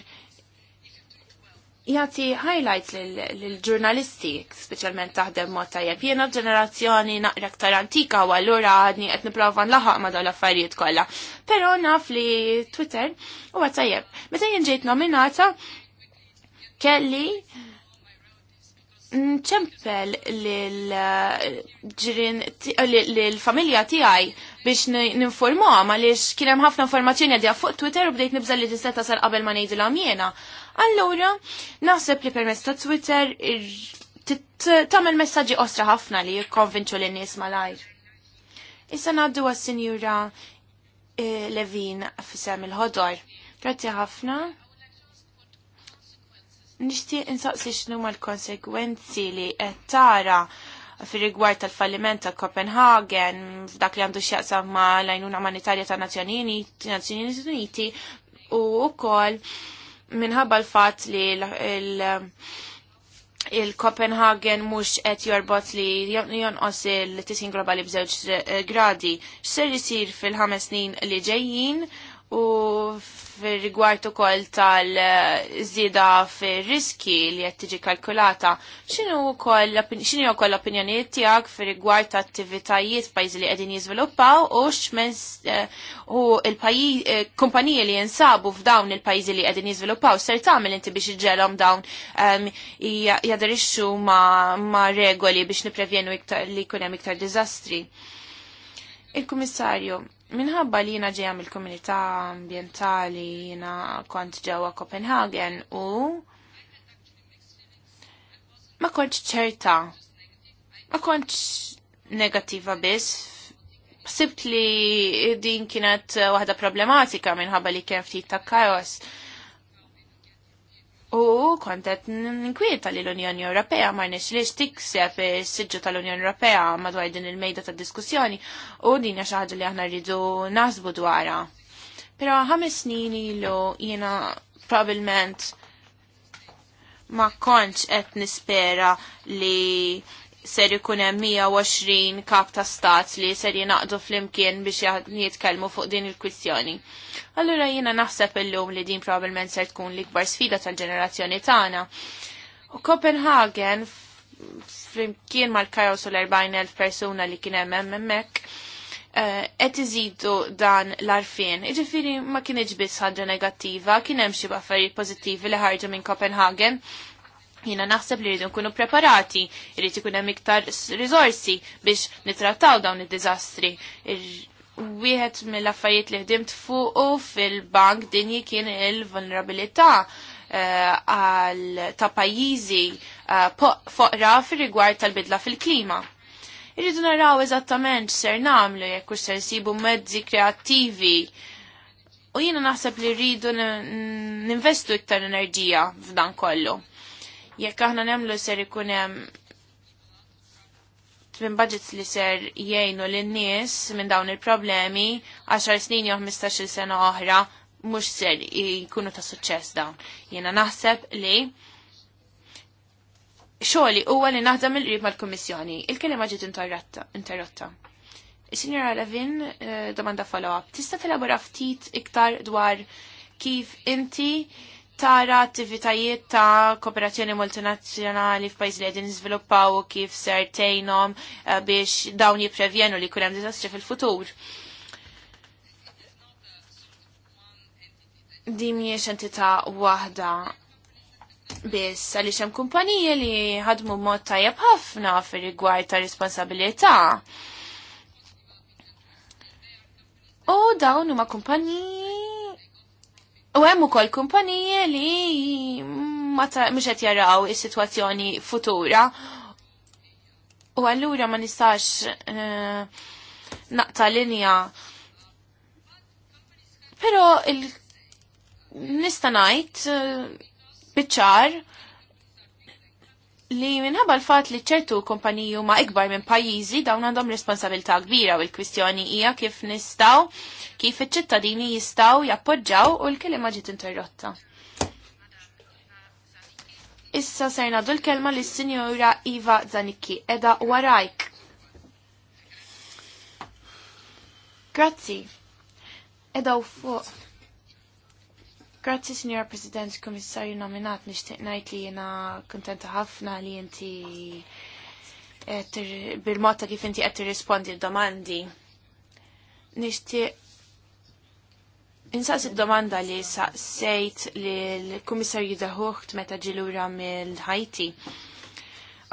jagħti highlight lill-ġurnalisti speċjalment taħdem mod tajjeb. Jiena ġenerazzjoni naqra aktar antika u allura għadni qed nipprova nlaħaq ma' dawn l-affarijiet kollha. Però naf li Twitter huwa tajjeb. Meta jien ġejt nominata kelli nċempel l eh, eh, familja tiegħi biex ninformuha għaliex kien hemm ħafna informazzjoni għadja fuq Twitter u bdejt nibżalli li tista' tasal qabel ma l-għamjena. Allura, naħseb li permezz ta' Twitter tagħmel messaġġi ostra ħafna li jikkonvinċu lin nies malajr. Issa naddu għas-Sinjura eh, Levin f'isem il-ħodor. Grazie ħafna. Nixtieq insaqsi x'nu l-konsekwenzi li qed tara fir rigward tal-falliment ta' Copenhagen f'dak li għandu x'jaqsam ma' l-għajnuna umanitarja ta' Nazzjonijiet Uniti u wkoll minħabba l-fatt li il-Copenhagen mhux qed jorbot li jonqos il-tisin globali b'żewġ eh, gradi. X'ser isir fil-ħames snin li ġejjin u fil-rigward ukoll tal-żieda fir-riski li qed tiġi kalkulata, x'inhu wkoll x'inhi wkoll opinjonijiet tiegħek fir-rigward ta' attivitajiet pajjiżi li qegħdin jiżviluppaw u x'men eh, u l-pajjiż eh, kumpaniji li jinsabu f'dawn il-pajjiżi li qegħdin jiżviluppaw ser tagħmel inti biex iġġelhom dawn ehm, jadrixxu ma' regoli biex nipprevjenu li jkun hemm iktar diżastri. Il-Kummissarju, minħabba li jina ġejja mill-komunità ambientali jina kont ġewwa Copenhagen u ma kontx ċerta. Ma kontx negattiva biss. Sibt li din kienet waħda problematika minħabba li kien ftit ta' kaos. U kontet ninkwieta li l-Unjoni Ewropea ma rnex li tikseb is-siġġu tal-Unjoni Ewropea madwar din il-mejda ta' diskussjoni u din hija xi ħaġa li aħna rridu naħsbu dwarha. Però ħames snin ilu jiena probabbilment ma kontx qed nispera li ser ikun hemm 120 kap ta' stat li ser jinaqdu flimkien biex jitkellmu fuq din il-kwistjoni. il il kwistjoni allura jiena naħseb illum li din probabbilment ser tkun l-ikbar sfida tal-ġenerazzjoni tagħna. U Copenhagen flimkien mal kajos u l-40.000 persuna li kien hemm hemmhekk eh, qed iżidu dan l-arfin. Iġifieri ma kien biss ħaġa negattiva, kien hemm xi affarijiet pożittivi li ħarġu minn Copenhagen jina naħseb li rridu nkunu preparati, irrid ikun hemm iktar risorsi biex nitrattaw dawn id-diżastri, wieħed mill-affarijiet li ħdimt fuqu fil-bank dinji kien il-vulnerabilità eh, għal ta' pajjiżi eh, foqra fir-rigward tal-bidla fil-klima. Irridu naraw eżattament ser namlu jekk u ser sibu mezzi kreattivi u jiena naħseb li rridu ninvestu iktar enerġija f'dan kollu. Jekk aħna nemlu ser ikun hemm minn budgets li ser jgħinu l-nies minn dawn il-problemi 10 snin jew 15 sena oħra mhux ser jkunu ta' suċċess dawn. Jiena naħseb li xogħli huwa li naħdem il-qrib mal-Kummissjoni. Il-kelma ġiet interrotta. Is-Sinjora Levin eh, domanda follow-up. Tista' tilabora ftit iktar dwar kif inti tara attivitajiet ta' kooperazzjoni multinazzjonali f'pajjiż li qegħdin iżviluppaw kif ser tgħinhom eh, biex dawn jipprevjenu li jkun hemm diżastri fil-futur. Din mhijiex entità waħda biss għaliex hemm kumpaniji li ħadmu mod tajjeb ħafna fir-rigward ta' responsabilità. U dawn huma kumpaniji U hemm ukoll kumpaniji li mhux qed jaraw is-sitwazzjoni futura. U allura ma nistax eh, naqta linja. Però il nista' ngħid eh, biċ-ċar li minħabba l-fat li ċertu kompaniju ma ikbar minn pajjiżi dawn għandhom responsabilità kbira u l-kwistjoni hija kif nistaw, kif iċ-ċittadini jistaw jappoġġaw u l-kelima ġiet interrotta. Issa ser nagħdu l-kelma lis sinjura Iva Zanikki edha warajk. Grazzi. u fuq. Grazzi, Signor President, Komissarju nominat, nishtiq najt li jena kontenta ħafna li jinti bil-mod kif inti qed tirrispondi l-domandi. Nixtieq Insaqs id-domanda li saqsejt li l-Kummissarju Daħuħt meta ġilura mill-Ħajti.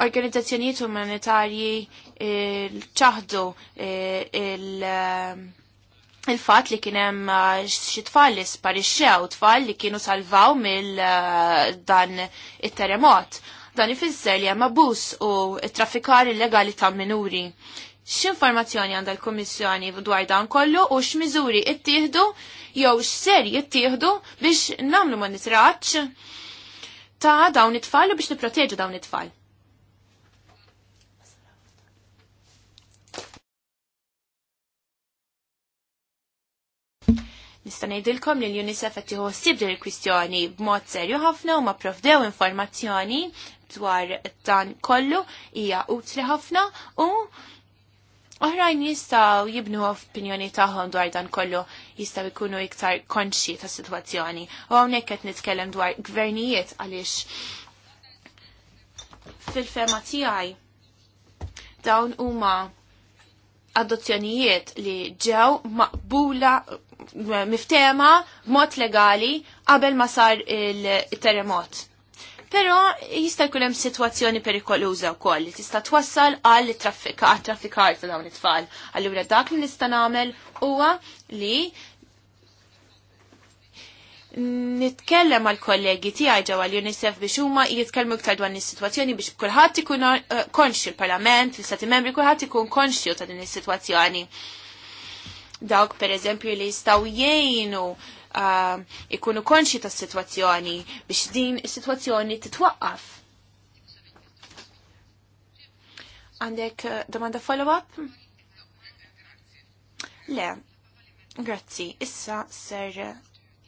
Organizzazzjonijiet umanitarji eh, ċaħdu eh, il- il-fat li kienem uh, xi tfal li sparixxew, tfal li kienu salvaw mill uh, dan it-terremot. Dan ifisser li hemm abus u traffikar illegali ta' minuri. X'informazzjoni għandha l-Kummissjoni dwar dan kollu u x'miżuri ttieħdu jew x'ser jittieħdu biex nagħmlu monitoraġġ ta' dawn it-tfal u biex nipproteġu dawn it-tfal. Nista' ngħidilkom li l-UNICEF qed tieħu ssib il-kwistjoni b'mod serju ħafna u ma provdew informazzjoni dwar dan kollu hija utli ħafna u Oħrajn jistaw jibnu opinjoni tagħhom dwar dan kollu jistaw ikunu iktar konxi ta' situazzjoni. U hawnhekk qed nitkellem dwar gvernijiet għaliex fil-fema tiegħi dawn huma adozzjonijiet li ġew maqbula miftema mod legali qabel ma sar il-terremot. Però jista' jkun hemm sitwazzjoni perikoluża wkoll li tista' twassal għal traffikar ta' dawn it-tfal. Allura dak li nista' nagħmel huwa li nitkellem għal kollegi tiegħi ġewwa l-UNICEF biex huma jitkellmu iktar dwar is-sitwazzjoni biex kulħadd ikun eh, konxju l-Parlament, l-Istati Membri kulħadd ikun konxju ta' din is-sitwazzjoni. Dawk pereżempju li jistgħu jgħinu eh, ikunu konxju tas-sitwazzjoni biex din is-sitwazzjoni titwaqqaf. Għandek eh, domanda follow-up? Le, grazzi. Issa ser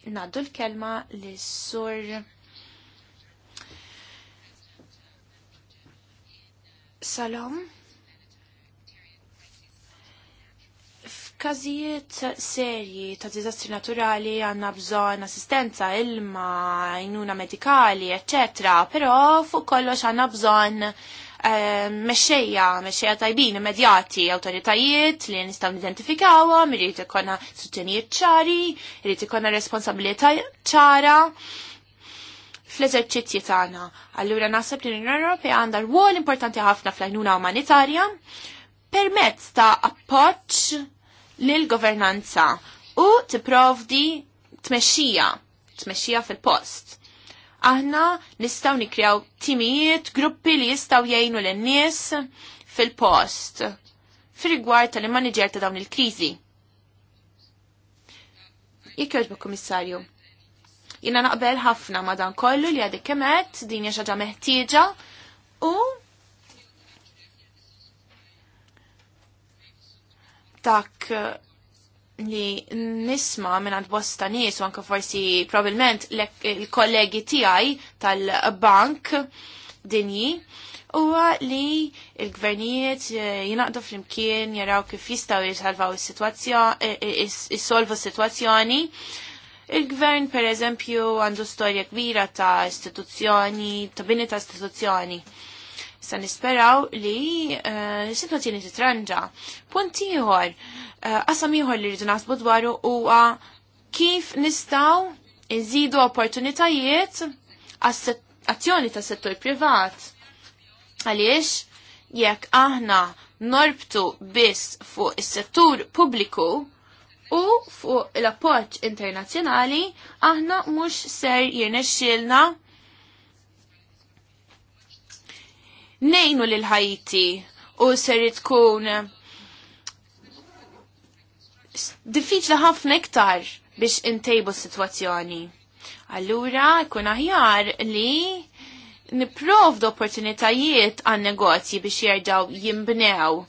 naddu l-kelma li sur Salom. F'każijiet serji ta' diżastri naturali għandna bżonn assistenza, ilma, jnuna medikali, eccetera, però fuq kollox għandna bżonn mexxejja, mexxejja tajbin, immedjati, awtoritajiet li nistgħu nidentifikawhom, irid ikonna sutenijiet ċari, irid ikonna responsabilità ċara fl-eżerċizzji tagħna. Allura naħseb li l-Unjoni Ewropea għandha rwol importanti ħafna fl-għajnuna umanitarja permezz ta' appoġġ lil governanza u tipprovdi tmexxija, tmexxija fil-post aħna nistaw nikrjaw timijiet, gruppi li jistaw jgħinu l-nies fil-post fil-rigward tal-manager ta' dawn il-krizi. Jek joġbu komissarju, Jina naqbel ħafna ma dan kollu li għadek kemet, din hija meħtieġa u dak li nisma minn għand bosta nies u anke forsi probabbilment il-kollegi tiegħi tal-bank dinji huwa li il-gvernijiet eh, jinaqdu flimkien jaraw kif jistgħu jisalvaw eh, eh, is situazzjoni s-sitwazzjoni. Il-gvern pereżempju għandu storja kbira ta' istituzzjoni, ta' bini ta' istituzzjoni. Sa nisperaw li eh, situazzjoni titranġa. Punt ieħor, eh, qasam ieħor li rridu naħsbu dwaru huwa kif nistaw nżidu opportunitajiet azzjoni ta' settur privat. Għaliex, jekk aħna norbtu biss fuq is-settur pubbliku, U fuq l-appoċ internazzjonali aħna mhux ser jirnexxilna. nejnu lil ħajti u ser tkun diffiċli ħafna iktar biex intejbu s-sitwazzjoni. Allura, kun aħjar li d opportunitajiet għan negozji biex jerġaw jimbnew.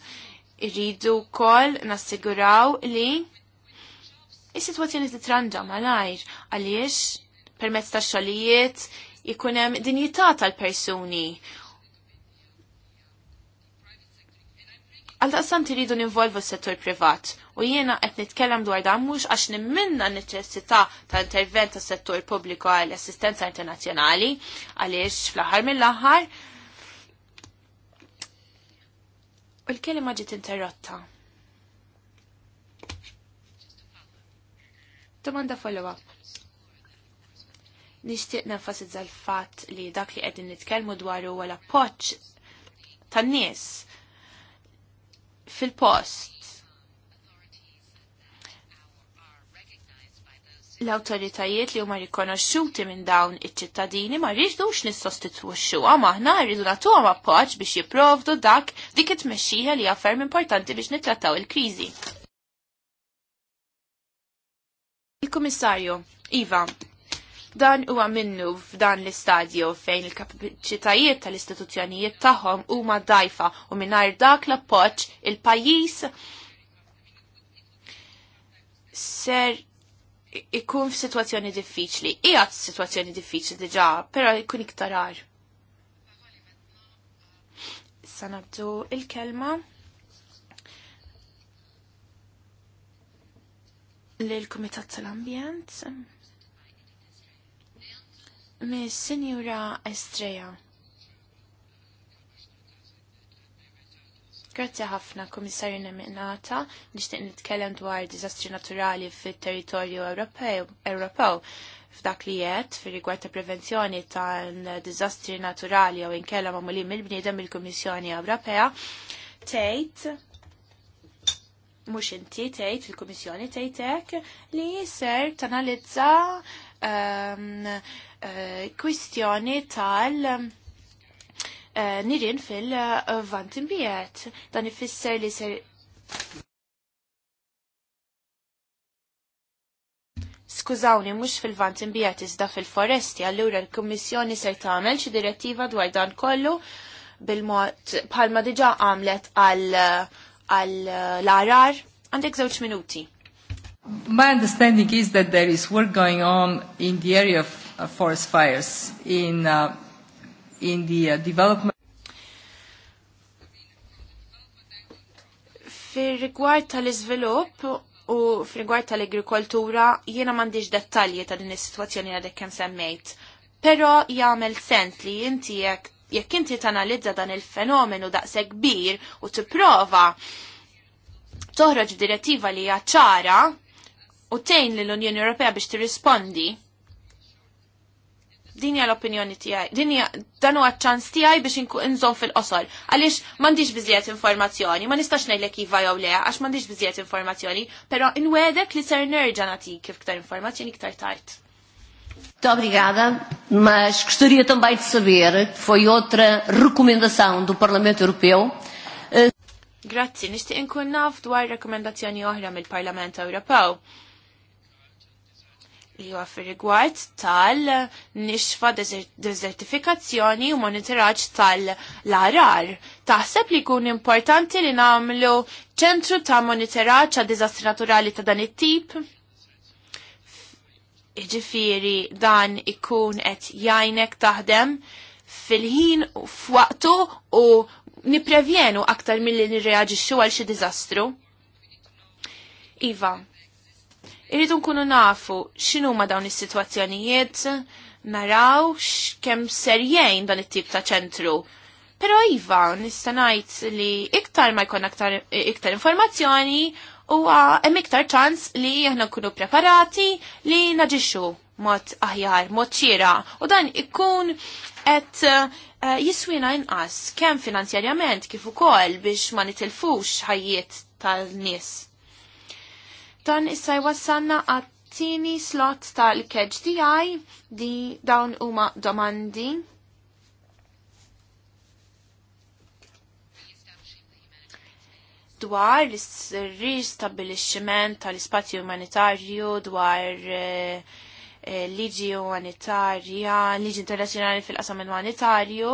Irridu kol nassiguraw li is-sitwazzjoni titranġa malajr għaliex permezz ta' xogħlijiet jikun hemm dinjità tal-persuni Għal taqsam tiridu ninvolvu s-settur privat u jiena qed nitkellem dwar dan mhux għax nimminna n-neċessità ta' intervent tas settur pubbliku għal assistenza internazzjonali għaliex fl-aħħar mill-aħħar. U l-kelima ġiet interrotta. Domanda follow-up. Nixtieq nenfasizza l-fatt li dak li qegħdin nitkellmu dwar huwa l-appoġġ tan-nies fil-post. l-autoritajiet li huma rikonoxxuti minn dawn iċ-ċittadini ma rridux għama aħna rridu nagħtuhom appoġġ biex jipprovdu dak dik it-tmexxija li ferm importanti biex nittrattaw il-kriżi. Il-Kummissarju, Iva, Dan huwa minnu f'dan l-istadju fejn il-kapaċitajiet tal-istituzzjonijiet tagħhom huma dajfa u mingħajr dak l-appoġġ il-pajjiż ser ikun f'sitwazzjoni diffiċli. Hija situazzjoni diffiċli diġà, però jkun iktar għar. Issa nabdu il-kelma lil kumitat tal-Ambjent. Miss Signora Estreja. Grazzi ħafna komissarju nominata nixtieq nitkellem dwar diżastri naturali fit-territorju Ewropew f'dak li jett fi rigward ta' prevenzjoni ta' diżastri naturali jew inkella magħmulin il bniedem il-Kummissjoni Ewropea tgħid mhux inti tgħid il-Kummissjoni tgħid hekk li jisser tanalizza um, Eh, kwistjoni tal eh, nirin fil-vantimbiet. Dan ifisser li ser Skużawni, mhux fil-vant imbijat iżda fil-foresti, allura l-Kummissjoni ser tagħmel xi direttiva dwar dan kollu bil-mod bħalma diġà għamlet għal l-arar. Għandek żewġ minuti. My understanding is that there is work going on in the area of uh, forest fires in, uh, in the uh, development. Fir-rigward tal-iżvilupp u fir-rigward tal-agrikoltura jiena m'għandix dettalji ta' din is-sitwazzjoni għadek kemm semmejt. Però jagħmel sent li inti jekk jekk inti tanalizza dan il-fenomenu daqshekk kbir u tipprova toħroġ direttiva li hija ċara u tgħin lill unjoni Ewropea biex tirrispondi Din hija l-opinjoni tiegħi. Din hija dan huwa ċans tiegħi biex inżomm fil-qosor. Għaliex m'għandix biżjed informazzjoni, ma nistax ngħidlek iva jew le għax m'għandix biżjed informazzjoni, però inwedek li ser nerġa' nagħti kif ktar informazzjoni iktar tard. Muito obrigada, mas gostaria também de saber, foi outra recomendação do Parlamento Europeu. Eh, Grazzi, nixtieq inkun naf dwar rekomendazzjoni oħra mill-Parlament Ewropew li huwa fir-rigward tal-nixfa desertifikazzjoni u monitoraġġ tal larar Taħseb li jkun importanti li nagħmlu ċentru ta' monitoraġġ għad diżastri naturali ta' dan it-tip? Iġifieri dan ikun qed jgħinek taħdem fil-ħin f'waqtu u niprevjenu aktar milli nirreaġixxu għal xi diżastru. Iva, Irridu nkunu nafu x'inhuma dawn is-sitwazzjonijiet, naraw kemm serjejn dan it-tip ta' ċentru. Però iva, nista' ngħid li iktar ma jkun aktar iktar informazzjoni u hemm iktar ċans li aħna nkunu preparati li naġixxu mod aħjar, mod ċira. U dan ikun qed eh, jiswina inqas kemm finanzjarjament kif ukoll biex ma nitilfux ħajjiet tal-nies. Dan issa jwassanna għat-tieni slot tal-keġ DI di dawn huma domandi. dwar l-ristabilixximent tal-ispazju umanitarju dwar eh, eh, liġi umanitarja, liġi internazzjonali fil-qasam umanitarju.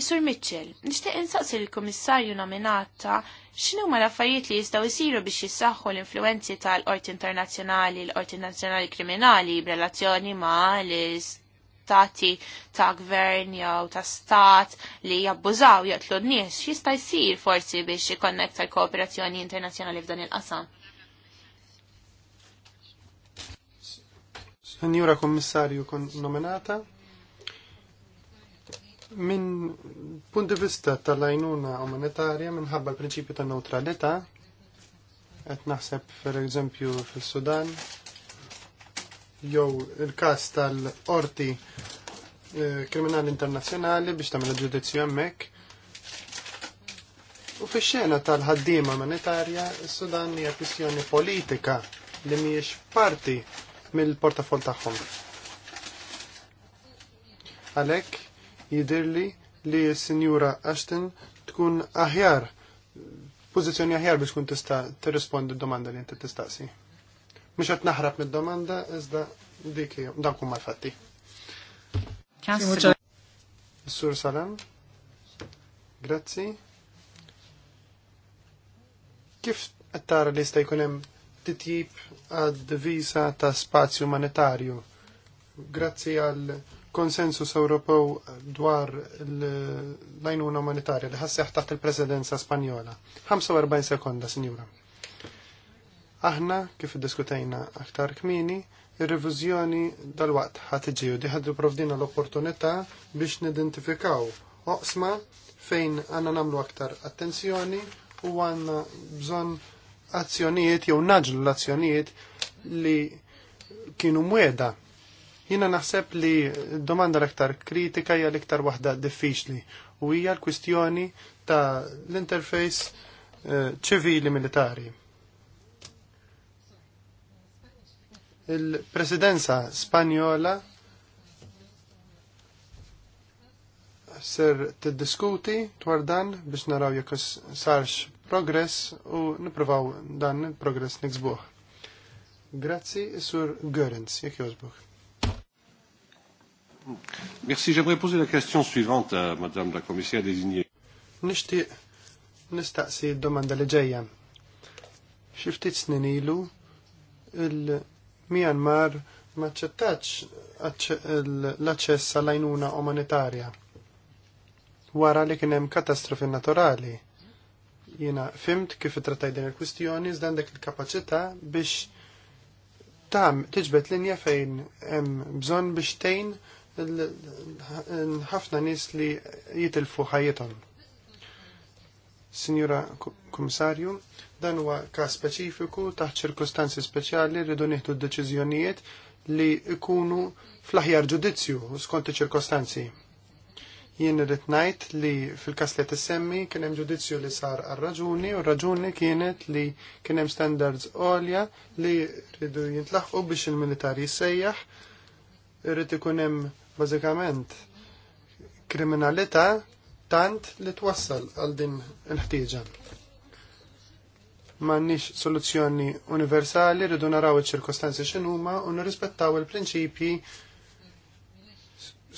Isur Mitchell, nishtiq insaqsi l kummissarju nominata x'inhu ma l-affarijiet li jistgħu jsiru biex jissaħħu l-influenzi tal-Qorti Internazzjonali l-Qorti Nazzjonali Kriminali b'relazzjoni ma l-istati ta' gvern jew ta' stat li jabbużaw jaqtlu n-nies jista' jsir forsi biex ikonnekt tal-kooperazzjoni internazzjonali f'dan il-qasam. Signora Kommissarju kon nominata, Minn punt di vista tal-għajnuna umanitarja minħabba l-prinċipju ta' neutralita qed naħseb per eżempju fis-Sudan, jew il-każ tal-Qorti eh, Kriminali Internazzjonali biex tagħmel ġudizzju hemmhekk. U fix-xena tal-ħaddiema umanitarja, il sudan hija kwistjoni politika li mhijiex parti mill-portafol tagħhom. Għalhekk jidirli li s-Sinjura Ashton tkun aħjar, pozizjoni aħjar biex tkun tista' tirrispondi d-domanda li t tistaqsi. Mhux qed naħrab mid-domanda iżda dik dan kum fatti Sur Salam, grazzi. Kif qed tara li jista' jkun hemm titjib għad visa ta' spazju monetarju. Grazzi għal konsensus Ewropew dwar l-għajnuna monetarja li ħasseħ taħt il-presidenza Spanjola. 45 sekonda, sinjura. Aħna, kif diskutajna aktar kmini, ir revizjoni dal-waqt ħatġi u diħad provdina l-opportunità biex nidentifikaw oqsma fejn għanna namlu aktar attenzjoni u għanna bżon azzjonijiet jew naġlu l-azzjonijiet li kienu mweda Jiena naħseb li domanda l-aktar kritika hija l-iktar waħda diffiċli u hija l-kwistjoni ta' l-interface eh, ċivili militari. Il-presidenza Spanjola ser tiddiskuti dwar dan biex naraw jekk sarx progress u nipruvaw dan il-progress niksbuħ. Grazzi, Sur Görens, jekk jozbuħ. Merci, j'aimerais poser la question suivante à Madame la Commissaire désignée. Nishti nistaqsi domanda li ġejja. Xi ftit snin ilu il-Myanmar ma ċettax l-aċċess għall-għajnuna umanitarja wara li kien hemm katastrofi naturali. Jiena fimt kif trattaj din il-kwistjoni iżda għandek il-kapaċità biex tam tiġbed linja fejn hemm bżonn biex tgħin ħafna nies li jitilfu ħajjithom. Sinjura Komissarju, dan huwa każ speċifiku taħt ċirkustanzi speċjali rridu nieħdu deċiżjonijiet li ikunu fl-aħjar ġudizzju skont ċirkostanzi. Jien irrid ngħid li fil-każ li tissemmi kien hemm ġudizzju li sar għar-raġuni u r-raġuni kienet li kien hemm standards għolja li rridu jintlaħqu biex il-militari jissejjaħ, irrid ikun hemm bażikament kriminalità tant li twassal għal din il-ħtieġa. M'għandniex soluzzjoni universali, rridu naraw iċ-ċirkostanzi x'inhuma u nirrispettaw il-prinċipji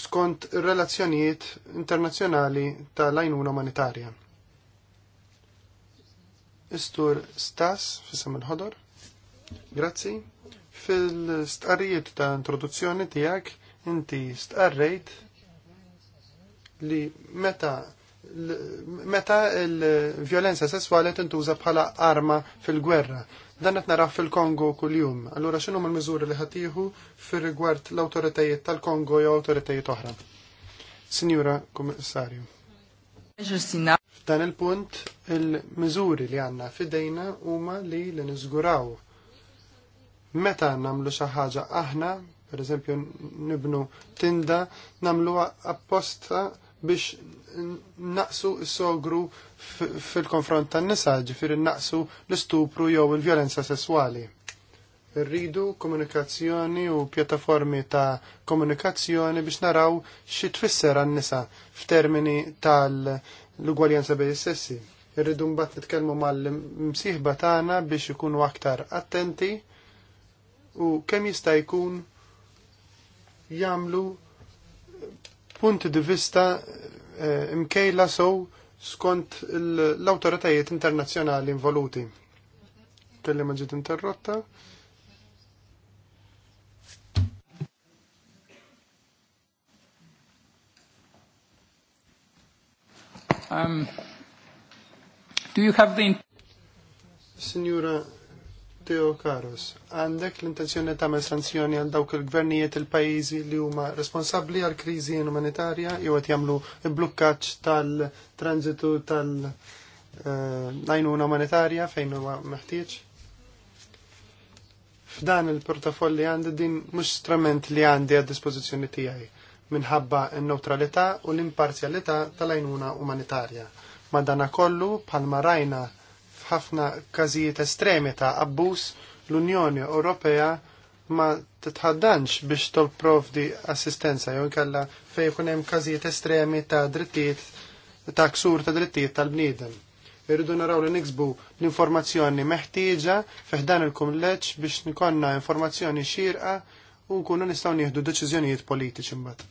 skont relazzjonijiet internazzjonali tal-għajnuna umanitarja. Istur Stas, fissam il-ħodor. Grazzi. fil starijiet ta' introduzzjoni tijak, inti stqarrejt li meta meta l-violenza sessuali tintuża bħala arma fil-gwerra. Dan qed naraf fil-Kongo kuljum. Allura x'inhu l-miżuri li ħatiħu fir-rigward l-awtoritajiet tal-Kongo jew awtoritajiet oħra? Sinjura Kummissarju. F'dan il-punt il-miżuri li għandna fidejna huma li li niżguraw meta nagħmlu xi ħaġa aħna per eżempju nibnu tinda, namlu apposta biex naqsu s-sogru fil-konfront tan nisa ġifir naqsu l-istupru jew il-violenza sessuali. Rridu komunikazzjoni u pjattaformi ta' komunikazzjoni biex naraw xi tfisser għan nisa f'termini tal-ugwaljanza bej sessi. Irridu mbagħad nitkellmu mal-msieħba tagħna biex ikunu aktar attenti u kemm jista' jkun jamlu punti di vista eh, imkejla sow skont l-autoritajiet internazjonali involuti. Kelli ma interrotta. Um, do you have the... Signora Teo Karos, għandek l-intenzjoni tagħmel sanzjoni għal dawk il-gvernijiet il-pajjiżi li huma responsabbli għal kriżi umanitarja jew qed jagħmlu blukkaġġ tal-transitu tal najnuna eh, umanitarja fejn huma meħtieġ? F'dan il-portafolli għandi din mhux strament li għandi għad dispozizjoni tiegħi minħabba n-neutralità u l-imparzjalità tal ajnuna umanitarja. Madana kollu bħalma rajna f'ħafna każijiet estremi ta' abbuż l-Unjoni Ewropea ma titħaddanx biex tolprovdi assistenza jew inkella fejn ikun hemm każijiet estremi ta' drittijiet ta' ksur ta' drittijiet tal-bniedem. Irridu naraw li niksbu l-informazzjoni meħtieġa fiħdan il-kumleġġ biex nikonna informazzjoni xirqa u nkunu nistgħu nieħdu deċiżjonijiet politiċi mbagħad.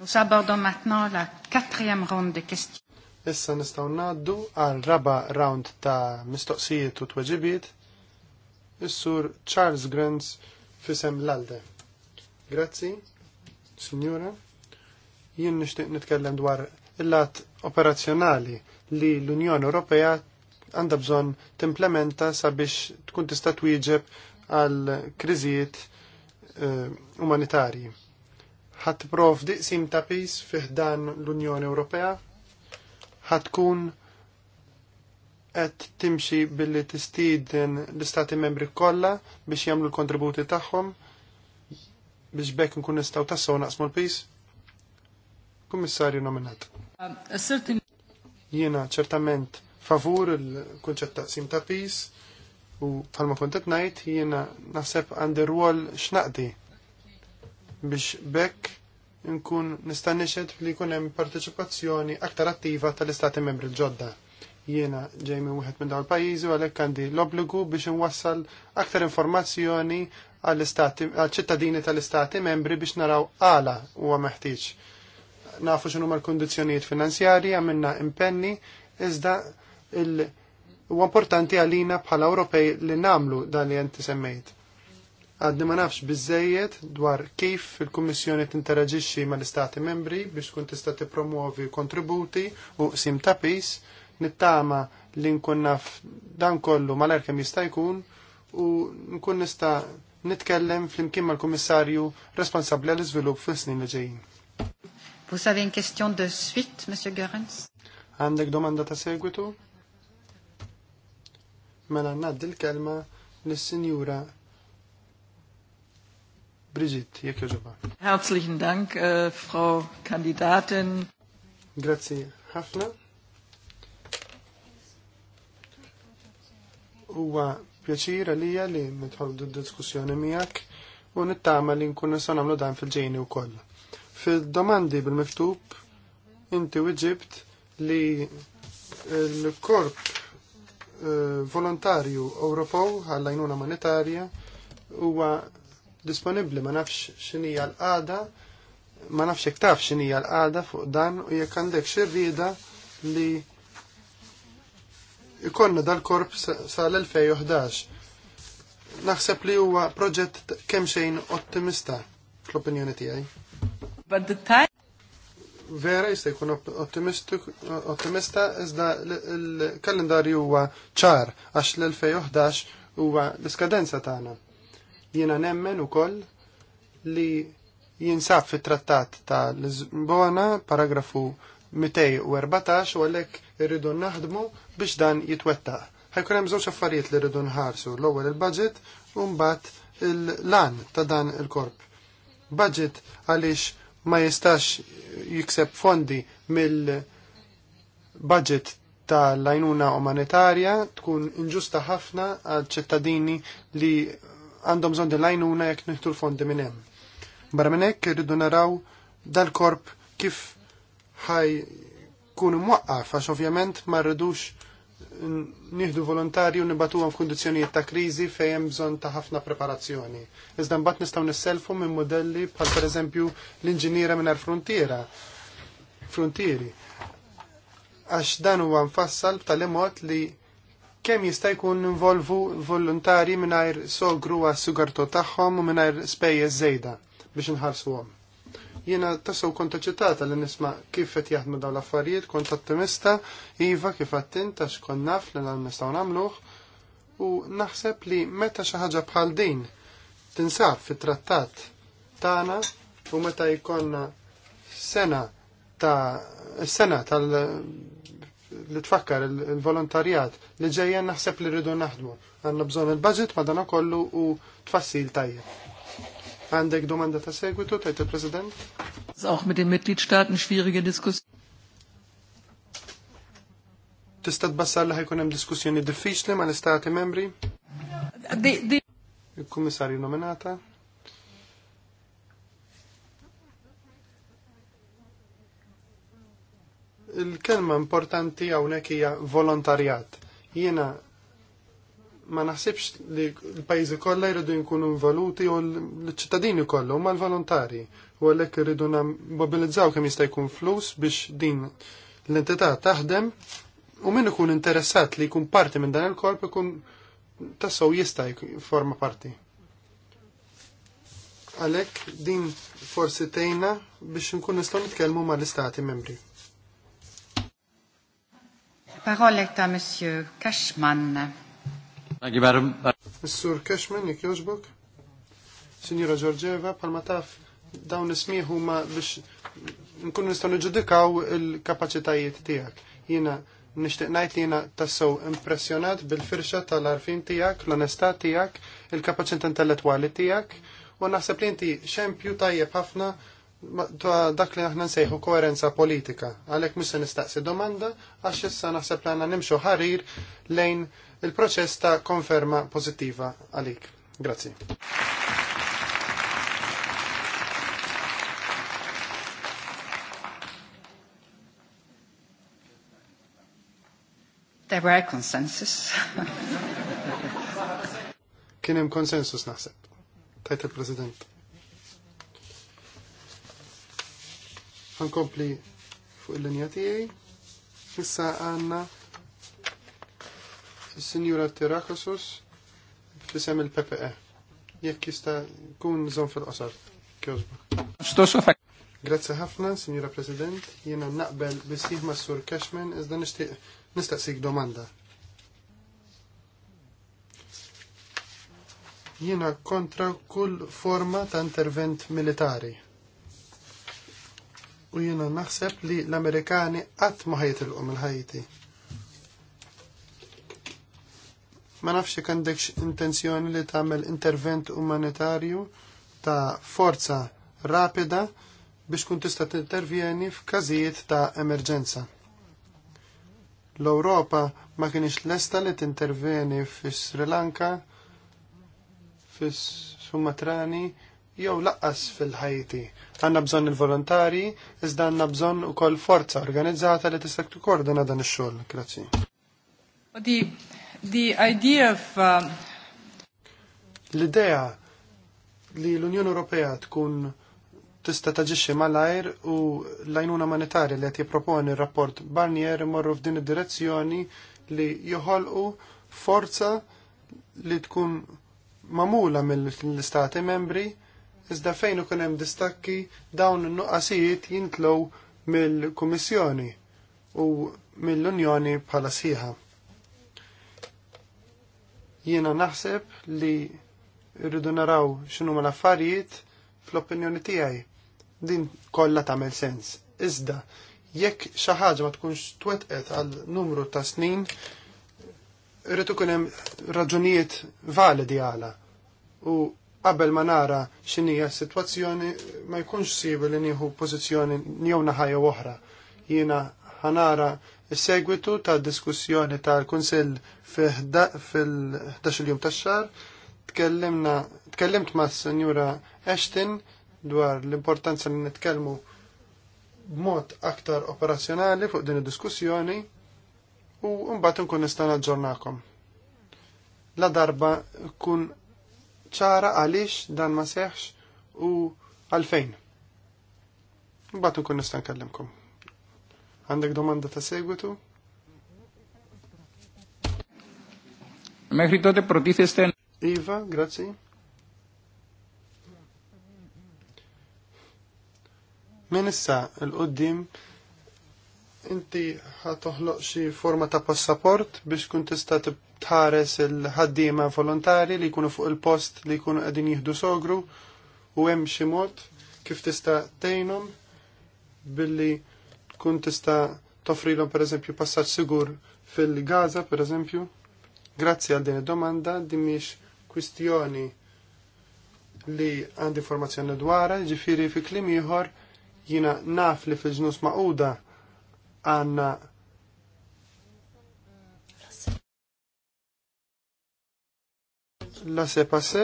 Nous abordons maintenant la quatrième ronde de questions. Issa nistgħu ngħaddu għal raba round ta' mistoqsijiet u tweġibiet is-sur Charles Grants fisem l-Alde. Grazzi, Signora. Jien nixtieq nitkellem dwar il-lat operazzjonali li l-Unjoni Ewropea għandha bżonn timplementa sabiex tkun tista' twieġeb għal kriżijiet eh, umanitarji Ħadd prof diqsim ta' pis dan l-Unjoni Ewropea ħatkun qed timxi billi tistieden l-istati membri kollha biex jagħmlu l-kontributi tagħhom biex bekk nkun nistgħu tassew naqsmu l-pis? Kummissarju nominat. Um, jiena ċertament favur il-kunċett taqsim ta' pis u bħalma kontet qed ngħid jiena naħseb għandi rwol x'naqdi biex bekk nkun nista' nixed li jkun hemm partecipazzjoni aktar attiva tal-istati membri l-ġodda. Jiena ġej minn wieħed minn dawn il-pajjiżi għalhekk għandi l-obbligu biex inwassal aktar informazzjoni għall-istati għall-ċittadini tal-istati membri biex naraw għala huwa meħtieġ. Nafu x'inhuma l-kundizzjonijiet finanzjarji għamilna impenni iżda il- huwa importanti għalina bħala Ewropej li namlu dan li jenti semmejt. Għadni ma nafx bizzejiet dwar kif il-Kummissjoni tinteraġixxi mal-Istati membri biex tkun tista' tippromuovi kontributi u sim ta' pis nittama li nkun naf dan kollu mal kemm jista' jkun u nkun nista' nitkellem fl-imkien mal-Kummissarju responsabbli għall iżvilupp fis-snin li ġejjin. Vous avez une question de suite, M. Goerens? Għandek domanda ta' segwitu? Mela ngħaddi l-kelma lis-Sinjura Brigitte, jek Herzlichen Dank, uh, Frau Kandidatin. Grazie, ħafna. Uwa piacere għalija li nitħoldu d-diskussjoni miegħek u nittama li nkun nistgħu nagħmlu dan fil-ġejni koll. Fil-domandi bil-miktub inti wieġibt li l-korp eh, volontarju Ewropew għall-għajnuna monetarja huwa disponibbli ma nafx x'inhija l-qagħda ma nafx iktaf taf x'inhija l-qagħda fuq dan u jekk għandek xi li ikonna dal-korp sal-2011. Naħseb li huwa proġett kemm xejn ottimista fl-opinjoni tiegħi. But the time vera jista' jkun ottimista iżda l-kalendarju huwa ċar għax l-2011 huwa l-iskadenza tagħna. Jiena nemmen ukoll li jinsab fit-trattat ta' Lisbona, paragrafu 214 u għalhekk irridu naħdmu biex dan jitwettaq. Ħajkun hemm żewġ affarijiet li rridu nħarsu, l-ewwel il-budget u mbagħad il-lan ta' dan il-korp. Budget għaliex ma jistax jikseb fondi mill-budget tal għajnuna umanitarja tkun inġusta ħafna għal ċittadini li għandhom bżonn dil-għajnuna jekk nieħdu l-fondi minn hemm. Barra minn hekk irridu naraw dal-korp kif ħaj kunu mwaqqaf għax ovvjament ma rridux nieħdu volontarju nibatuhom f'kundizzjonijiet ta' kriżi fejn hemm bżonn ta' ħafna preparazzjoni. Iżda mbagħad nistgħu nisselfu minn modelli bħal pereżempju l-inġiniera mingħajr frontiera frontieri. Għax dan huwa mfassal b'tali mod li kemm jista' jkun involvu volontari mingħajr sogru għas sugartu tagħhom u mingħajr spejjeż żejda biex inħarsuhom. Jiena tasaw konta eċitata li nisma' kif qed jaħdmu dawn l-affarijiet, kont ottimista, iva kif qatt int għax naf li dan nistgħu nagħmluh u naħseb li meta xi ħaġa bħal din tinsab fit-trattat tagħna u meta jkollna sena ta' sena tal li tfakkar il-volontarjat li ġejjen naħseb li rridu naħdmu. Għanna bżon il-budget ma dan kollu u tfassil tajjeb. Għandek domanda ta' segwitu, tajt il-President? Auch mit den Mitgliedstaaten schwierige diskussjoni. Tista' tbassar li ħajkun hemm diskussjoni diffiċli ma' l-istati membri? Il-Kummissarju nominata? il-kelma importanti hawnhekk hija volontarjat. Jiena ma naħsibx li l-pajjiżi kollha jridu jkunu involuti u l-ċittadini kollha huma l-volontari u għalhekk irridu mobilizzaw kemm jista' jkun flus biex din l-entità taħdem u min ikun interessat li jkun parti minn dan il-korp ikun tassew jista' forma parti. Għalhekk din forsi tgħinna biex nkun nistgħu nitkellmu mal-istati membri parole est à Monsieur Cashman. Mr. Cashman, jek joġbok? Signora Giorgieva, palma taf, dawn ismiħ huma biex nkun nistgħu niġġudikaw il-kapaċitajiet tiegħek. Jiena nixtieq ngħid li jiena tassew impressjonat bil-firxa tal-arfin tiegħek, l-onestà tiegħek, il-kapaċità intellettwali tiegħek u naħseb li inti xempju tajjeb ħafna dak li aħna nsejħu koerenza politika. Għalhekk mhux nistaqsi domanda għax issa naħseb li għandna nimxu ħarir lejn il-proċess ta' konferma pozittiva għalik. Grazzi. There were consensus. Kien hemm konsensus naħseb. Tajt il-President. Għankompli fuq il-linja tiegħi. Issa għandna is-Sinjura Tirakosus fissem il-PPE. Jekk jista' kun zon fil-qosar. Kjozba. Grazzi ħafna, Sinjura President. Jiena naqbel bisih ma' Sur Cashman iżda nistaqsik domanda. Jiena kontra kull forma ta' intervent militari u jiena naħseb li l-Amerikani qatt ma ħajtilqu l ħajti. Ma nafx kandekx intenzjoni li tagħmel intervent umanitarju ta' forza rapida biex kun tista' intervjeni f'każijiet ta' emerġenza. L-Ewropa ma kienx lesta li t fis Sri Lanka, fis Sumatrani, jew laqqas fil-ħajti. Għanna bżonn il-volontari, iżda għanna bżonn ukoll forza organizzata li tista' tikkordina dan ix-xogħol. Grazzi. The, the idea of uh... l-idea li l-Unjoni Ewropea tkun tista' taġixxi mal-ajr u l-għajnuna monetari li qed jipproponi r-rapport Barnier imorru f'din id-direzzjoni li joħolqu forza li tkun mamula mill-istati membri iżda fejn ikun hemm distakki dawn in-nuqqasijiet jintlow mill-Kummissjoni u mill-Unjoni bħala sħiħa. Jiena naħseb li rridu naraw x'inhu l-affarijiet fl-opinjoni tiegħi. Din kollha tagħmel sens. Iżda jekk xi ħaġa ma tkunx twettqet għal numru ta' snin, rrid ikun hemm raġunijiet validi għala. U qabel ma nara x'inhija s-sitwazzjoni ma jkunx sibu li nieħu pożizzjoni jew naħajja oħra. Jiena ħanara s-segwitu ta' diskussjoni tal-Kunsill fil-11 jum tax-xar tkellimna tkellimt ma' Senjura Ashton dwar l-importanza li nitkellmu b'mod aktar operazzjonali fuq din id-diskussjoni u mbagħad nkun nista' ġornakom. La darba kun ċara għalix dan ma seħx u għalfejn. Mbagħad nkun nista' nkellimkom. Għandek domanda ta' segwitu? Meħri dote sten. Iva, grazzi. Min issa l-qoddim inti ħatoħloq xi forma ta' passaport biex kun tista' tħares il-ħaddiema volontari li jkunu fuq il-post li jkunu qegħdin jieħdu sogru u hemm xi mod kif tista' tgħinhom billi tkun tista' toffrilhom pereżempju passaġġ sigur fil-Gaza pereżempju. Grazzi għal din id-domanda din mhix kwistjoni li għandi informazzjoni dwarha, ġifieri fi klim ieħor jiena naf li fil-ġnus maquda għandna la se passe,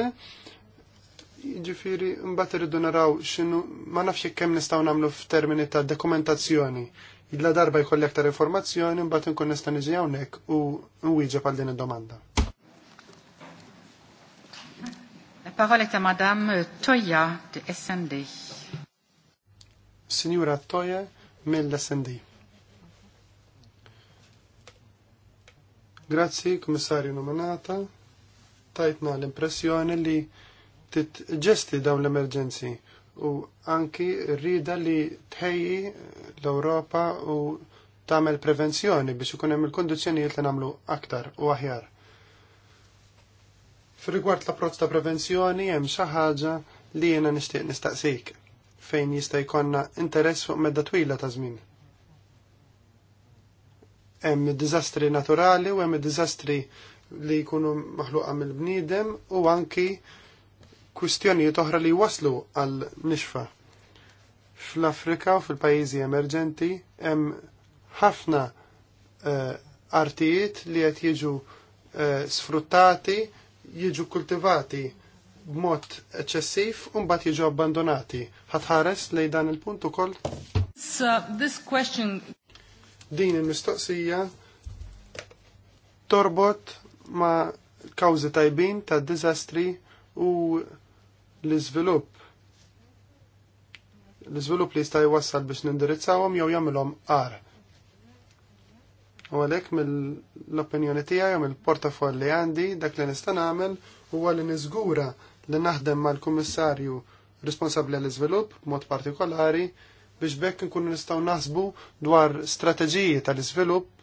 ġifiri mbagħad irridu naraw x'inhu ma nafx kemm nistgħu nagħmlu f'termini ta' dokumentazzjoni. illa darba jkolli aktar informazzjoni mbagħad inkun nista' niġi hawnhekk u nwieġeb għal din id-domanda. La parola ta' Madame Toja di SND. Signora Toja mill-SND. Grazzi, Kummissarju nominata tajtna l-impressjoni li titġesti dawn l-emerġenzi u anki rrida li tħejji l-Ewropa u tagħmel prevenzjoni biex ikun hemm il-kondizzjonijiet li nagħmlu aktar u aħjar. Fir-rigward l-approċċ ta' prevenzjoni hemm xi ħaġa li jiena nixtieq nistaqsik fejn jista' jkollna interess fuq medda twila ta' żmien. Hemm diżastri naturali u hemm diżastri li jkunu maħluqa mill-bniedem u anki kwistjonijiet oħra li waslu għal nixfa. Fl-Afrika u fil-pajjiżi emerġenti hemm ħafna uh, artijiet li qed jiġu uh, sfruttati, jiġu kultivati b'mod eċċessiv u mbagħad jiġu abbandonati. Ħatħares lej dan il-punt ukoll? So, this question... Din il-mistoqsija torbot ma' kawzi tajbin ta' dizastri u l izvilup l izvilup li jista' jwassal biex nindirizzawhom jew jagħmilhom qar. U għalhekk mill-opinjoni tiegħi jew mill-portafoll li għandi dak li nista' nagħmel huwa li niżgura li naħdem mal-kummissarju responsabbli għall-iżvilupp b'mod partikolari biex bekk nkunu nistgħu naħsbu dwar strateġiji tal-iżvilupp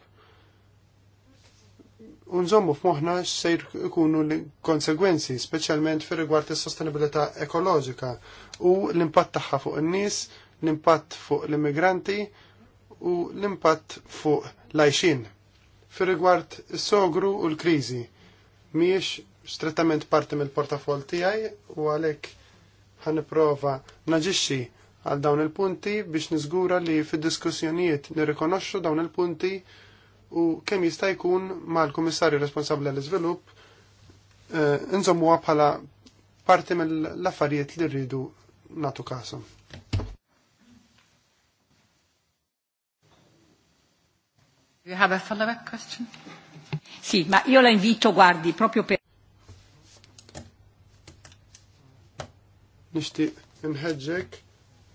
unżommu f'moħna xsejr ikunu l-konsegwenzi, specialment fi rigward is-sostenibilità ekoloġika u l-impatt tagħha fuq in-nies, l-impatt fuq l-immigranti u l-impatt fuq l-għajxin. Fir rigward is-sogru u l-kriżi, mhijiex strettament parti mill-portafol tiegħi u għalhekk ħaniprova naġixxi għal dawn il-punti biex niżgura li fid-diskussjonijiet nirrikonoxxu dawn il-punti il punti u kemm jista' jkun mal-Kummissarju responsabbli għall-iżvilupp eh, nżommuha bħala parti mill-affarijiet li rridu natu kasu. You have a follow-up question? Sì, ma io la invito, guardi, proprio per... Nishtiq nħedġek,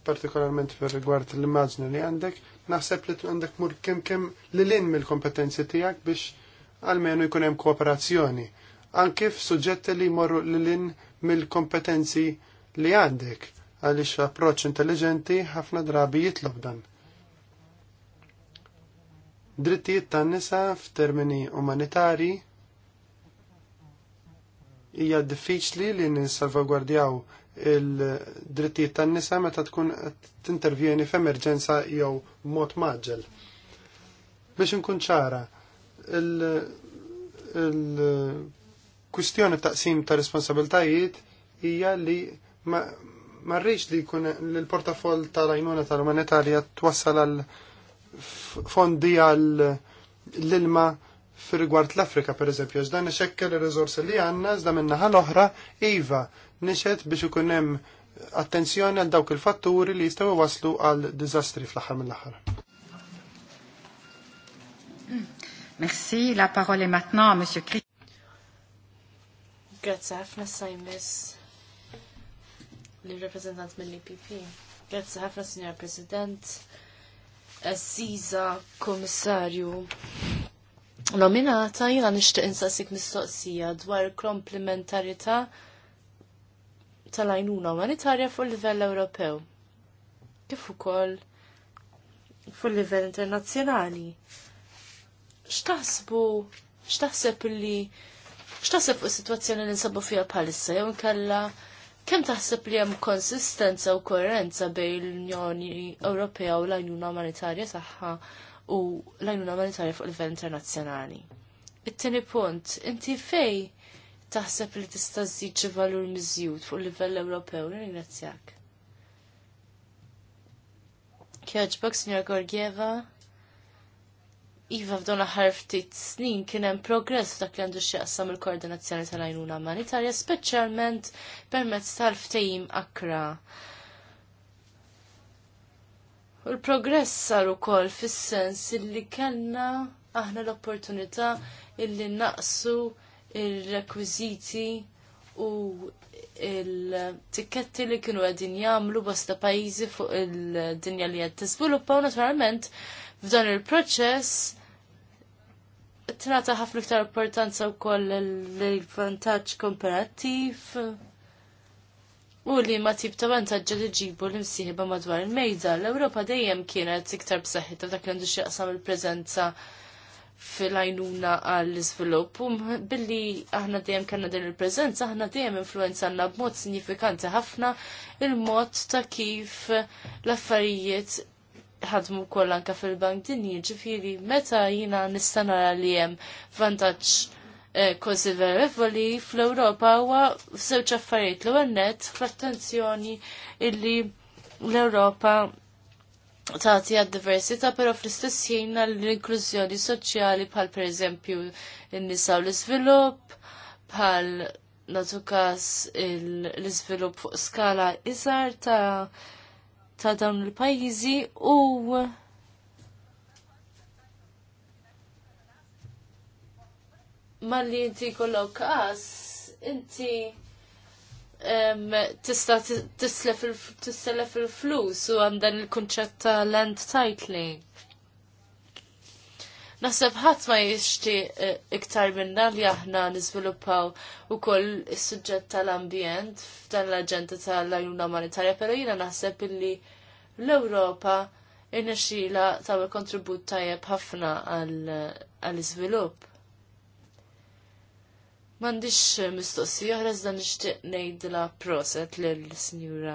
partikolarment per rigward l-immaġni li għandek, naħseb li għandek mur kemm kemm li lin mill-kompetenzi tiegħek biex għalmenu jkun hemm kooperazzjoni. Anke suġġetti li jmorru li lin mill-kompetenzi li għandek għaliex approċċ intelligenti ħafna drabi jitlob dan. Drittijiet tan-nisa f'termini umanitarji hija diffiċli li nissalvagwardjaw il-drittijiet tan-nisa meta tkun tintervjeni f'emerġenza jew mod maġġel. Biex inkun ċara, il-kwistjoni taqsim ta' responsabiltajiet hija li ma rridx li jkun l-portafol tal-għajnuna tal-umanitarja twassal għal fondi għal l-ilma fil-rigward l-Afrika per eżempju, iżda nixekkel il-rizorsi li għanna, iżda minna l-oħra, iva, nixet biex ikun hemm attenzjoni għal dawk il-fatturi li jistaw waslu għal dizastri fl-aħħar mill-aħħar. Merci, la parole est maintenant à Monsieur Christ. Grazie, ħafna sajmis li rappresentant mill-IPP. Grazie ħafna, Signor President, Assiza, Commissario, nominata jina nishtiq insaqsik mistoqsija dwar komplementarita tal ajnuna umanitarja fuq livell Ewropew. Kif ukoll fuq livell internazzjonali. X'taħsbu x'taħseb li x'taħseb fuq is-sitwazzjoni li nsabu fiha bħalissa jew inkella kemm taħseb li hemm konsistenza u koerenza bejn l-Unjoni Ewropea u l ajnuna umanitarja tagħha u l-għajnuna umanitarja fuq livell internazzjonali. It-tieni punt, inti fej taħseb li tista' żid xi valur miżjud fuq livell Ewropew, ringrazzjak. Kjoġbok, Signor Gorgieva, Iva f'dona ħarf aħħar ftit snin kien hemm progress dak li għandu x'jaqsam il-koordinazzjoni tal-għajnuna Manitarja, speċjalment permezz tal-ftehim akra Il-progress sar ukoll fis-sens illi kellna aħna l-opportunità illi naqsu il-rekwiżiti u il-tikketti li kienu għedin jamlu bosta pajizi fuq il-dinja li għed t-sviluppa u naturalment f'dan il-proċess t-nata ħafna iktar importanza u koll l-vantaġġ komparattiv u li ma tip ta' vantaġġa li ġibu l-imsieħba madwar il-mejda. L-Ewropa dejjem kienet iktar ta' dak li għandu xieqsam il prezenza fil-għajnuna għall-izvilupp. U billi aħna dejjem kellna din il prezenza aħna dejjem influenzanna b'mod sinifikanti ħafna il-mod ta' kif l-affarijiet ħadmu koll anka fil-bank dinji, ġifiri, meta jina nistanara li jem vantaġġ Eh, konsiderevoli fl-Ewropa huwa f'żewġ affarijiet l-ewwel nett fl-attenzjoni illi l-Ewropa tagħti għad-diversità però fl-istess ħin l-inklużjoni soċjali bħal pereżempju n-nisa u l-iżvilupp bħal natukas l-iżvilupp fuq skala iżgħar ta' ta' dawn il-pajjiżi u malli inti kollok qas, inti tista tislef il-flus u għandan il-konċett ta' land titling. Naħseb ħadd ma jixti e, iktar minna li aħna u ukoll is-suġġett tal-ambjent f'dan l-aġenda tal-ajuna umanitarja, però jiena naħseb illi l-Ewropa xila ta' kontribut tajjeb ħafna għall-iżvilupp. M'għandix eh, mistoqsi dan iżda nixtieq ngħidla proset lil sinjura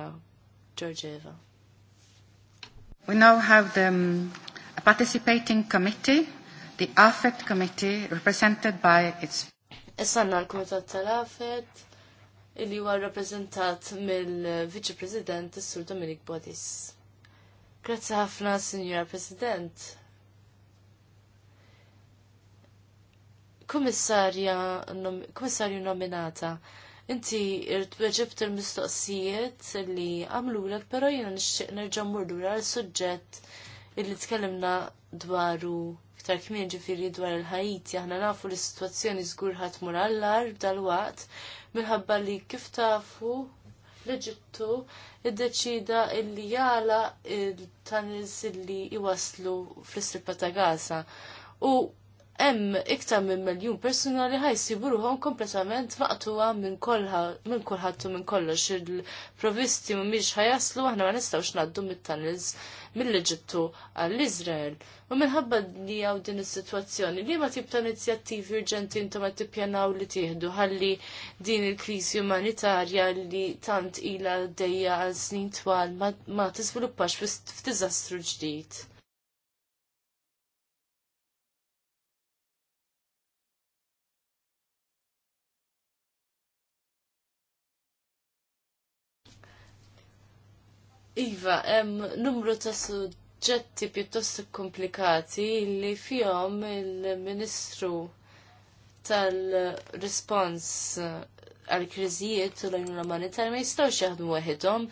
Georgieva. We now have the um, a participating committee, the AFET committee, represented by its... Issanna l-Komitat tal-AFET, illi huwa rappresentat mill-Viċi eh, President Sur Dominik Bodis. Grazzi ħafna, Signora President. Kummissarju nominata, inti irtweġibt il-mistoqsijiet li għamlulek, pero jena nixtieq nerġa' murdura l-suġġett illi tkellimna dwaru iktar kmien ġifiri dwar il-ħajti, aħna nafu li situazzjoni żgur ħadd mur b'dal-waqt minħabba li kif tafu l-Eġittu iddeċida illi jala il-tunnels illi iwaslu fl-istripa ta' Gaza. U hemm iktar minn miljun persuna li ħajsibu ruħhom kompletament maqtuwa minn kulħadd u minn kollox il-provisti mhumiex ħajaslu aħna ma nistgħux ngħaddu mit-tunnels mill-Eġittu għall-Iżrael. U minħabba li hawn din is-sitwazzjoni li ma tibta ta' inizjattivi urġenti intom qed tippjanaw li tieħdu ħalli din il-kriżi umanitarja li tant ilha dejja għal snin twal ma tiżviluppax f'diżastru ġdid. Iva, hemm numru ta' suġġetti pjuttost komplikati li fihom il-Ministru tal-respons eh, għal-kriżijiet u l-għajnuna umanitarja ma jistgħux jaħdmu waħedhom.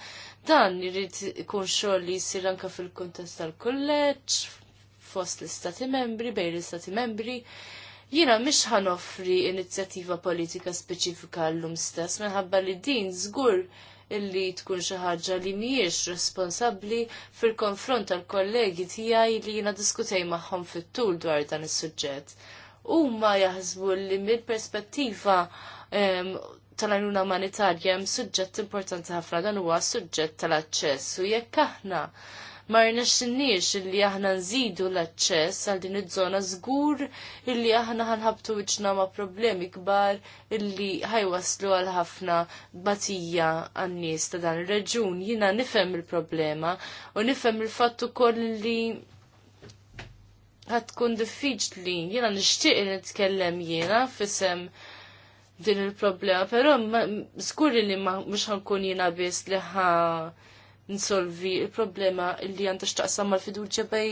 Dan irid ikun xogħol li jsir anke fil-kuntest tal-kulleġġ, fost l-istati membri, bej l-istati membri, jina mish ħanoffri inizjattiva politika speċifika l-lum stess, minħabba li din zgur illi tkun xi ħaġa li mhijiex responsabbli fil-konfront tal-kollegi tiegħi li jiena diskutej magħhom fit-tul dwar dan is-suġġett. Huma jaħsbu li mill-perspettiva tal-għajnuna umanitarja hemm suġġett importanti ħafna dan huwa suġġett tal-aċċess u jekk aħna ma rnexxinniex illi aħna nżidu l-aċċess għal din iż-żona żgur illi aħna ħanħabtu wiċċna ma' problemi kbar illi ħajwaslu għal ħafna batija għan-nies ta' dan ir-reġun. Jiena nifhem il-problema u nifhem il-fatt ukoll li tkun diffiċli. Jiena nixtieq nitkellem jiena f'isem din il-problema, però żgur li ma mhux ħankun jiena biss li ħa nsolvi il-problema li għandha x'taqsam mal-fiduċja bej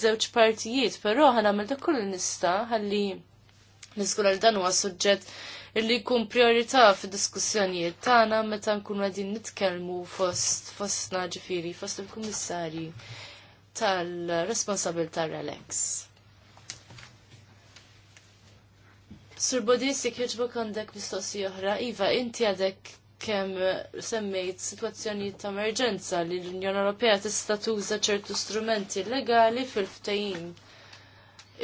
żewġ partijiet, però għamil dak kull nista ħalli niskura li dan huwa suġġett illi jkun priorità fid-diskussjonijiet tagħna meta nkunu għadin nitkellmu fost fostna ġifieri fost il-kummissarji tal-responsabil tal-Relex. Sur Bodin, jħiġbu kondek mistoqsi oħra, Iva, inti għadek kemm semmejt situazzjoni ta' emerġenza li l-Unjoni Ewropea tista' tuża ċertu strumenti legali fil-ftehim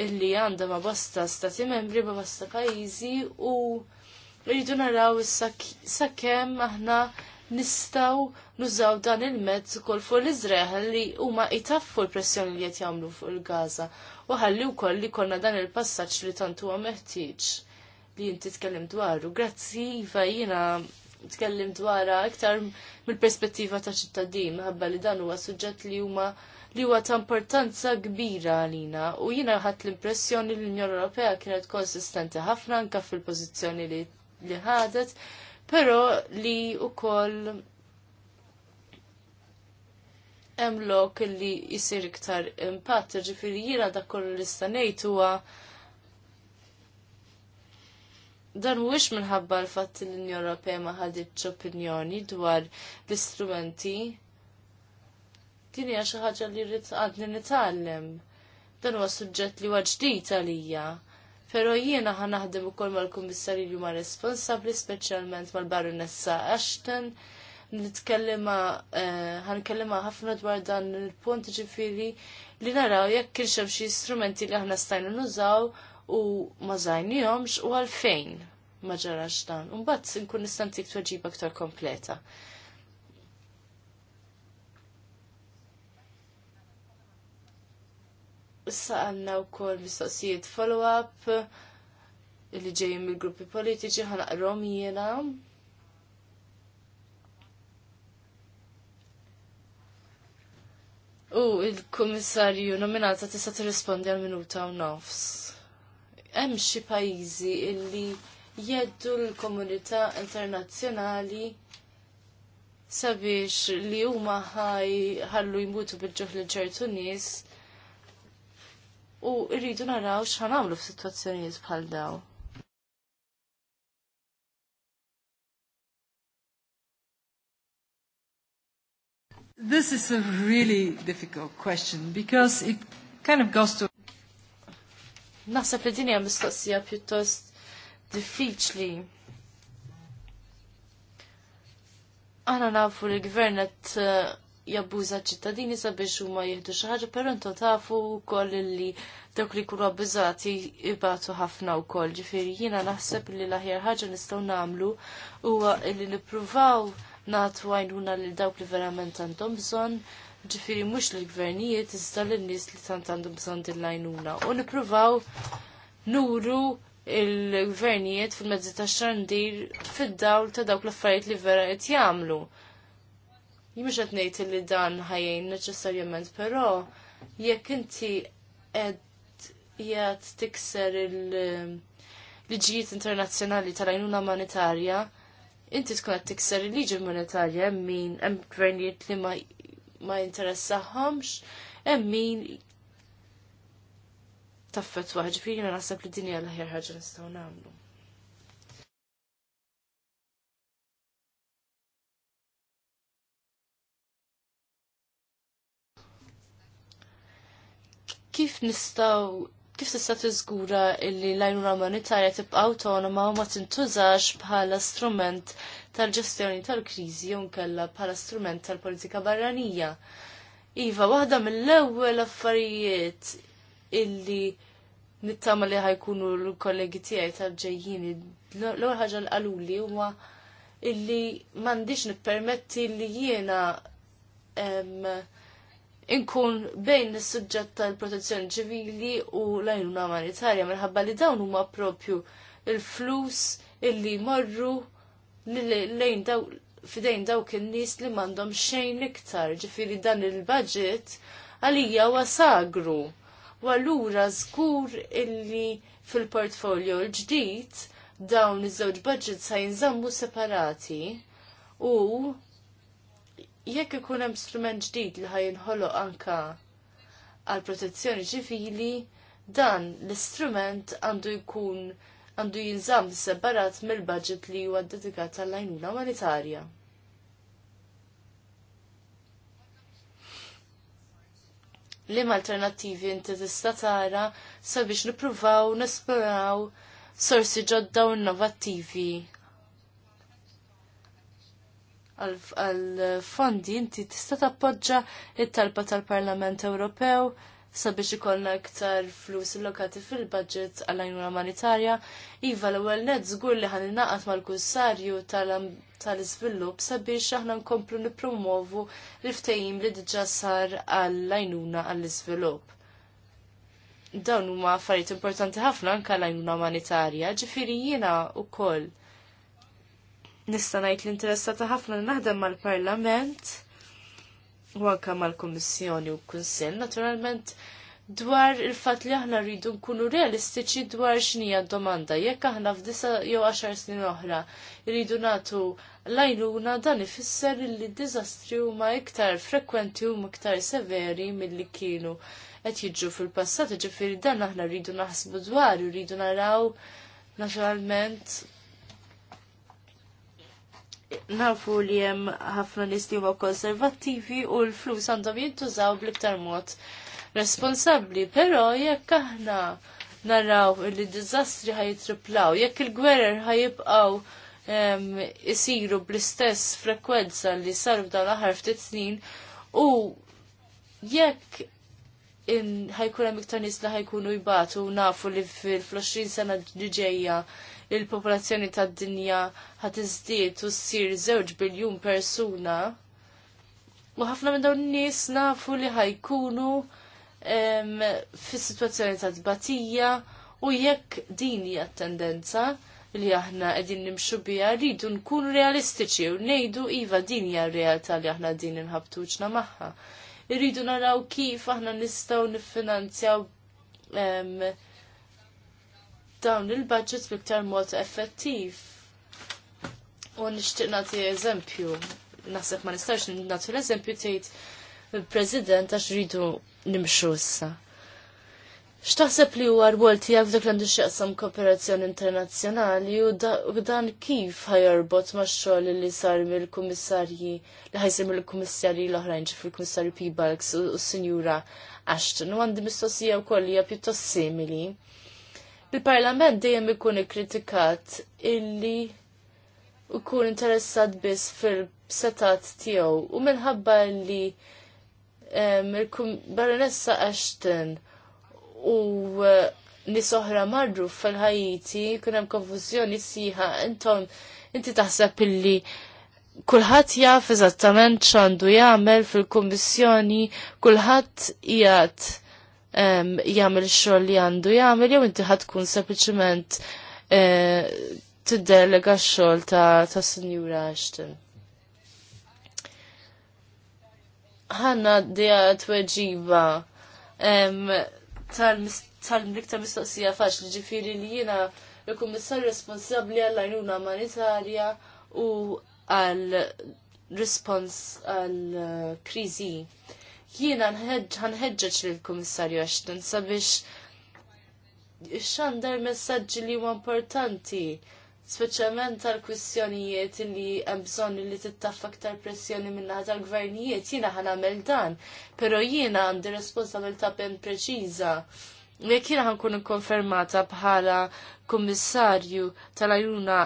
illi għandha ma' bosta stati membri ma' bosta pajjiżi u rridu naraw issa kemm aħna nistaw nużaw dan il-mezz ukoll fuq l-Izrael li huma jtaffu l-pressjoni li qed jagħmlu fuq il-Gaza u ħalli wkoll li konna dan il-passaġġ li tant huwa meħtieġ li inti tkellim dwaru. Grazzi iva jiena tkellim dwarha iktar mill-perspettiva ta' ċittadin, ħabba li dan huwa suġġett li huma li huwa ta' importanza kbira għalina u jiena ħadd l-impressjoni li l-Unjoni Ewropea kienet konsistenti ħafna anke fil-pożizzjoni li, li ħadet, però li wkoll hemm lok li jsir iktar impatt, ġifieri jiena dak kollu li stanejt huwa dan mhuwiex minħabba l fat l-Unjoni Ewropea ma ħaditx opinjoni dwar l-istrumenti. Din hija xi ħaġa li rrid għadni nitgħallem. Dan huwa suġġett li huwa ġdid għalija. però jiena ħa naħdem ukoll mal-kummissarju huma responsabbli speċjalment mal-Baronessa Ashton nitkellima eh, ħankellima ħafna dwar dan il-punt ġifiri li naraw jekk kienx hemm xi strumenti li aħna stajna nużaw u ma żajnihomx u għalfejn ma ġarax dan. Imbagħad inkun nista' ntik tweġiba aktar kompleta. Issa għandna wkoll mistoqsijiet follow-up li ġejjin mill-gruppi politiċi ħanaqrom jiena. U il-kummissarju nominata tista' tirrispondi għal minuta u nofs hemm xi pajjiżi illi jeddu l-komunità internazzjonali sabiex li huma ħallu jmutu bil-ġuħ li ċertu nies u rridu naraw nagħmlu f'sitwazzjonijiet bħal daw. This is a really difficult question because it kind of goes to Naħseb li din hija mistoqsija pjuttost diffiċli. Aħna nafu li l-gvern qed eh, jabbuża ċittadini sabiex huma jieħdu xi ħaġa, però inta tafu wkoll li dawk li jkunu abbużati jibatu ħafna wkoll. Ġifieri jiena naħseb li l-aħjar ħaġa nistgħu nagħmlu huwa li nippruvaw nagħtu għajnuna lil dawk li verament għandhom bżonn ġifiri mux l-gvernijiet iżda l-nis li tant għandu bżon dil lajnuna u nipruvaw nuru il-gvernijiet fil-mezzi ta' xandir fid-dawl ta' dawk l-affarijiet li vera qed jagħmlu. Jimx qed ngħid li dan ħajjin neċessarjament, però jekk inti qed jgħid tikser il-liġijiet internazzjonali tal-għajnuna monetarja, inti tkun qed tikser il-liġi monetarja hemm min hemm gvernijiet li ma ma jinteressaħħomx, emmin min taffet waħġ jina naħseb li dinja l-ħjar ħaġa nistgħu nagħmlu. Kif nistgħu kif tista' tiżgura li l-għajnuna umanitarja tibqa' awtonoma u ma tintużax bħala strument tal-ġestjoni tal-kriżi jew nkella bħala strument tal-politika barranija. Iva, waħda mill-ewwel affarijiet illi nittama li ħajkunu l-kollegi tiegħi tal-ġejjini l-ewwel ħaġa l qaluli huwa illi m'għandix nippermetti li jiena inkun bejn is-suġġett tal-protezzjoni ċivili u l ajnuna umanitarja minħabba li dawn huma propju il-flus illi marru lejn daw fidejn dawk in-nies li m'għandhom xejn iktar, ġifieri dan il-budget għalija huwa sagru. U allura żgur illi fil-portfolio l-ġdid dawn iż-żewġ budgets se jinżammu separati u jekk ikun hemm strument ġdid li ħajinħoloq anka għal protezzjoni ċivili, dan l-istrument għandu jkun għandu jinżamm separat mill-budget li huwa dedikat għall-għajnuna umanitarja. Lim alternattivi inti tista' tara sabiex nippruvaw nesploraw sorsi ġodda u innovattivi għal-fondi inti tista' tappoġġa it-talba tal-Parlament Ewropew sabiex ikollna iktar flus lokati fil-budget għall-għajnuna umanitarja. Iva l-ewwel net żgur li ħan innaqat mal-kussarju tal-iżvilupp sabiex aħna nkomplu nippromovu l-ftehim li diġà sar għall-għajnuna għall-iżvilupp dawn huma affarijiet importanti ħafna anke għall għajnuna umanitarja, ġifieri jiena wkoll nista' ngħid li interessata ħafna naħdem mal-Parlament u anke mal-Kummissjoni u Kunsill naturalment dwar il-fatt li aħna rridu nkunu realistiċi dwar x'nija domanda jekk aħna f'disa jew 10 snin oħra rridu nagħtu l-għajnuna dan ifisser li d-diżastri huma iktar frekwenti u iktar severi milli kienu qed jiġu fil-passat, ġifieri dan aħna rridu naħsbu dwar, u rridu naraw naturalment nafu li hemm ħafna nisti huma konservattivi u l-flus għandhom jintużaw bliktar iktar mod responsabbli, però jekk aħna naraw li d-diżastri ħajtriplaw, jekk il-gwerer ħajibqgħu isiru bl-istess frekwenza li saru f'dan aħar ftit snin u jekk ħajkun hemm iktar nies li ħajkunu jbatu nafu li fil-20 sena li ġejja il-popolazzjoni tad-dinja ħat iżdied u ssir żewġ biljun persuna. U ħafna minn dawn nies nafu li ħajkunu fis-sitwazzjoni ta' tbatija u jekk din hija tendenza li aħna qegħdin nimxu biha rridu nkunu realistiċi u ngħidu iva din hija r-realtà li aħna din inħabtu magħha. Irridu naraw kif aħna nistgħu niffinanzjaw dawn il-budget biktar mod effettiv. U nixtieq nagħti eżempju, naħseb ma nistax nati l-eżempju tgħid il-President għax rridu nimxu issa. X'taħseb li huwa rwol tiegħek f'dak l-għandu x'jaqsam kooperazzjoni internazzjonali u dan kif ħajorbot ma' xogħol li sar mill-kummissarji li ħajsir mill-kummissarji l-oħrajn ġif il-kummissarju balks u s-Sinjura Ashton u għandi mistoqsija wkoll hija pjuttost simili il-Parlament dejjem ikun ikkritikat illi ikun interessat biss fil-setat tiegħu u minħabba li il-Baronessa Ashton u e, nisoħra marru fil-ħajiti hemm konfużjoni siħa intom inti taħseb illi kulħadd jaf eżattament x'għandu jagħmel fil-kummissjoni, kulħadd jgħid jagħmel xogħol li għandu jagħmel jew inti ħadkun sempliċement eh, tiddelega x-xogħol ta' ta' Sinjura Ashton. Ħanna dija tweġiba tal-miktar mistoqsija faċli ġifiri li jina il-kummissar responsabli għall-għajnuna manitarja u għal-respons għal-krizi. Eh, jiena nħeġġeġ lill-Kummissarju Ashton sabiex xandar messaġġi li huwa importanti, speċjalment tal kwistjonijiet li hemm bżonn li tittaf aktar pressjoni minnaħa tal-gvernijiet, jiena ħanamel dan, però jiena għandi responsabilità ben preċiża. Jekk jiena ħankun konfermata bħala kummissarju tal-ajuna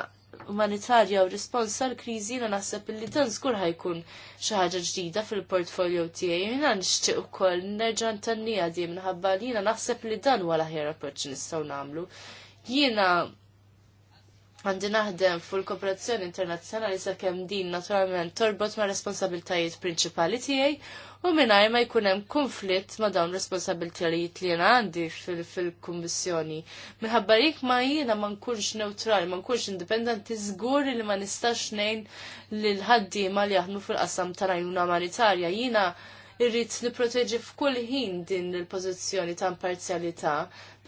umanitarja u respons għal kriżi na naħseb li dan żgur ħajkun xi ħaġa ġdida fil-portfolio tiegħi. Jiena nixtieq ukoll nerġa' ntannija di minħabba li jiena naħseb li dan wara ħjar approċċ nistgħu nagħmlu. Jiena għandi naħdem fuq il-kooperazzjoni internazzjonali sakemm din naturalment torbot ma' responsabiltajiet prinċipali tiegħi u mingħajr ma jkun hemm konflitt ma' dawn responsabiltajiet li jiena għandi fil-kummissjoni. Minħabba jekk ma jiena ma nkunx neutrali, ma nkunx indipendenti żgur li ma nistax ngħin lil ħaddiema li jaħdmu fil-qasam tal-għajnuna umanitarja. Jiena irrid nipproteġi f'kull ħin din il-pożizzjoni ta' imparzjalità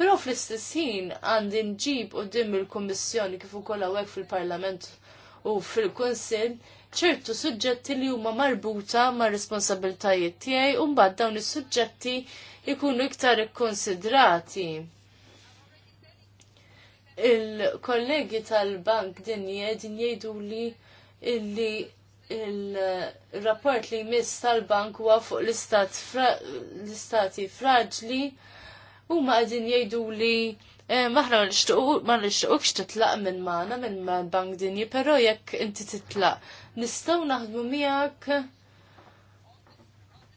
Però fl-istess ħin għandi nġib dim il-Kummissjoni kif ukoll hawnhekk fil-Parlament u fil-Kunsill ċertu suġġetti li huma marbuta ma' responsabiltajiet tiegħi u mbagħad dawn is-suġġetti jkunu iktar ikkonsidrati. Il-kollegi tal-bank dinje din jgħidu li illi il-rapport li jmiss tal-bank huwa fuq l-istati fraġli huma qegħdin jajdu li maħna eh, ma nixtuqux titlaq minn maħna, minn bank dinji, però jekk inti titlaq nistgħu naħdmu miegħek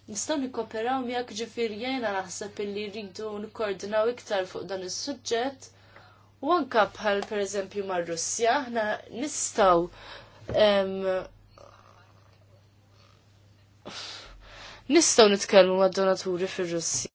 nistgħu nikkoperaw miegħek ġifir jena naħseb illi rridu nikkoordinaw iktar fuq dan is-suġġett. U anka bħal pereżempju mar-Russja, aħna nistgħu nistaw nitkellmu mad donaturi fir-Russja.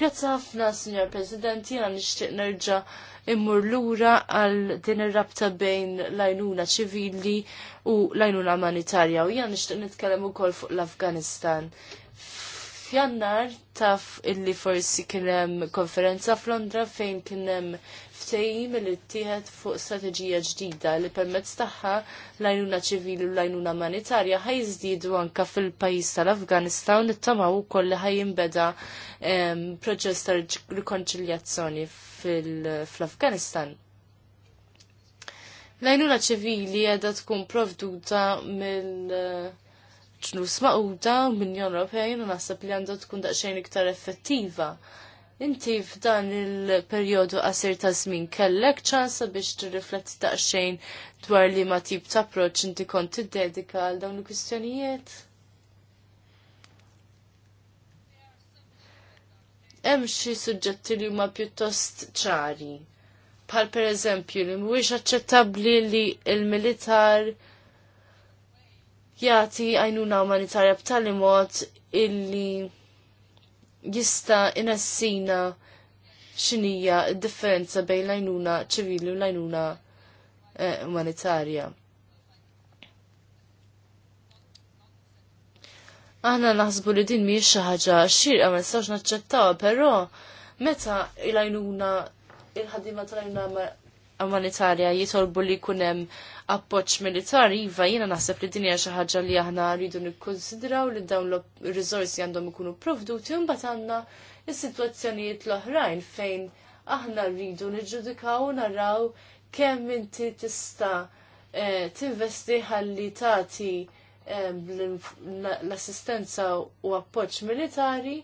Grazzi ħafna, Signor President, jena nishtiq nerġa' immur lura għal din ir-rabta bejn l-għajnuna ċivili u l-għajnuna umanitarja u jgħan nishtiq nitkellem ukoll fuq l-Afganistan. F'jannar taf illi forsi kien hemm konferenza f'Londra fejn kien hemm ftejim li tieħed fuq strateġija ġdida li permezz tagħha l-għajnuna ċivili u l-għajnuna umanitarja ħajżdiedu anka fil-pajjiż tal-Afganistan nittama ukoll li ħajinbeda proċess ta' rikonċiljazzjoni fl-Afganistan. L-għajnuna ċivili għedha tkun provduta mill- ċnus eh, maquda minn Ewropea u naħseb li għandha tkun daqsxejn iktar effettiva Inti f'dan il-perjodu qasir ta' żmien kellek ċansa biex tirrifletti daqsxejn dwar li ma tip ta' approċċ inti kont tiddedika għal dawn il-kwistjonijiet? Hemm xi suġġetti li huma pjuttost ċari. Bħal pereżempju li mhuwiex aċċettabbli li l-militar jagħti għajnuna umanitarja b'tali mod illi jista' inassina x'inhija d-differenza bejn l ċivili u l-għajnuna eh, umanitarja. Aħna naħsbu li din miex xi ħaġa xirqa ma nistgħux naċċettawha, però meta l-għajnuna il-ħaddiema tal-għajnuna umanitarja jitolbu li kunem appoċ militari, iva jina naħseb li dinja xi ħaġa li aħna rridu nikkonsidraw li dawn l-riżorsi għandhom ikunu provduti u mbagħad għandna is-sitwazzjonijiet l-oħrajn fejn aħna rridu niġġudikaw u naraw kemm inti tista' eh, tinvesti ħalli tagħti eh, l-assistenza u appoġġ militari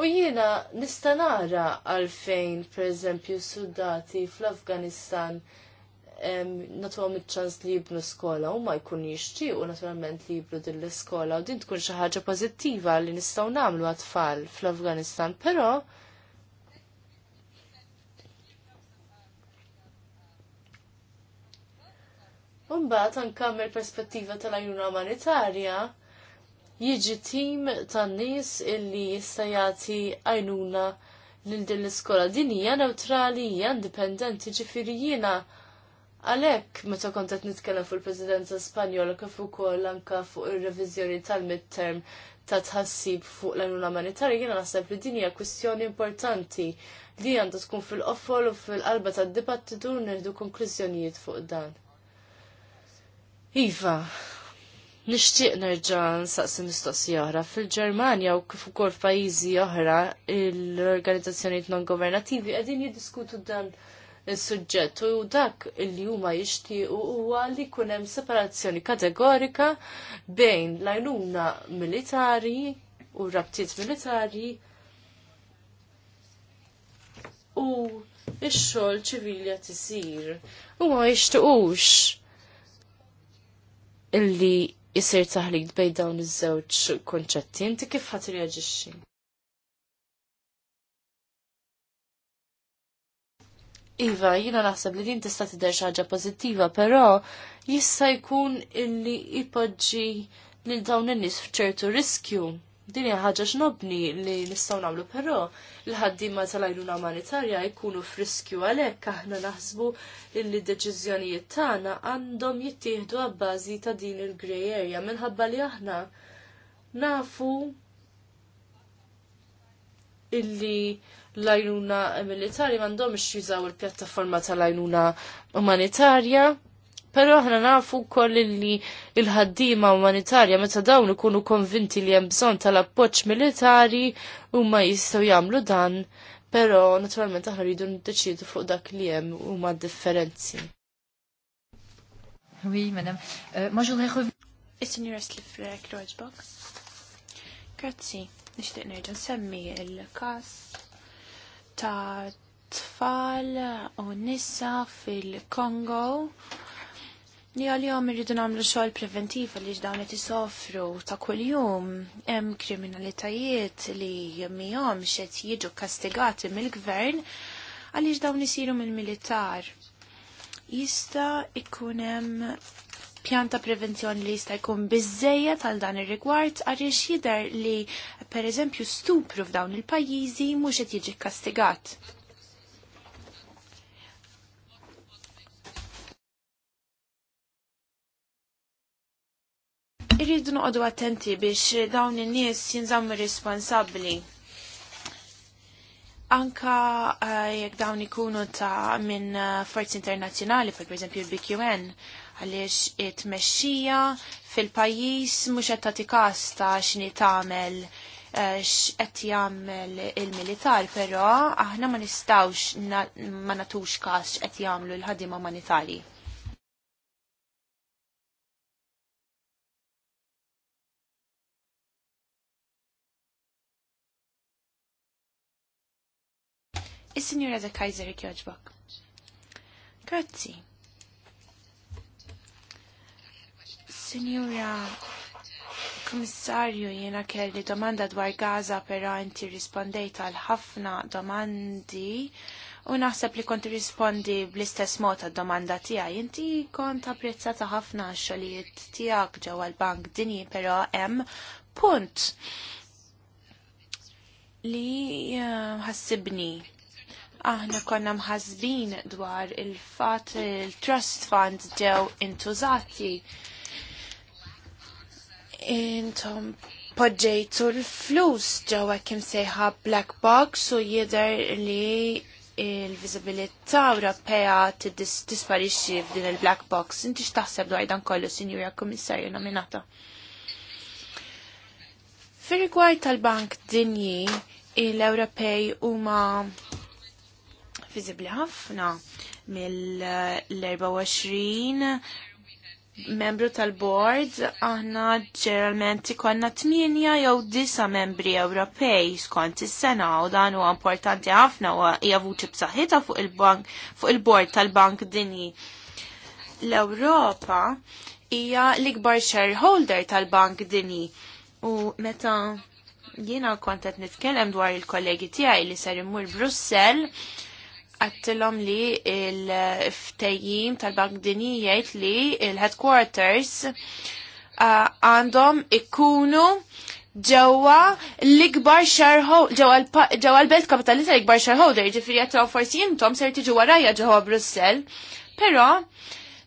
U jiena nista' nara għalfejn pereżempju soldati fl-Afganistan natuhom iċ-ċans li jibnu skola u ma jkun u naturalment li jibnu din l-iskola u din tkun xi ħaġa pożittiva li nistgħu nagħmlu għatfall tfal fl-Afganistan, però Umbat anka mill perspettiva tal-ajuna umanitarja, jiġi tim tan nies illi jista' jagħti għajnuna lil din l-iskola. Din hija neutrali, hija indipendenti, ġifieri jiena għalhekk meta kont qed nitkellem fuq il-Presidenza Spanjola kif ukoll anke fuq ir-reviżjoni tal-midterm ta' tħassib fuq l-għanuna Manitarja, jiena naħseb li din hija kwistjoni importanti li għandha tkun fil qofol u fil-qalba tad-dibattitu nieħdu konklużjonijiet fuq dan. Iva, Nixtieq nerġa' nsaqsi mistoqsija oħra. Fil-Ġermanja u kif ukoll pajjiżi oħra l-organizzazzjonijiet non-governattivi qegħdin jiddiskutu dan is-suġġett u dak li huma jixtiequ huwa li jkun hemm separazzjoni kategorika bejn l militari u rabtiet militari u ix-xogħol ċivili qed isir. Huma jixtiequx illi jisir taħlik bejn dawn iż-żewġ konċetti, inti kif ħat reaġixxi? Iva, jina naħseb li din tista' tidher xi ħaġa pożittiva, però jista' jkun illi ipoġġi lil dawn in-nies f'ċertu riskju. Din hija ħaġa x'nobni li nistgħu nagħmlu però l-ħaddiema tal-għajnuna umanitarja jkunu friskju għalhekk aħna naħsbu li d-deċiżjonijiet tagħna għandhom jittieħdu għabbażi ta' din il-grey area minħabba li aħna nafu illi l-għajnuna militari m'għandhomx jużaw il-pjattaforma tal-għajnuna umanitarja Pero aħna nafu koll li il-ħaddima umanitarja meta dawn ikunu konvinti li hemm bżonn tal-appoġġ militari huma jistgħu jagħmlu dan, però naturalment aħna rridu niddeċidu fuq dak li hemm huma differenzi. Oui, madame. Euh, moi, je voudrais revenir... Is-signora Slifrek, Roġbok. Grazzi, nishtiq nerġa' semmi il-kas ta' tfal u nisa fil-Kongo li għal-jom rridu namlu xogħol preventiv li ġdawn qed isofru ta' kuljum hemm kriminalitajiet li mihom qed jiġu kastigati mill-gvern għaliex dawn isiru mill-militar. Jista' ikunem hemm pjanta prevenzjoni li jista' jkun bizzeja tal dan ir-rigward għaliex jidher li pereżempju stupru f'dawn il-pajjiżi mhux qed jiġi kastigat. Irridu noqogħdu attenti biex dawn in-nies jinżammu responsabbli. Anka eh, jekk dawn ikunu ta' minn eh, forzi internazzjonali, per eżempju il-BQN, għaliex it-mexxija fil-pajjiż mhux qed tagħti każ ta' x'inhi tagħmel eh, x'qed jagħmel il-militar, però aħna ma nistawx ma natux każ x'qed jagħmlu l-ħaddiema umanitarji. Is-Sinjura de Kaiser jogħġbok. Grazzi. Sinjura Komissarju, jiena kelli domanda dwar Gaza, però inti rispondejt għal ħafna domandi u naħseb li konti rispondi bl-istess mod għad-domanda tiegħi. Inti kont apprezzata ħafna xogħlijiet tiegħek ġew għal bank Dinji, però hemm punt li eh, ħassibni uh, aħna konna mħazbin dwar il-fat il-trust fund ġew intużati. Intom podġejtu l-flus ġew kim sejħa black box u jider li il-vizibilità Ewropea t-disparixi f'din il-black box. Inti x'taħseb dwar dan kollu, Sinjura Kummissarju nominata? Fir-rigward tal-Bank Dinji, l-Ewropej huma fizibli ħafna mill-24 membru tal-board aħna ġeneralment ikonna 8 jew 9 membri Ewropej skont is-sena u dan huwa importanti ħafna u hija vuċi b'saħħitha fuq il-bank fuq il-board tal-Bank Dinji. L-Ewropa hija l-ikbar shareholder tal-Bank Dinji u meta jiena kont qed nitkellem dwar il-kollegi tiegħi li ser imur Brussell, għattilom li il-ftejjim tal-Bank jgħid li il-headquarters uh, għandhom ikunu ġewwa l-ikbar shareholder ġewwa l-belt kapitalista l-ikbar shareholder, ġifieri għattilom forsi intom ser tiġu warajja ġewwa Brussell. Però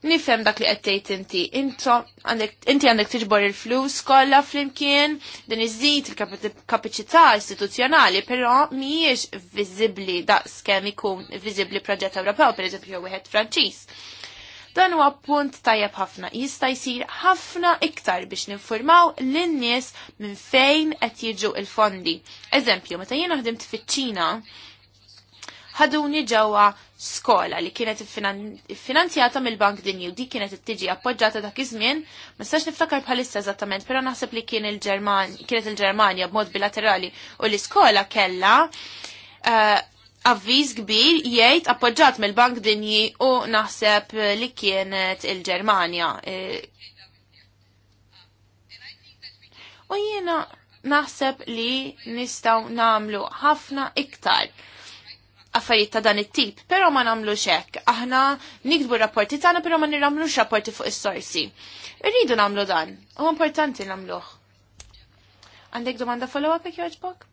nifhem dak li qed tgħid inti. Inti għandek tiġbor il-flus kollha flimkien din iżid il-kapaċità istituzzjonali, però mhijiex viżibbli da kemm ikun viżibbli proġett Ewropew, pereżempju wieħed Franċiż. Dan huwa punt tajjeb ħafna. Jista' jsir ħafna iktar biex ninformaw lin-nies minn fejn qed jiġu il-fondi. Eżempju, meta jien ħdimt fiċ-Ċina, ħaduni ġewwa skola li kienet finanzjata mill-Bank Dinju. Di kienet tiġi appoġġata dak iż-żmien, ma nistax niftakar bħalissa eżattament, però naħseb li kien il-Ġerman kienet il-Ġermanja b'mod bilaterali u l-iskola kellha uh, avviż kbir jgħid appoġġat mill-Bank Dinji u naħseb li kienet il-Ġermanja. Eh, u jiena naħseb li nistaw namlu ħafna iktar affarijiet ta' dan it-tip, però ma nagħmlu hekk. Aħna nikdbu rapporti tagħna però ma nirramlu rapporti fuq is-sorsi. Irridu nagħmlu dan, u importanti nagħmluh. Għandek domanda follow-up jekk jogħġbok?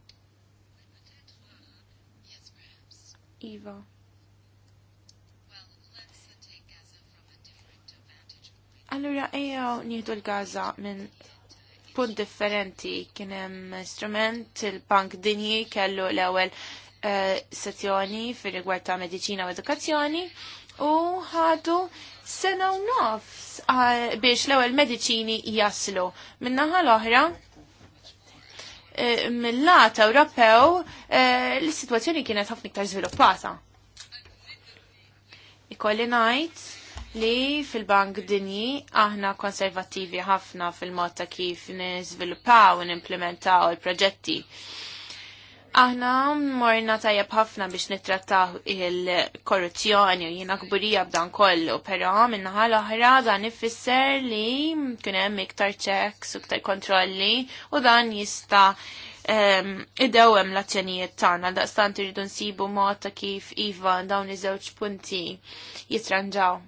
Iva. Allura ejja nieħdu l-Gaza minn punt differenti kien hemm strument il-Bank Dinji kellu l-ewwel Eh, sezzjoni fir rigward ta' medicina u edukazzjoni u ħadu sena u nofs eh, biex l-ewwel mediċini jaslu. Minnaħa l-oħra, eh, mill-lat Ewropew l-sitwazzjoni kienet ħafna iktar żviluppata. Ikolli ngħid li fil-Bank Dinji aħna konservattivi ħafna fil-mod ta' kif niżviluppaw u nimplementaw il-proġetti. il proġetti Aħna morna tajab ħafna biex nittrattaw il-korruzzjoni u jina kburija b'dan kollu, pero minnaħa l-oħra dan ifisser li kunem iktar checks u iktar kontrolli u dan jista um, ehm, id-dewem l-azzjonijiet tagħna daqstant irridu nsibu mod ta' kif iva dawn iż-żewġ punti jitranġaw.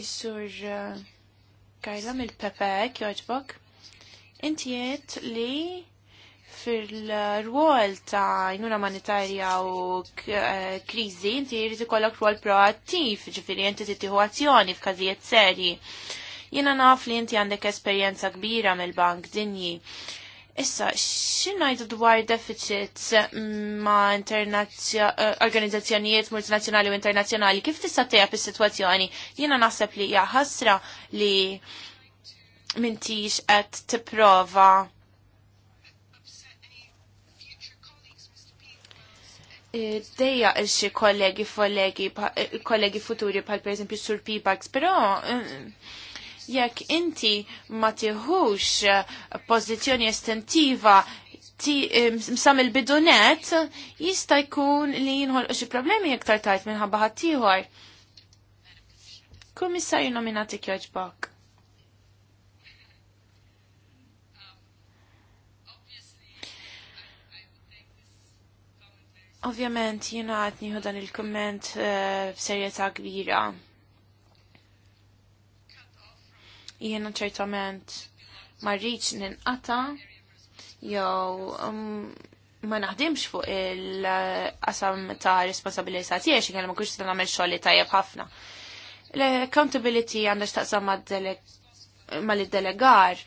Is-sur eh, Kajla mill-Pepe kjoġbok. Inti jett li fil-rwol ta' jnuna manitarja u eh, krizi, inti jirrit ikollok rwol proattiv, ġifiri inti titiħu azzjoni f'każijiet serji. Jena naf li inti għandek esperjenza kbira mill-bank dinji Issa, xinajdu dwar deficit mm, ma' eh, organizzazzjonijiet multinazzjonali u internazzjonali, kif tista' teja is-sitwazzjoni? Jiena naħseb li hija ħasra li mintix qed tipprova Dejja il-xi kollegi, kollegi, kollegi futuri pal per esempio sur Pibax, però mm, jekk inti ma tieħux eh, pożizzjoni estentiva eh, msam il-bidunet jista' jkun li jinħolqu xi problemi iktar tajt minħabba ħadd ieħor. Kummissarju nominati kjoġbok. Ovvjament, jina għatniħu dan il-komment uh, eh, f-serjeta kbira. Jiena ċertament ma rridx ninqata jew um, ma naħdimx fuq il-qasam ta' responsabilità tiegħi xi ma kunx se nagħmel xogħol tajjeb ħafna. L-accountability għandha x'taqsam mal-delegar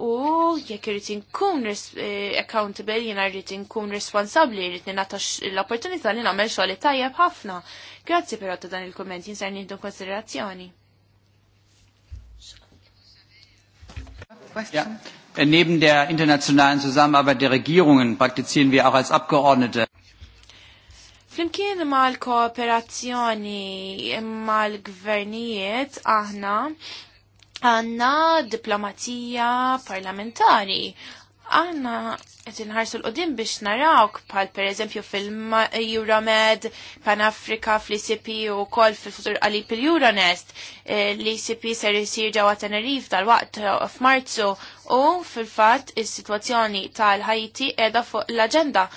u jekk irid inkun eh, accountable jiena rrid inkun responsabbli rrid ningħata l-opportunità li nagħmel xogħol tajjeb ħafna. Grazzi però ta' dan il-kumment jinser nieħdu konsiderazzjoni. Ja. Äh, neben der internationalen Zusammenarbeit der Regierungen praktizieren wir auch als Abgeordnete. Flimkien mal-kooperazzjoni mal-gvernijiet aħna għanna diplomatija parlamentari Aħna qed inħarsu l qodim biex narawk bħal pereżempju fil-Euromed, Pan-Afrika, fil icp u wkoll fil-futur qalib il-Euronest. Eh, L-ICP e ser isir ġewwa Tenerife tal-waqt eh, f'Marzu u fil-fatt is-sitwazzjoni tal-Ħajti qiegħda fuq l-aġenda.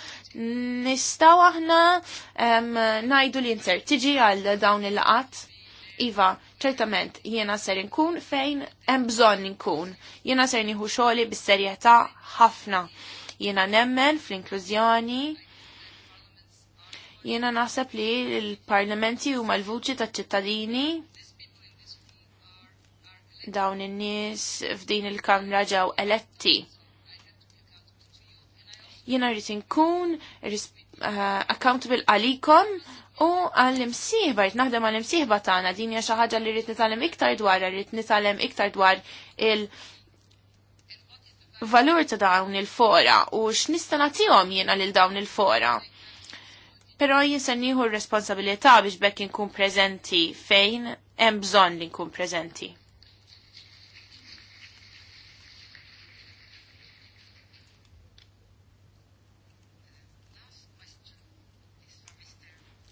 Nistgħu aħna ngħidu l inser tiġi għal dawn il-laqat? Iva, ċertament jiena ser inkun fejn hemm bżonn inkun. Jiena ser nieħu xogħli bis-serjetà ħafna. Jiena nemmen fl-inklużjoni jiena naħseb li l-parlamenti huma l-vuċi taċ-ċittadini dawn in-nies f'din il-kamra ġew eletti. Jiena rrid inkun uh, accountable għalikom U għall-imsiħba, rrit naħdem għall-imsiħba tagħna din hija xi ħaġa li rrid nitalem iktar dwar, rrid nitalem iktar dwar il- valur ta' dawn il-fora u x'nista' nagħtihom jiena lil dawn il-fora. Però jien se nieħu r-responsabilità biex bekk inkun preżenti fejn hemm bżonn li nkun preżenti.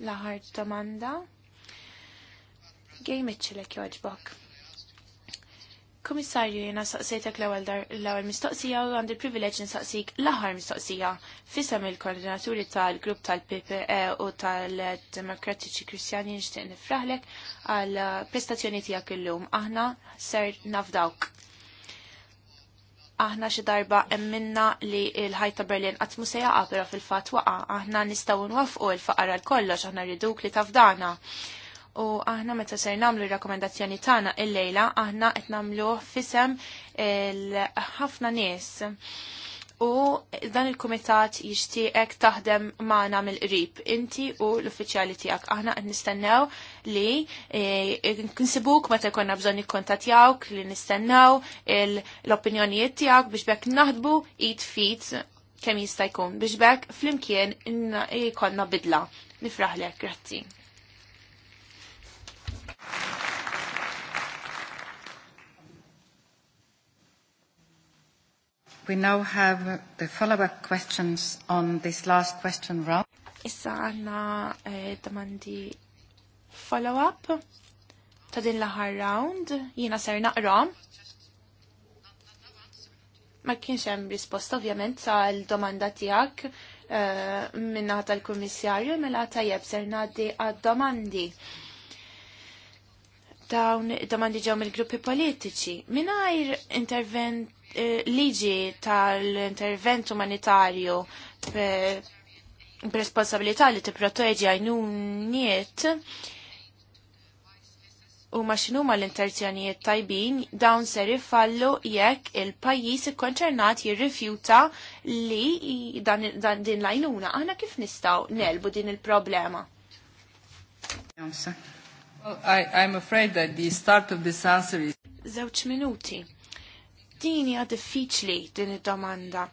l-aħar domanda. Gej mitċilek joġbok. Komissarju, jena saqsejtek l-ewel mistoqsija u għandi privileġ nsaqsik l-aħħar mistoqsija fisem il-koordinaturi tal-grupp tal-PPE u tal-Demokratiċi Kristjani nixtieq nifraħlek għal prestazzjoni tiegħek illum. Aħna ser nafdawk aħna xi darba emminna li l-ħajta Berlin qatt mu se jaqa' però fil-fatt waqa' aħna nistgħu nwafqu l-faqar għal kollox aħna rriduk li tafdana. U aħna meta ser nagħmlu r-rakkomendazzjoni tagħna illejla aħna qed nagħmluh fisem il-ħafna nies u dan il-kumitat jixtieqek taħdem maħna mill-qrib inti u l-uffiċjali tiegħek. Aħna qed nistennew li eh, nsibuk meta jkollna bżonn ikkontattjawk li nistennew l-opinjonijiet tiegħek biex bekk naħdbu id fit kemm jista' jkun biex bekk flimkien jkollna bidla. Nifraħlek, grazzi. We now have the follow-up questions on this last question round. Issa għanna eh, domandi follow-up ta' din l-aħħar round. Jina ser naqra. Ma kienx hemm risposta ovvjament għal domanda tiegħek eh, minna tal-Kummissarju mela tajjeb ser ngħaddi għad-domandi dawn domandi ġew mill-gruppi politiċi. Mingħajr intervent liġi tal-intervent umanitarju b'responsabilità li tipproteġi għajnuniet u maċinuma x'inhuma l-interzjonijiet tajbin dawn ser ifallu jekk il-pajjiż ikkonċernat jirrifjuta li dan, dan din l-għajnuna. Aħna kif nistgħu nelbu din il-problema? Well, I, I'm afraid that the start of this answer is... Zewċ minuti. Din hija diffiċli din id-domanda.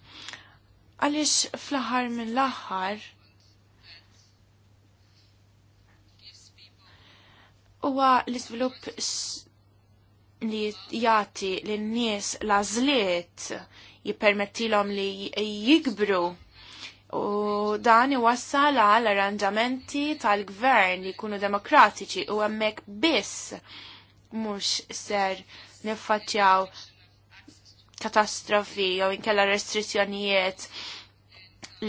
Għaliex fl-aħħar mill-aħħar huwa l-iżvilupp li jagħti lin-nies l-għażliet jippermettilhom li jikbru U dan iwassal għal arranġamenti tal-gvern li jkunu demokratiċi u hemmhekk biss mhux ser niffaċċjaw katastrofi jew inkella restrizzjonijiet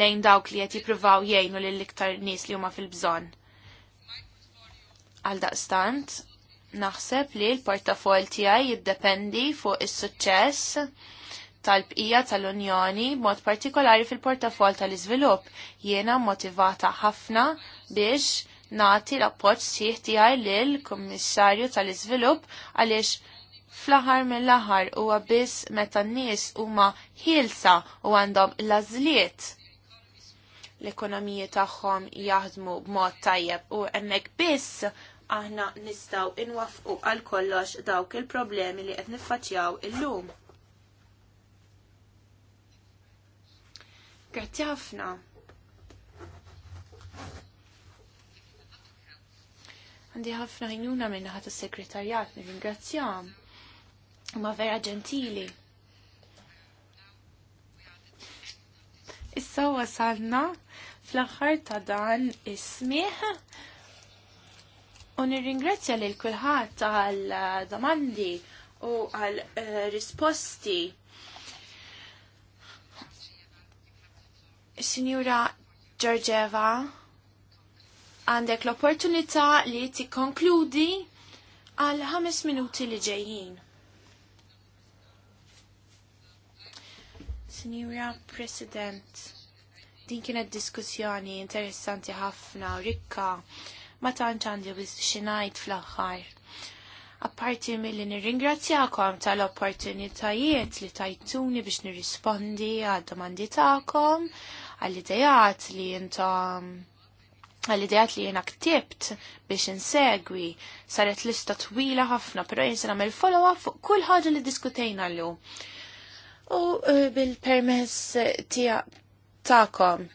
lejn dawk li qed jippruvaw jgħinu lil iktar nies li huma fil-bżonn. Għal daqstant, naħseb li l-portafol tiegħi jiddependi fuq is-suċċess tal-bqija tal-Unjoni mod partikolari fil-portafol tal-iżvilupp. Jiena motivata ħafna biex nagħti l-appoġġ sieħ tiegħi lill-Kummissarju tal-Iżvilupp għaliex fl-aħar mill-aħar u biss meta n-nies huma hilsa u għandhom lażliet l-ekonomiji tagħhom jaħdmu b'mod tajjeb u hemmhekk biss aħna nistgħu inwafqu għal kollox dawk il-problemi li qed niffaċjaw illum. Grazzi ħafna. Għandi ħafna ħinjuna minna ħat segretarjat, sekretarjat nirringrazzjam ma vera ġentili. Issa wasalna fl-aħħar ta' dan is u nirringrazzja lil kulħadd għal domandi u għal eh, risposti. Signora Giorgeva, għandek l-opportunità li tikkonkludi għal ħames minuti li ġejjin. Signora President, din kienet diskussjoni interessanti ħafna u rikka ma tantx għandi xi ngħid fl-aħħar. Apparti milli nirringrazzjakom tal-opportunitajiet li tajtuni biex nirrispondi għad-domandi tagħkom, għall-idejat li intom għall idejat li jena ktibt biex insegwi saret lista twila ħafna, pero jinsen għamil follow-up fuq kull li diskutejna l u eh, bil-permess eh, ta'kom.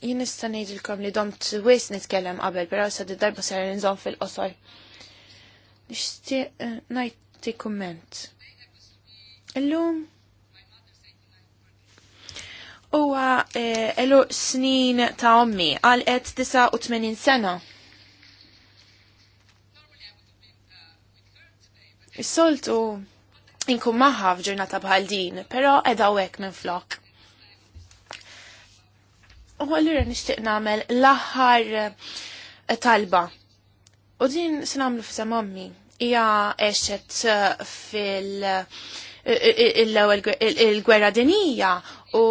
Jien nista' ngħidilkom li domt wis nitkellem qabel, però sa darba ser nżomm fil-qosor. Nixtieq eh, ngħid kumment. Illum huwa elu snin ta' ommi għal qed 89 sena. Is-soltu inkun maħħa f'ġurnata bħal din, però edha hekk minn flok. U għallura nixtieq nagħmel l-aħħar eh, talba. U din se nagħmlu f'sa mommi. Hija għexet eh, fil- eh, ewwel il-gwerra dinija u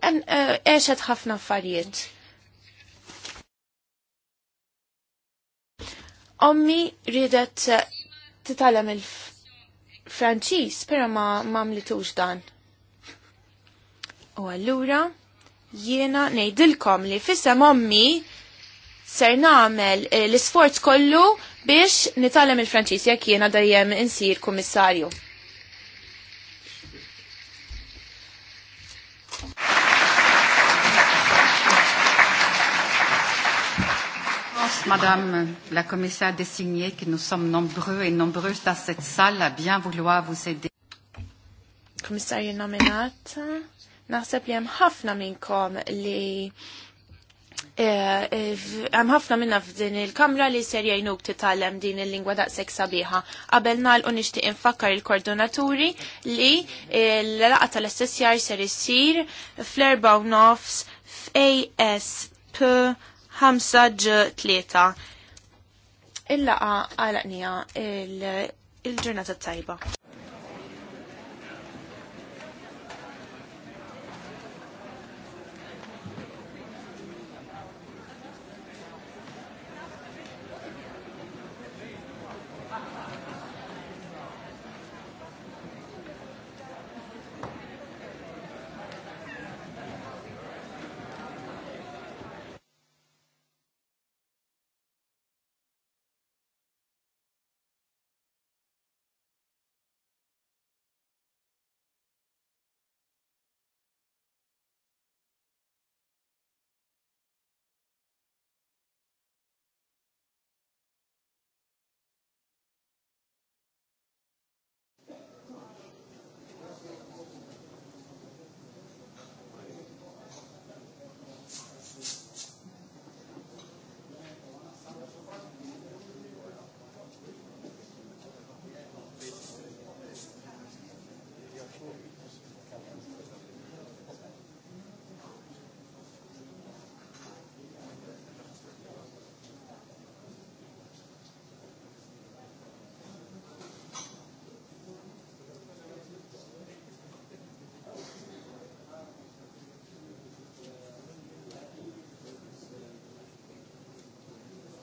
għexet ħafna affarijiet. Ommi ridet titalem il-Franċiż, però ma mamlitux dan. U allura jiena ngħidilkom li fissa mommi ser nagħmel eh, l-isforz kollu biex nitalem il-Franċiż jekk jiena dejjem insir kummissarju. Madame la commissaire désignée, que nous sommes nombreux et nombreuses dans cette salle à bien vouloir vous aider. Commissaire nominata, naħseb li hemm ħafna minnkom li eh, eh, hemm ħafna minna f'din il-kamra li ser jgħinuk titgħallem din il-lingwa daqshekk sabiħa. Qabel nagħlqu nixtieq infakkar il-koordinaturi li l-laqgħa tal-SSR ser issir fl-erba' nofs f'ASP ħamsaġ tlieta. Illa għalaqnija il-ġurnata tajba.